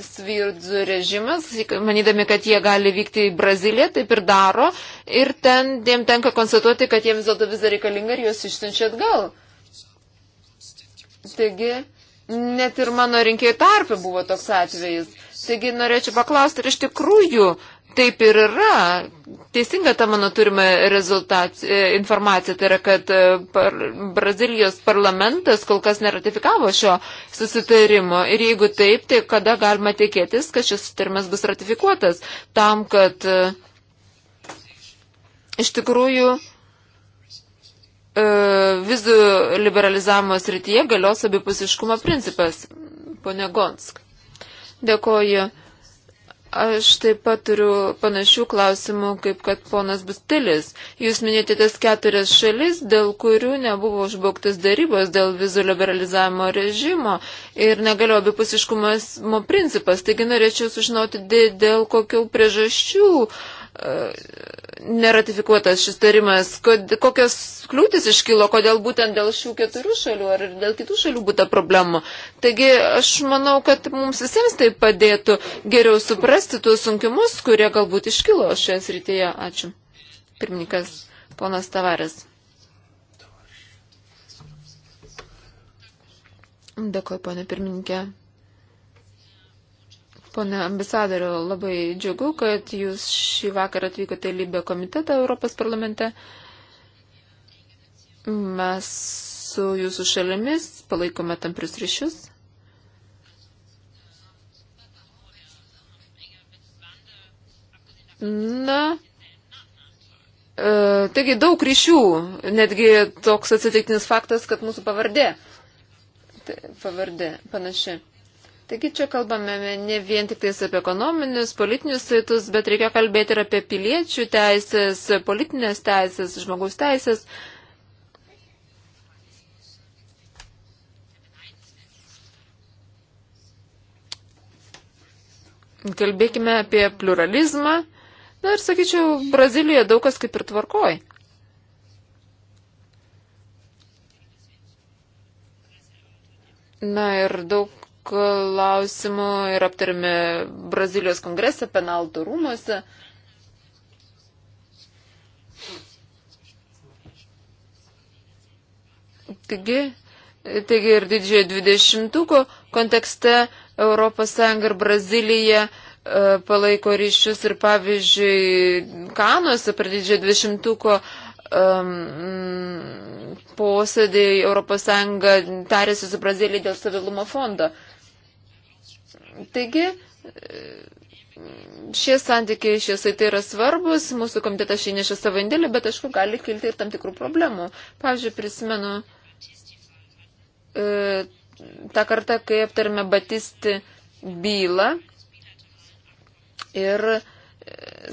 svirdzų režimas, manydami, kad jie gali vykti į Braziliją, taip ir daro, ir ten jiems tenka konstatuoti, kad jiems dėl to vis dar reikalinga ir juos išsiunčia atgal. Taigi, net ir mano rinkėjų tarpe buvo toks atvejis. Taigi norėčiau paklausti, ar iš tikrųjų taip ir yra. Teisinga ta mano turima e, informacija, tai yra, kad e, par, Brazilijos parlamentas kol kas neratifikavo šio susitarimo ir jeigu taip, tai kada galima tikėtis, kad šis susitarimas bus ratifikuotas tam, kad e, iš tikrųjų vizų liberalizavimo srityje galios abipusiškumo principas. Pone Gonsk. Dėkoju. Aš taip pat turiu panašių klausimų, kaip kad ponas Bustilis. Jūs minėjote tas keturias šalis, dėl kurių nebuvo užbaigtas darybos dėl vizų liberalizavimo režimo ir negalio abipusiškumas principas. Taigi norėčiau sužinoti, dėl kokių priežasčių uh, neratifikuotas šis tarimas. Kokios kliūtis iškilo, kodėl būtent dėl šių keturių šalių ar dėl kitų šalių būtų problemų. Taigi aš manau, kad mums visiems tai padėtų geriau suprasti tuos sunkimus, kurie galbūt iškilo šioje srityje. Ačiū. Pirmininkas ponas Tavaras. Dėkuoju, ponė pirmininkė. Pone ambasadoriu, labai džiugu, kad jūs šį vakarą atvykote į Libę komitetą Europos parlamente. Mes su jūsų šalimis palaikome tamprius ryšius. Na, e, taigi daug ryšių, netgi toks atsitiktinis faktas, kad mūsų pavardė, pavardė panaši. Taigi čia kalbame ne vien tik apie ekonominius, politinius saitus, bet reikia kalbėti ir apie piliečių teisės, politinės teisės, žmogaus teisės. Kalbėkime apie pluralizmą. Na ir sakyčiau, Brazilijoje daug kas kaip ir tvarkoj. Na ir daug klausimų ir aptarėme Brazilijos kongrese, penaltų rūmose. Taigi, taigi ir didžiojo dvidešimtuko kontekste ES ir Brazilija e, palaiko ryšius ir pavyzdžiui Kanuose per didžiojo dvidešimtuko um, posėdį ES tarėsi su Brazilija dėl stabilumo fondo. Uh, Taigi, šie santykiai, šie saitai yra svarbus, mūsų komitetas šį neša savo indėlį, bet aišku, gali kilti ir tam tikrų problemų. Pavyzdžiui, prisimenu e, tą kartą, kai aptarėme Batisti bylą ir e,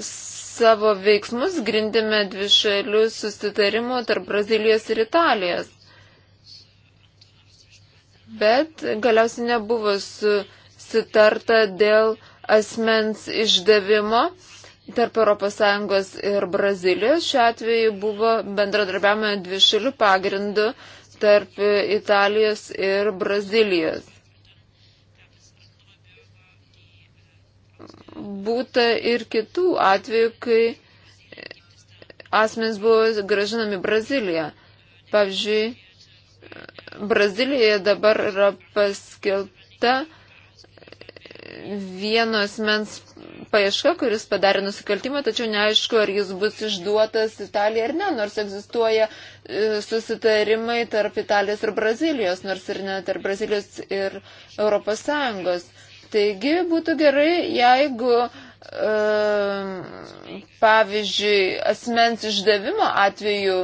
savo veiksmus grindėme dvišalių susitarimų tarp Brazilijos ir Italijos. Bet galiausiai nebuvo su susitarta dėl asmens išdavimo tarp ES ir Brazilijos. Šiuo atveju buvo bendradarbiavimo dvi šalių pagrindų tarp Italijos ir Brazilijos. Būta ir kitų atvejų, kai asmenys buvo gražinami Braziliją. Pavyzdžiui, Brazilijoje dabar yra paskelbta vienos mens paieška, kuris padarė nusikaltimą, tačiau neaišku, ar jis bus išduotas Italijai ar ne, nors egzistuoja e, susitarimai tarp Italijos ir Brazilijos, nors ir ne tarp Brazilijos ir ES. Taigi būtų gerai, jeigu e, pavyzdžiui asmens išdavimo atveju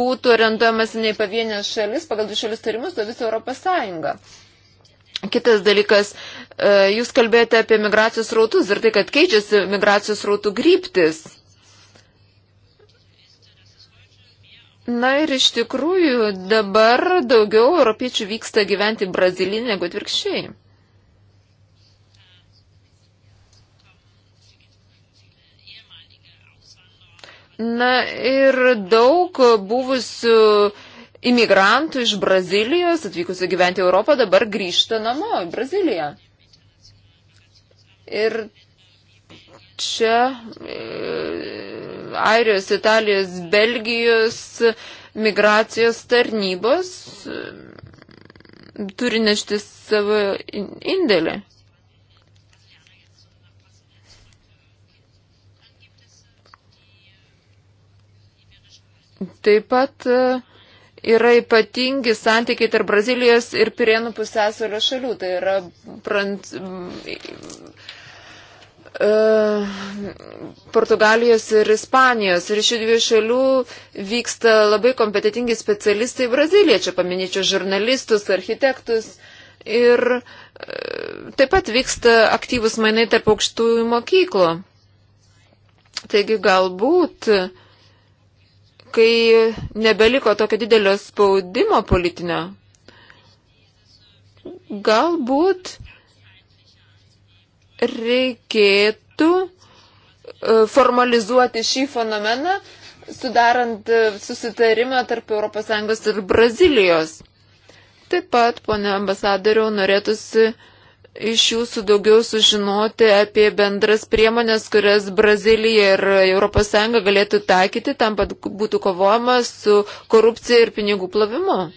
būtų orientuojamas ne pavienės šalis pagal du šalius tarimus, o visą Europos Sąjungą. Kitas dalykas, e, jūs kalbėjote apie migracijos rautus ir tai, kad keičiasi migracijos rautų kryptis. Na ir iš tikrųjų dabar daugiau europiečių vyksta gyventi Brazilinį negu atvirkščiai. Na ir daug buvusių uh, imigrantų iš Brazilijos atvykusių gyventi Europą dabar grįžta namo į Braziliją. Ir čia e, Airijos, Italijos, Belgijos migracijos tarnybos e, turi nešti savo indėlį. Taip pat e, yra ypatingi santykiai tarp Brazilijos ir Pirėnų pusėsvalio šalių. Tai yra Pranc... E, Portugalijos ir Ispanijos. Ir iš šių dviejų šalių vyksta labai kompetitingi specialistai Brazilija. Čia paminėčiau žurnalistus, architektus. Ir e, taip pat vyksta aktyvus mainai tarp aukštųjų mokyklų. Taigi galbūt uh, kai nebeliko tokio didelio spaudimo politinio. Galbūt reikėtų e, formalizuoti šį fenomeną, sudarant e, susitarimą tarp ES ir Brazilijos. Taip pat, pone ambasadoriau, norėtųsi uh, iš jūsų daugiau sužinoti apie bendras priemonės, kurias Brazilija ir ES galėtų taikyti tam, kad būtų kovojama su korupcija ir pinigų plovimu.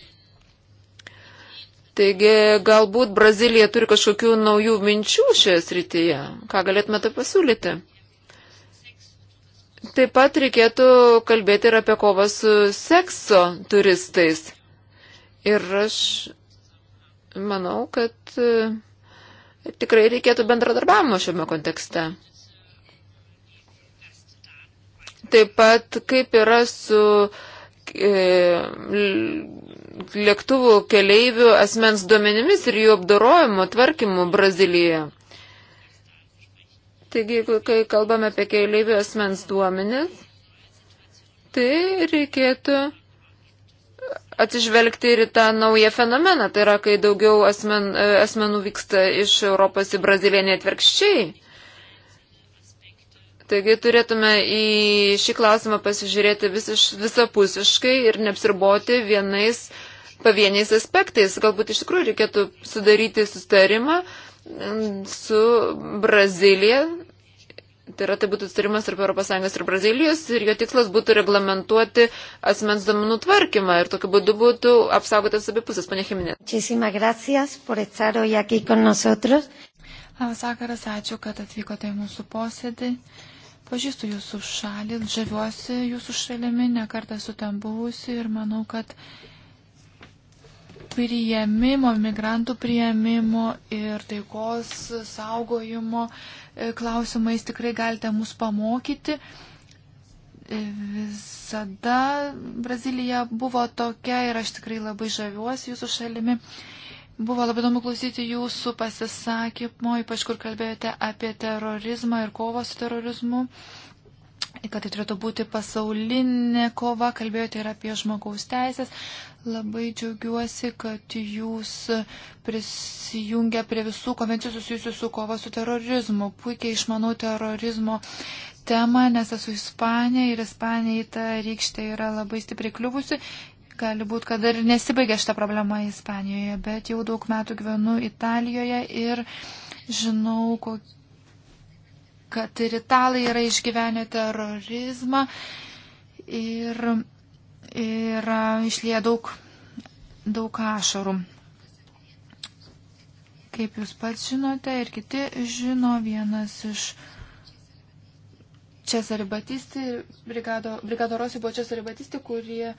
Taigi galbūt Brazilija turi kažkokių naujų minčių šioje srityje. Ką galėtumėte pasiūlyti? Taip pat reikėtų kalbėti ir apie kovą su sekso turistais. Ir aš manau, kad tikrai reikėtų bendradarbiavimo šiame kontekste. Taip pat kaip yra su e, lėktuvų keleivių asmens duomenimis ir jų apdorojimo tvarkymu Brazilyje. Taigi, kai kalbame apie keleivių asmens duomenis, tai reikėtų atsižvelgti ir tą naują fenomeną, tai yra, kai daugiau asmen, e, asmenų vyksta iš Europos į Braziliją netverkščiai. Taigi turėtume į šį klausimą pasižiūrėti visiš, visapusiškai ir neapsirboti vienais pavieniais aspektais. Galbūt iš tikrųjų reikėtų sudaryti sustarimą mm, su Brazilija Tai yra, tai būtų sutarimas tarp ES ir Brazilijos ir jo tikslas būtų reglamentuoti asmens domenų tvarkymą ir tokiu būdu būtų apsaugotas abi pusės, ponė Cheminė. Labas vakaras, ačiū, kad atvykote į mūsų posėdį. Pažįstu jūsų šalį, žaviuosi jūsų šalimi, nekartą esu ten buvusi ir manau, kad priėmimo, migrantų priėmimo ir taikos saugojimo e, klausimais tikrai galite mus pamokyti. E, visada Brazilija buvo tokia ir aš tikrai labai žaviuosi jūsų šalimi. Buvo labai įdomu klausyti jūsų pasisakymo, ypač kur kalbėjote apie terorizmą ir kovą su terorizmu kad tai turėtų būti pasaulinė kova, kalbėjote ir apie žmogaus teisės. Labai džiaugiuosi, kad jūs prisijungia prie visų konvencijų susijusių su kova su terorizmu. Puikiai išmanau terorizmo temą, nes esu Ispanija ir Ispanija ta rykštė yra labai stipriai kliuvusi. Gali būti, kad dar nesibaigia šitą problemą Ispanijoje, bet jau daug metų gyvenu Italijoje ir žinau, kad ir italai yra išgyvenę terorizmą. Ir ir e, išlėja daug, daug ašarų. Kaip jūs pats žinote ir kiti žino, vienas iš Česarį Batistį, brigado, brigado Rosi buvo Česarį Batistį, kurie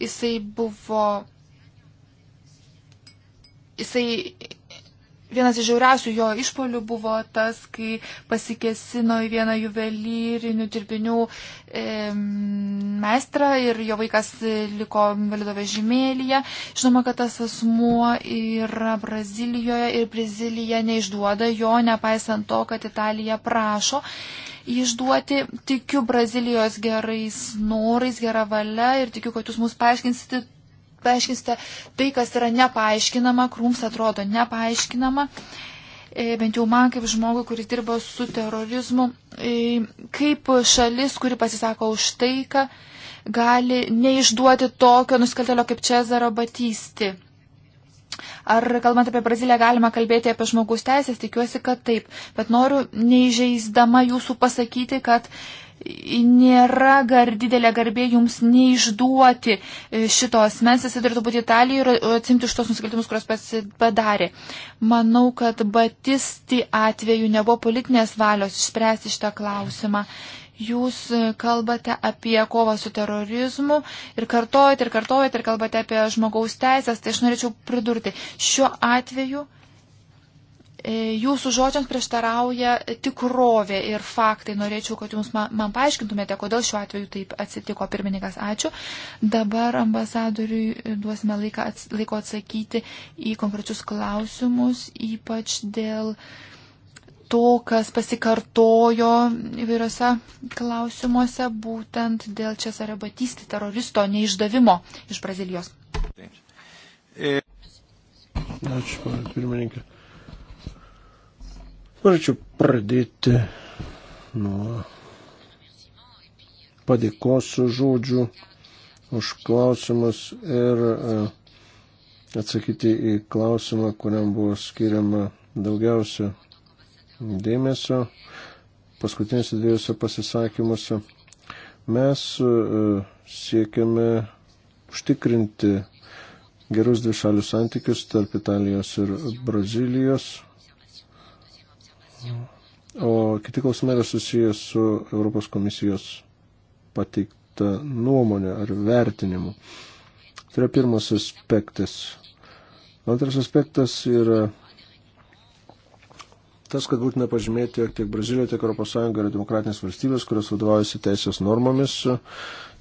jisai buvo, jisai Vienas iš žiauriausių jo išpolių buvo tas, kai pasikesino į vieną juvelyrinių dirbinių e, meistrą ir jo vaikas liko valido vežimėlyje. Žinoma, kad tas asmuo yra Brazilijoje ir Brazilija neišduoda jo, nepaisant to, kad Italija prašo išduoti. Tikiu Brazilijos gerais norais, gera valia ir tikiu, kad jūs mus paaiškinsite paaiškinsite tai, kas yra nepaaiškinama, krums atrodo nepaaiškinama, e, bent jau man kaip žmogui, kuris dirbo su terorizmu, e, kaip šalis, kuri pasisako už taiką, gali neišduoti tokio nusikaltelio kaip Čezaro Batysti. Ar kalbant apie Braziliją galima kalbėti apie žmogaus teisės, tikiuosi, kad taip, bet noriu neižeisdama jūsų pasakyti, kad nėra gar, didelė garbė jums neišduoti e, šitos mens, jisai turėtų būti Italijoje ir atsimti iš tos nusikaltimus, kurios padarė. Manau, kad Batisti atveju nebuvo politinės valios išspręsti šitą klausimą. Jūs e, kalbate apie kovą su terorizmu ir kartojate ir kartojate ir kalbate apie žmogaus teisės, tai aš norėčiau pridurti. Šiuo atveju E, jūsų žodžiams prieštarauja tikrovė ir faktai. Norėčiau, kad jūs man, man paaiškintumėte, kodėl šiuo atveju taip atsitiko. Pirmininkas, ačiū. Dabar ambasadoriui duosime laiką, ats, laiko atsakyti į konkrečius klausimus, ypač dėl to, kas pasikartojo įvairiose klausimuose, būtent dėl Česare Batisti teroristo neišdavimo iš Brazilijos. Ačiū, pirmininkė. Norėčiau pradėti nuo padėkos žodžių už klausimus ir e, atsakyti į klausimą, kuriam buvo skiriama daugiausia dėmesio paskutinėse dviejose pasisakymuose. Mes e, siekiame užtikrinti gerus dvišalius santykius tarp Italijos ir Brazilijos O kiti klausimai yra susijęs su Europos komisijos pateikta nuomonė ar vertinimu. Tai yra pirmas aspektas. Antras aspektas yra tas, kad būtina pažymėti, jog tiek Brazilija, tiek ES yra demokratinės valstybės, kurios vadovaujasi teisės normomis,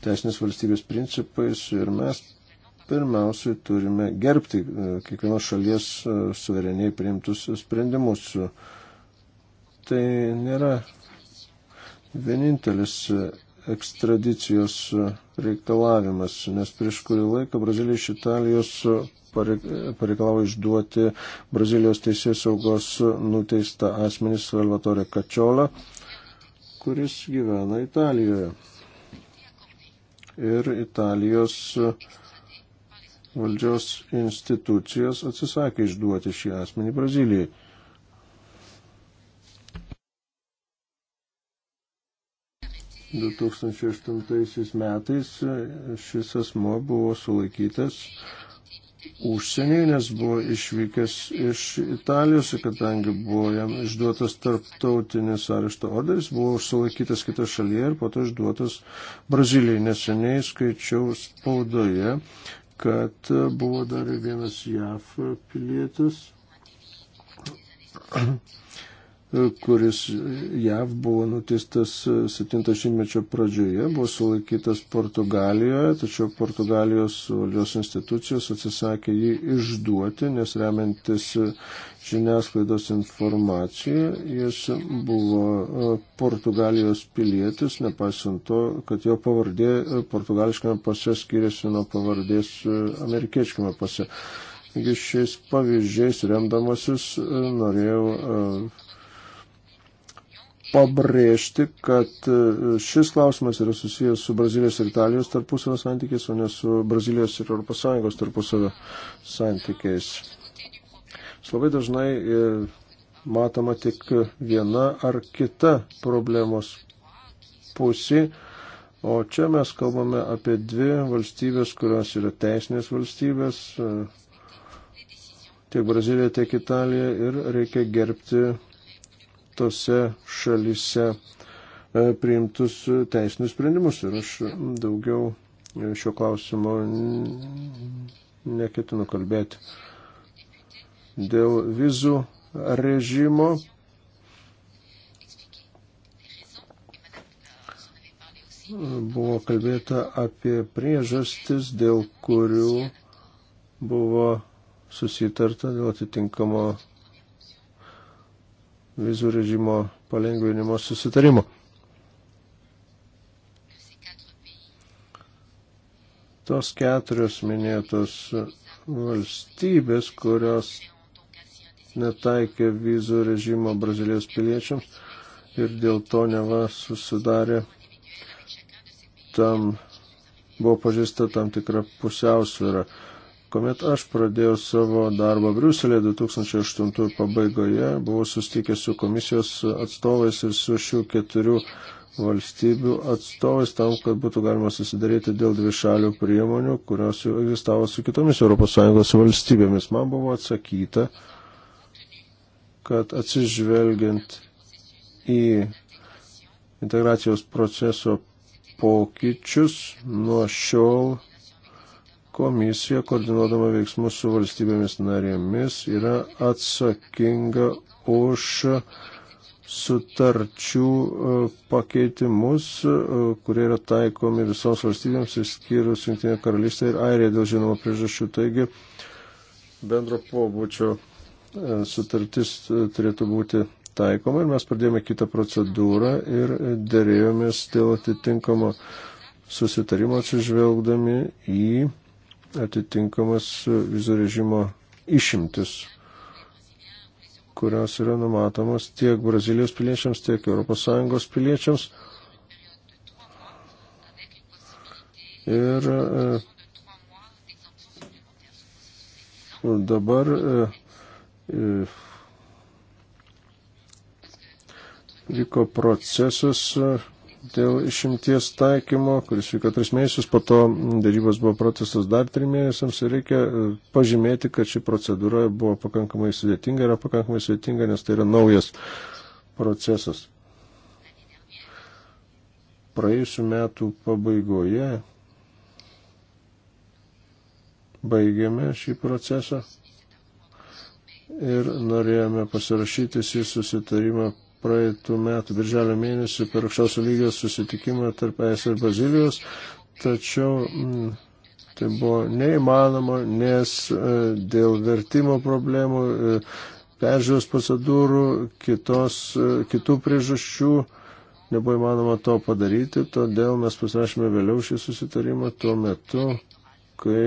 teisinės valstybės principais ir mes pirmiausiai turime gerbti e, kiekvienos šalies e, suvereniai priimtus sprendimus. Su tai nėra vienintelis e, ekstradicijos e, reikalavimas, nes prieš kurį laiką Brazilija iš Italijos e, pareikalavo išduoti Brazilijos teisės saugos nuteistą asmenį Salvatore Kačiola, kuris gyvena Italijoje. Ir Italijos valdžios institucijos atsisakė išduoti šį asmenį Brazilijai. 2008 metais šis asmo buvo sulaikytas užsienyje, nes buvo išvykęs iš Italijos, kadangi buvo jam išduotas tarptautinis arešto orderis, buvo sulaikytas kitą šalyje ir po to išduotas Brazilijai. Neseniai skaičiau spaudoje, kad buvo dar vienas JAF pilietis kuris JAV buvo nutistas 70-mečio e, pradžioje, buvo sulaikytas Portugalijoje, tačiau Portugalijos valdžios institucijos atsisakė jį išduoti, nes remiantis žiniasklaidos informaciją, jis buvo e, Portugalijos pilietis, nepaisant to, kad jo pavardė e, portugališkame pase skiriasi nuo pavardės amerikiečiame pase. Taigi šiais pavyzdžiais remdamasis norėjau pabrėžti, kad e, šis klausimas yra susijęs su Brazilijos ir Italijos tarpusavio santykiais, o ne su Brazilijos ir ES tarpusavio santykiais. Mes labai dažnai e, matoma tik viena ar kita problemos pusė, o čia mes kalbame apie dvi valstybės, kurios yra teisinės valstybės, e, tiek Brazilija, tiek Italija ir reikia gerbti tose šalise e, priimtus teisinius sprendimus. Ir aš daugiau e, šio klausimo neketinu kalbėti. Dėl vizų režimo buvo kalbėta apie priežastis, dėl kurių buvo susitarta dėl atitinkamo vizų režimo palengvinimo susitarimo. Tos keturios minėtos valstybės, kurios netaikė vizų režimo Brazilijos piliečiams ir dėl to neva susidarė tam, buvo pažįsta tam tikra pusiausvėra. Komet aš pradėjau savo darbą Briuselėje 2008 pabaigoje, buvau sustikęs su komisijos atstovais ir su šių keturių valstybių atstovais tam, kad būtų galima susidaryti dėl dvišalių priemonių, kurios jau egzistavo su kitomis ES valstybėmis. Man buvo atsakyta, kad atsižvelgiant į integracijos proceso pokyčius nuo šiol Komisija, koordinuodama veiksmus su valstybėmis narėmis, yra atsakinga už sutarčių e, pakeitimus, e, kurie yra taikomi visoms valstybėms, išskyrus Junktinė karalystė ir Airija dėl žinoma priežasčių. Taigi, bendro pobūdžio e, sutartis turėtų būti taikoma ir mes pradėjome kitą procedūrą ir dėrėjomės dėl atitinkamo susitarimo atsižvelgdami į atitinkamas vizų režimo išimtis, kurios yra numatomos tiek Brazilijos piliečiams, tiek ES piliečiams. Ir e, dabar e, e, vyko procesas dėl išimties taikymo, kuris vyko tris mėnesius, po to darybos buvo protestas dar trim mėnesiams ir reikia e, pažymėti, kad ši procedūra buvo pakankamai sudėtinga, yra pakankamai sudėtinga, nes tai yra naujas procesas. Praėjusiu metu pabaigoje baigėme šį procesą ir norėjome pasirašyti šį susitarimą praeitų metų birželio mėnesį per aukščiausio lygio susitikimą tarp ES ir Brazilijos, tačiau m, mm, tai buvo neįmanoma, nes e, dėl vertimo problemų, e, peržiūros procedūrų, kitos, e, kitų priežasčių nebuvo įmanoma to padaryti, todėl mes pasirašėme vėliau šį susitarimą tuo metu, kai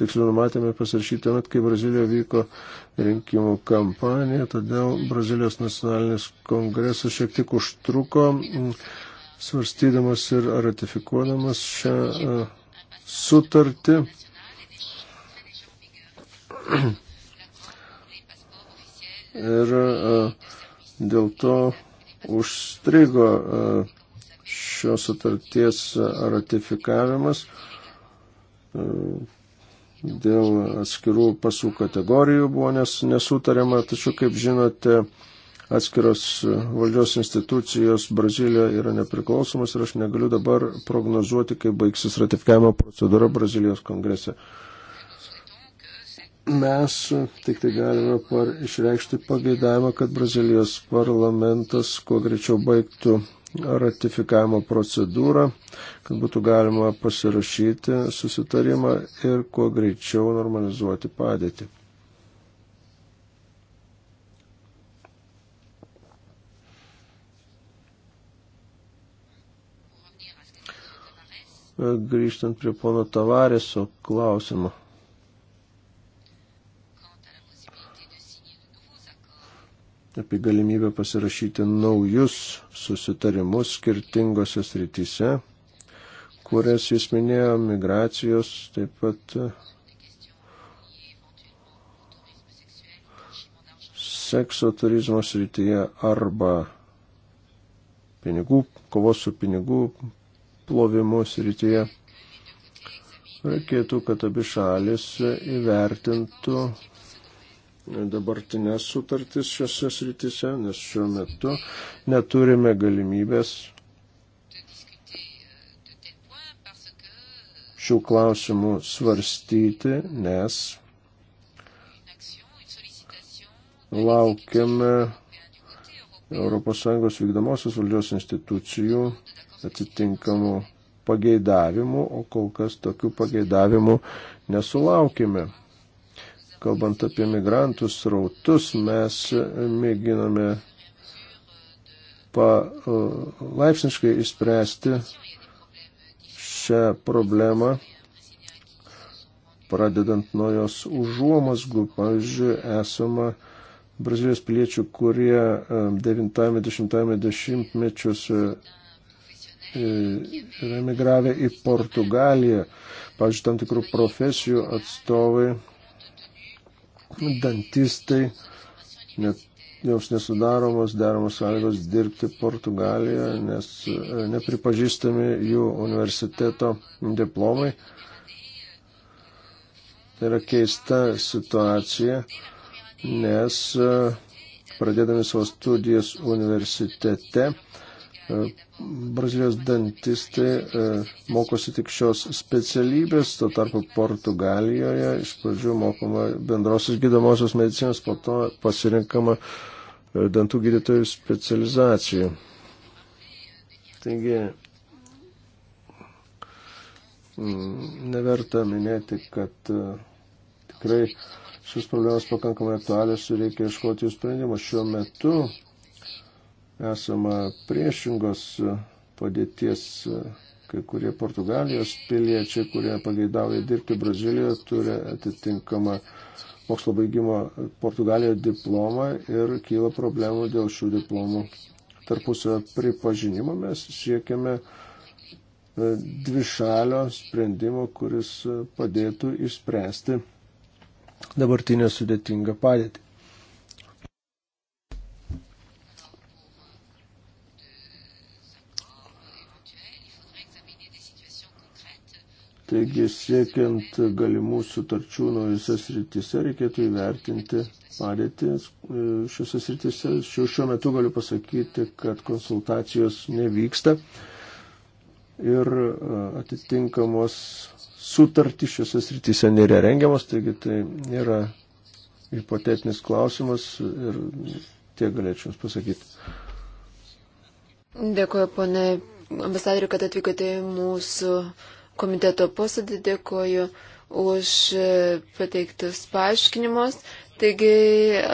tiksliau numatėme pasirašyti tuomet, kai Brazilijoje vyko rinkimų kampanija, todėl Brazilijos nacionalinis kongresas šiek tiek užtruko svarstydamas ir ratifikuodamas šią e, sutartį. Ir e, dėl to užstrigo e, šios sutarties ratifikavimas dėl atskirų pasų kategorijų buvo nes, nesutariama, tačiau, kaip žinote, atskiros valdžios institucijos Brazilijoje yra nepriklausomas ir aš negaliu dabar prognozuoti, kaip baigsis ratifikavimo procedūra Brazilijos kongrese. Mes tik tai galime par, išreikšti pageidavimą, kad Brazilijos parlamentas kuo greičiau baigtų ratifikavimo procedūrą, kad būtų galima pasirašyti susitarimą ir kuo greičiau normalizuoti padėtį. Grįžtant prie pono Tavareso klausimo. apie galimybę pasirašyti naujus susitarimus skirtingose srityse, kurias jis minėjo, migracijos, taip pat sekso turizmo srityje arba pinigų, kovos su pinigų plovimu srityje. Reikėtų, kad abi šalis įvertintų dabartinės sutartis šiose srityse, nes šiuo metu neturime galimybės šių klausimų svarstyti, nes laukiame ES vykdomosios valdžios institucijų atitinkamų pageidavimų, o kol kas tokių pageidavimų nesulaukime kalbant apie migrantų srautus, mes mėginame palaipsniškai įspręsti šią problemą, pradedant nuo jos užuomasgų. Pavyzdžiui, esama Brazilijos piliečių, kurie 90-10 e, mečiuose e, yra emigravę į Portugaliją. Pavyzdžiui, tam tikrų profesijų atstovai dantistai, net joms nesudaromos deramos sąlygos dirbti Portugalijoje, nes e, nepripažįstami jų universiteto diplomai. Tai yra keista situacija, nes e, pradėdami savo studijas universitete E, Brazilijos dantistai e, mokosi tik šios specialybės, tuo tarpu Portugalijoje iš pradžių mokoma bendrosios gydomosios medicinos, po to pasirinkama e, dantų gydytojų specializacija. Taigi, mm, neverta minėti, kad tikrai šis problemas pakankamai aktualios ir reikia iškoti jų sprendimą. Šiuo metu esama priešingos padėties e, kai kurie Portugalijos piliečiai, kurie pageidauja dirbti Brazilijoje, turi atitinkamą mokslo baigimo Portugalijoje diplomą ir kyla problemų dėl šių diplomų tarpusio pripažinimo. Mes siekiame e, dvišalio sprendimo, kuris padėtų išspręsti dabartinę sudėtingą padėtį. Taigi siekiant galimų sutarčių naujose srityse reikėtų įvertinti padėtį e, šiuose srityse. Šiuo, šiuo metu galiu pasakyti, kad konsultacijos nevyksta ir e, atitinkamos sutartys šiuose srityse nėra rengiamos, taigi tai yra hipotetinis klausimas ir tiek galėčiau Jums pasakyti. Dėkuoju, ponė ambasadoriu, kad atvykote į mūsų komiteto posėdį, dėkoju už e, pateiktus paaiškinimus. Taigi,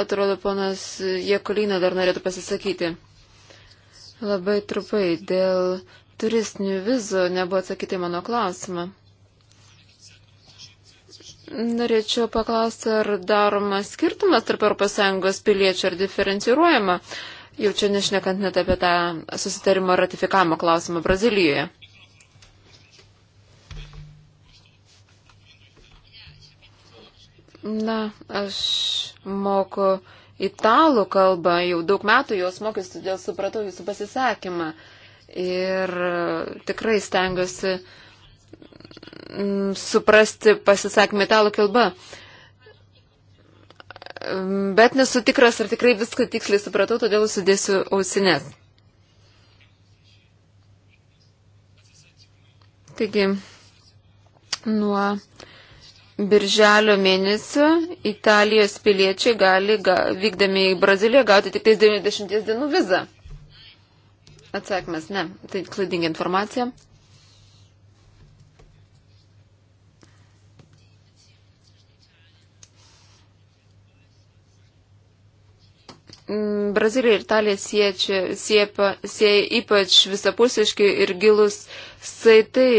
atrodo, ponas Jekolino dar norėtų pasisakyti. Labai trupai, dėl turistinių vizų nebuvo atsakyti mano klausimą. Norėčiau paklausti, ar daromas skirtumas tarp ES piliečių ar diferencijuojama, jau čia nešnekant net apie tą susitarimo ratifikavimo klausimą Brazilijoje. Na, aš moku italų kalbą, jau daug metų jos mokiausi, todėl supratau jūsų pasisakymą. Ir tikrai stengiuosi mm, suprasti pasisakymą italų kalbą. Mm, bet nesu tikras, ar tikrai viską tiksliai supratau, todėl sudėsiu ausinės. Taigi, nuo Birželio mėnesio Italijos piliečiai gali, vykdami į Braziliją, gauti tik 90 dienų vizą. Atsakymas ne. Tai klaidinga informacija. Mm, Brazilija ir Italija siečia, siepa, sieja ypač visapusiški ir gilus saitai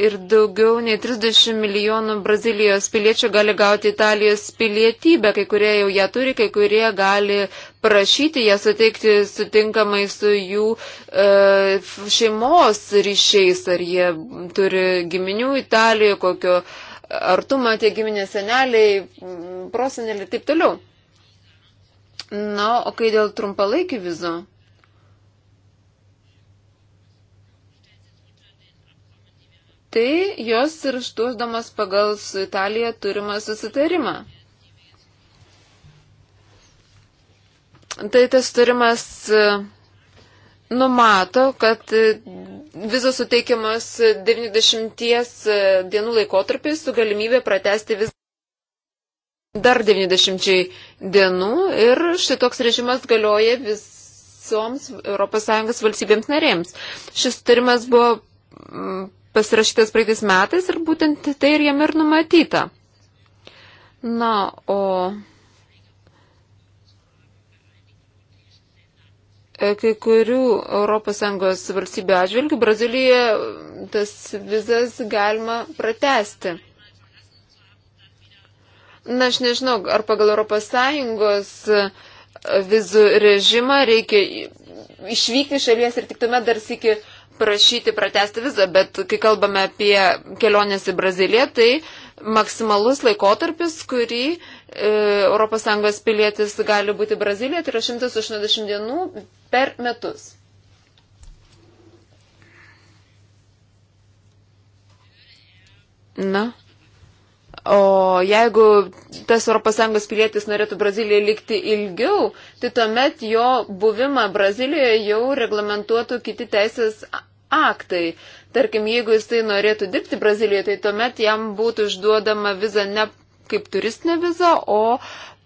ir daugiau nei 30 milijonų Brazilijos piliečių gali gauti Italijos pilietybę, kai kurie jau ją turi, kai kurie gali prašyti ją suteikti sutinkamai su jų e, šeimos ryšiais, ar jie turi giminių Italijoje, kokio artumo tie giminės seneliai, proseneliai ir taip toliau. Na, o kai dėl trumpalaikių vizų? tai jos ir išduodamas pagal su Italija turimą susitarimą. Tai tas turimas e, numato, kad e, vizos suteikiamas 90 e, dienų laikotarpiai su galimybė pratesti vizą dar 90 dienų ir šitoks režimas galioja visoms ES valstybėms narėms. Šis turimas buvo pasirašytas praeitais metais ir būtent tai ir jam ir numatyta. Na, o e, kai kurių ES valstybių atžvilgių Brazilyje tas vizas galima pratesti. Na, aš nežinau, ar pagal ES e, vizų režimą reikia išvykti šalies ir tik tuomet dar sėki uh, prašyti pratesti vizą, bet kai kalbame apie kelionės į Braziliją, tai maksimalus laikotarpis, kurį e, ES pilietis gali būti Brazilija, tai yra 180 dienų per metus. Na. O jeigu tas ES pilietis norėtų Brazilijoje likti ilgiau, tai tuomet jo buvimą Brazilijoje jau reglamentuotų kiti teisės aktai. Tarkim, jeigu jis tai norėtų dirbti Brazilijoje, tai tuomet jam būtų išduodama viza ne kaip turistinė viza, o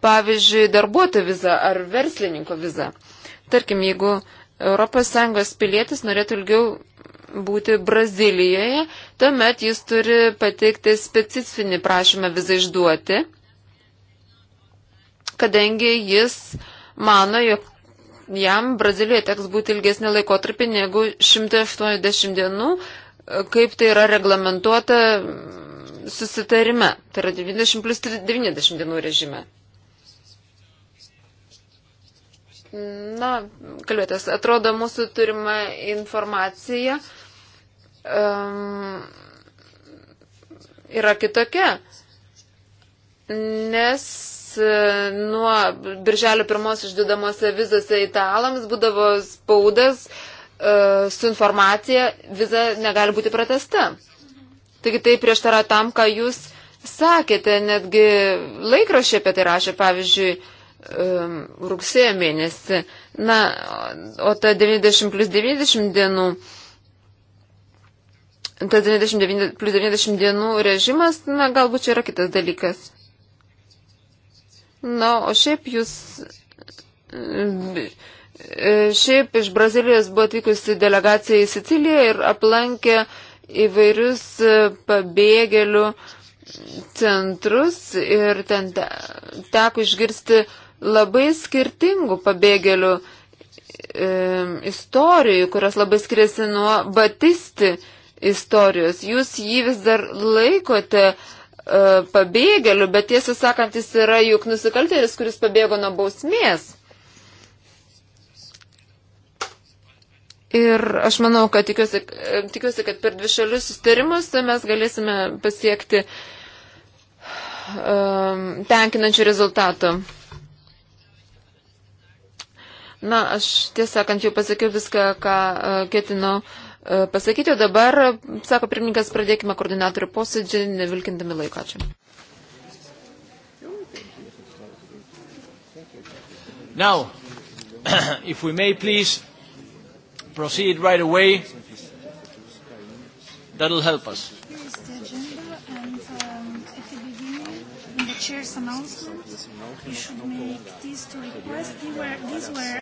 pavyzdžiui darbuotojo viza ar verslininko viza. Tarkim, jeigu ES pilietis norėtų ilgiau būti Brazilijoje, tuomet jis turi pateikti specifinį prašymą vizą išduoti, kadangi jis mano, jog jam Brazilijoje teks būti ilgesnį laikotarpį negu 180 dienų, kaip tai yra reglamentuota susitarime, tai yra 90 plus 90 dienų režime. Na, kalbėtas, atrodo, mūsų turima informacija um, yra kitokia, nes e, nuo birželio pirmos išdidamose vizose italams būdavo spaudas uh, su informacija, viza negali būti pratesta. Taigi tai prieštara tam, ką jūs sakėte, netgi laikrašė apie tai rašė, pavyzdžiui, rugsėjo mėnesį. Na, o ta 90 plus 90 dienų uh, tas 99, plus 90 dienų režimas, na, galbūt čia yra kitas dalykas. Na, o šiaip jūs. E, šiaip iš Brazilijos buvo atvykusi delegacija į Siciliją ir aplankė įvairius e, pabėgėlių centrus ir ten teko išgirsti labai skirtingų pabėgėlių e, istorijų, kurios labai skiriasi nuo Batisti. E, istorijos. Jūs jį vis dar laikote e, pabėgėlių, bet tiesą sakant, jis yra juk nusikaltėlis, kuris pabėgo nuo bausmės. Ir aš manau, kad tikiuosi, e, tikiuosi kad per dvi šalius sustarimus mes galėsime pasiekti um, tenkinančių rezultatų. Na, aš tiesą sakant, jau pasakiau viską, ką uh, ketinau uh, E, pasakyti, o dabar, sako pirmininkas, pradėkime koordinatorių posėdžią, nevilkindami laiką. Ačiū. Now, if we may please proceed right away, that'll help us. Here is the agenda, and um, at the beginning, in the chair's announcement, you should make these two requests. These were, these were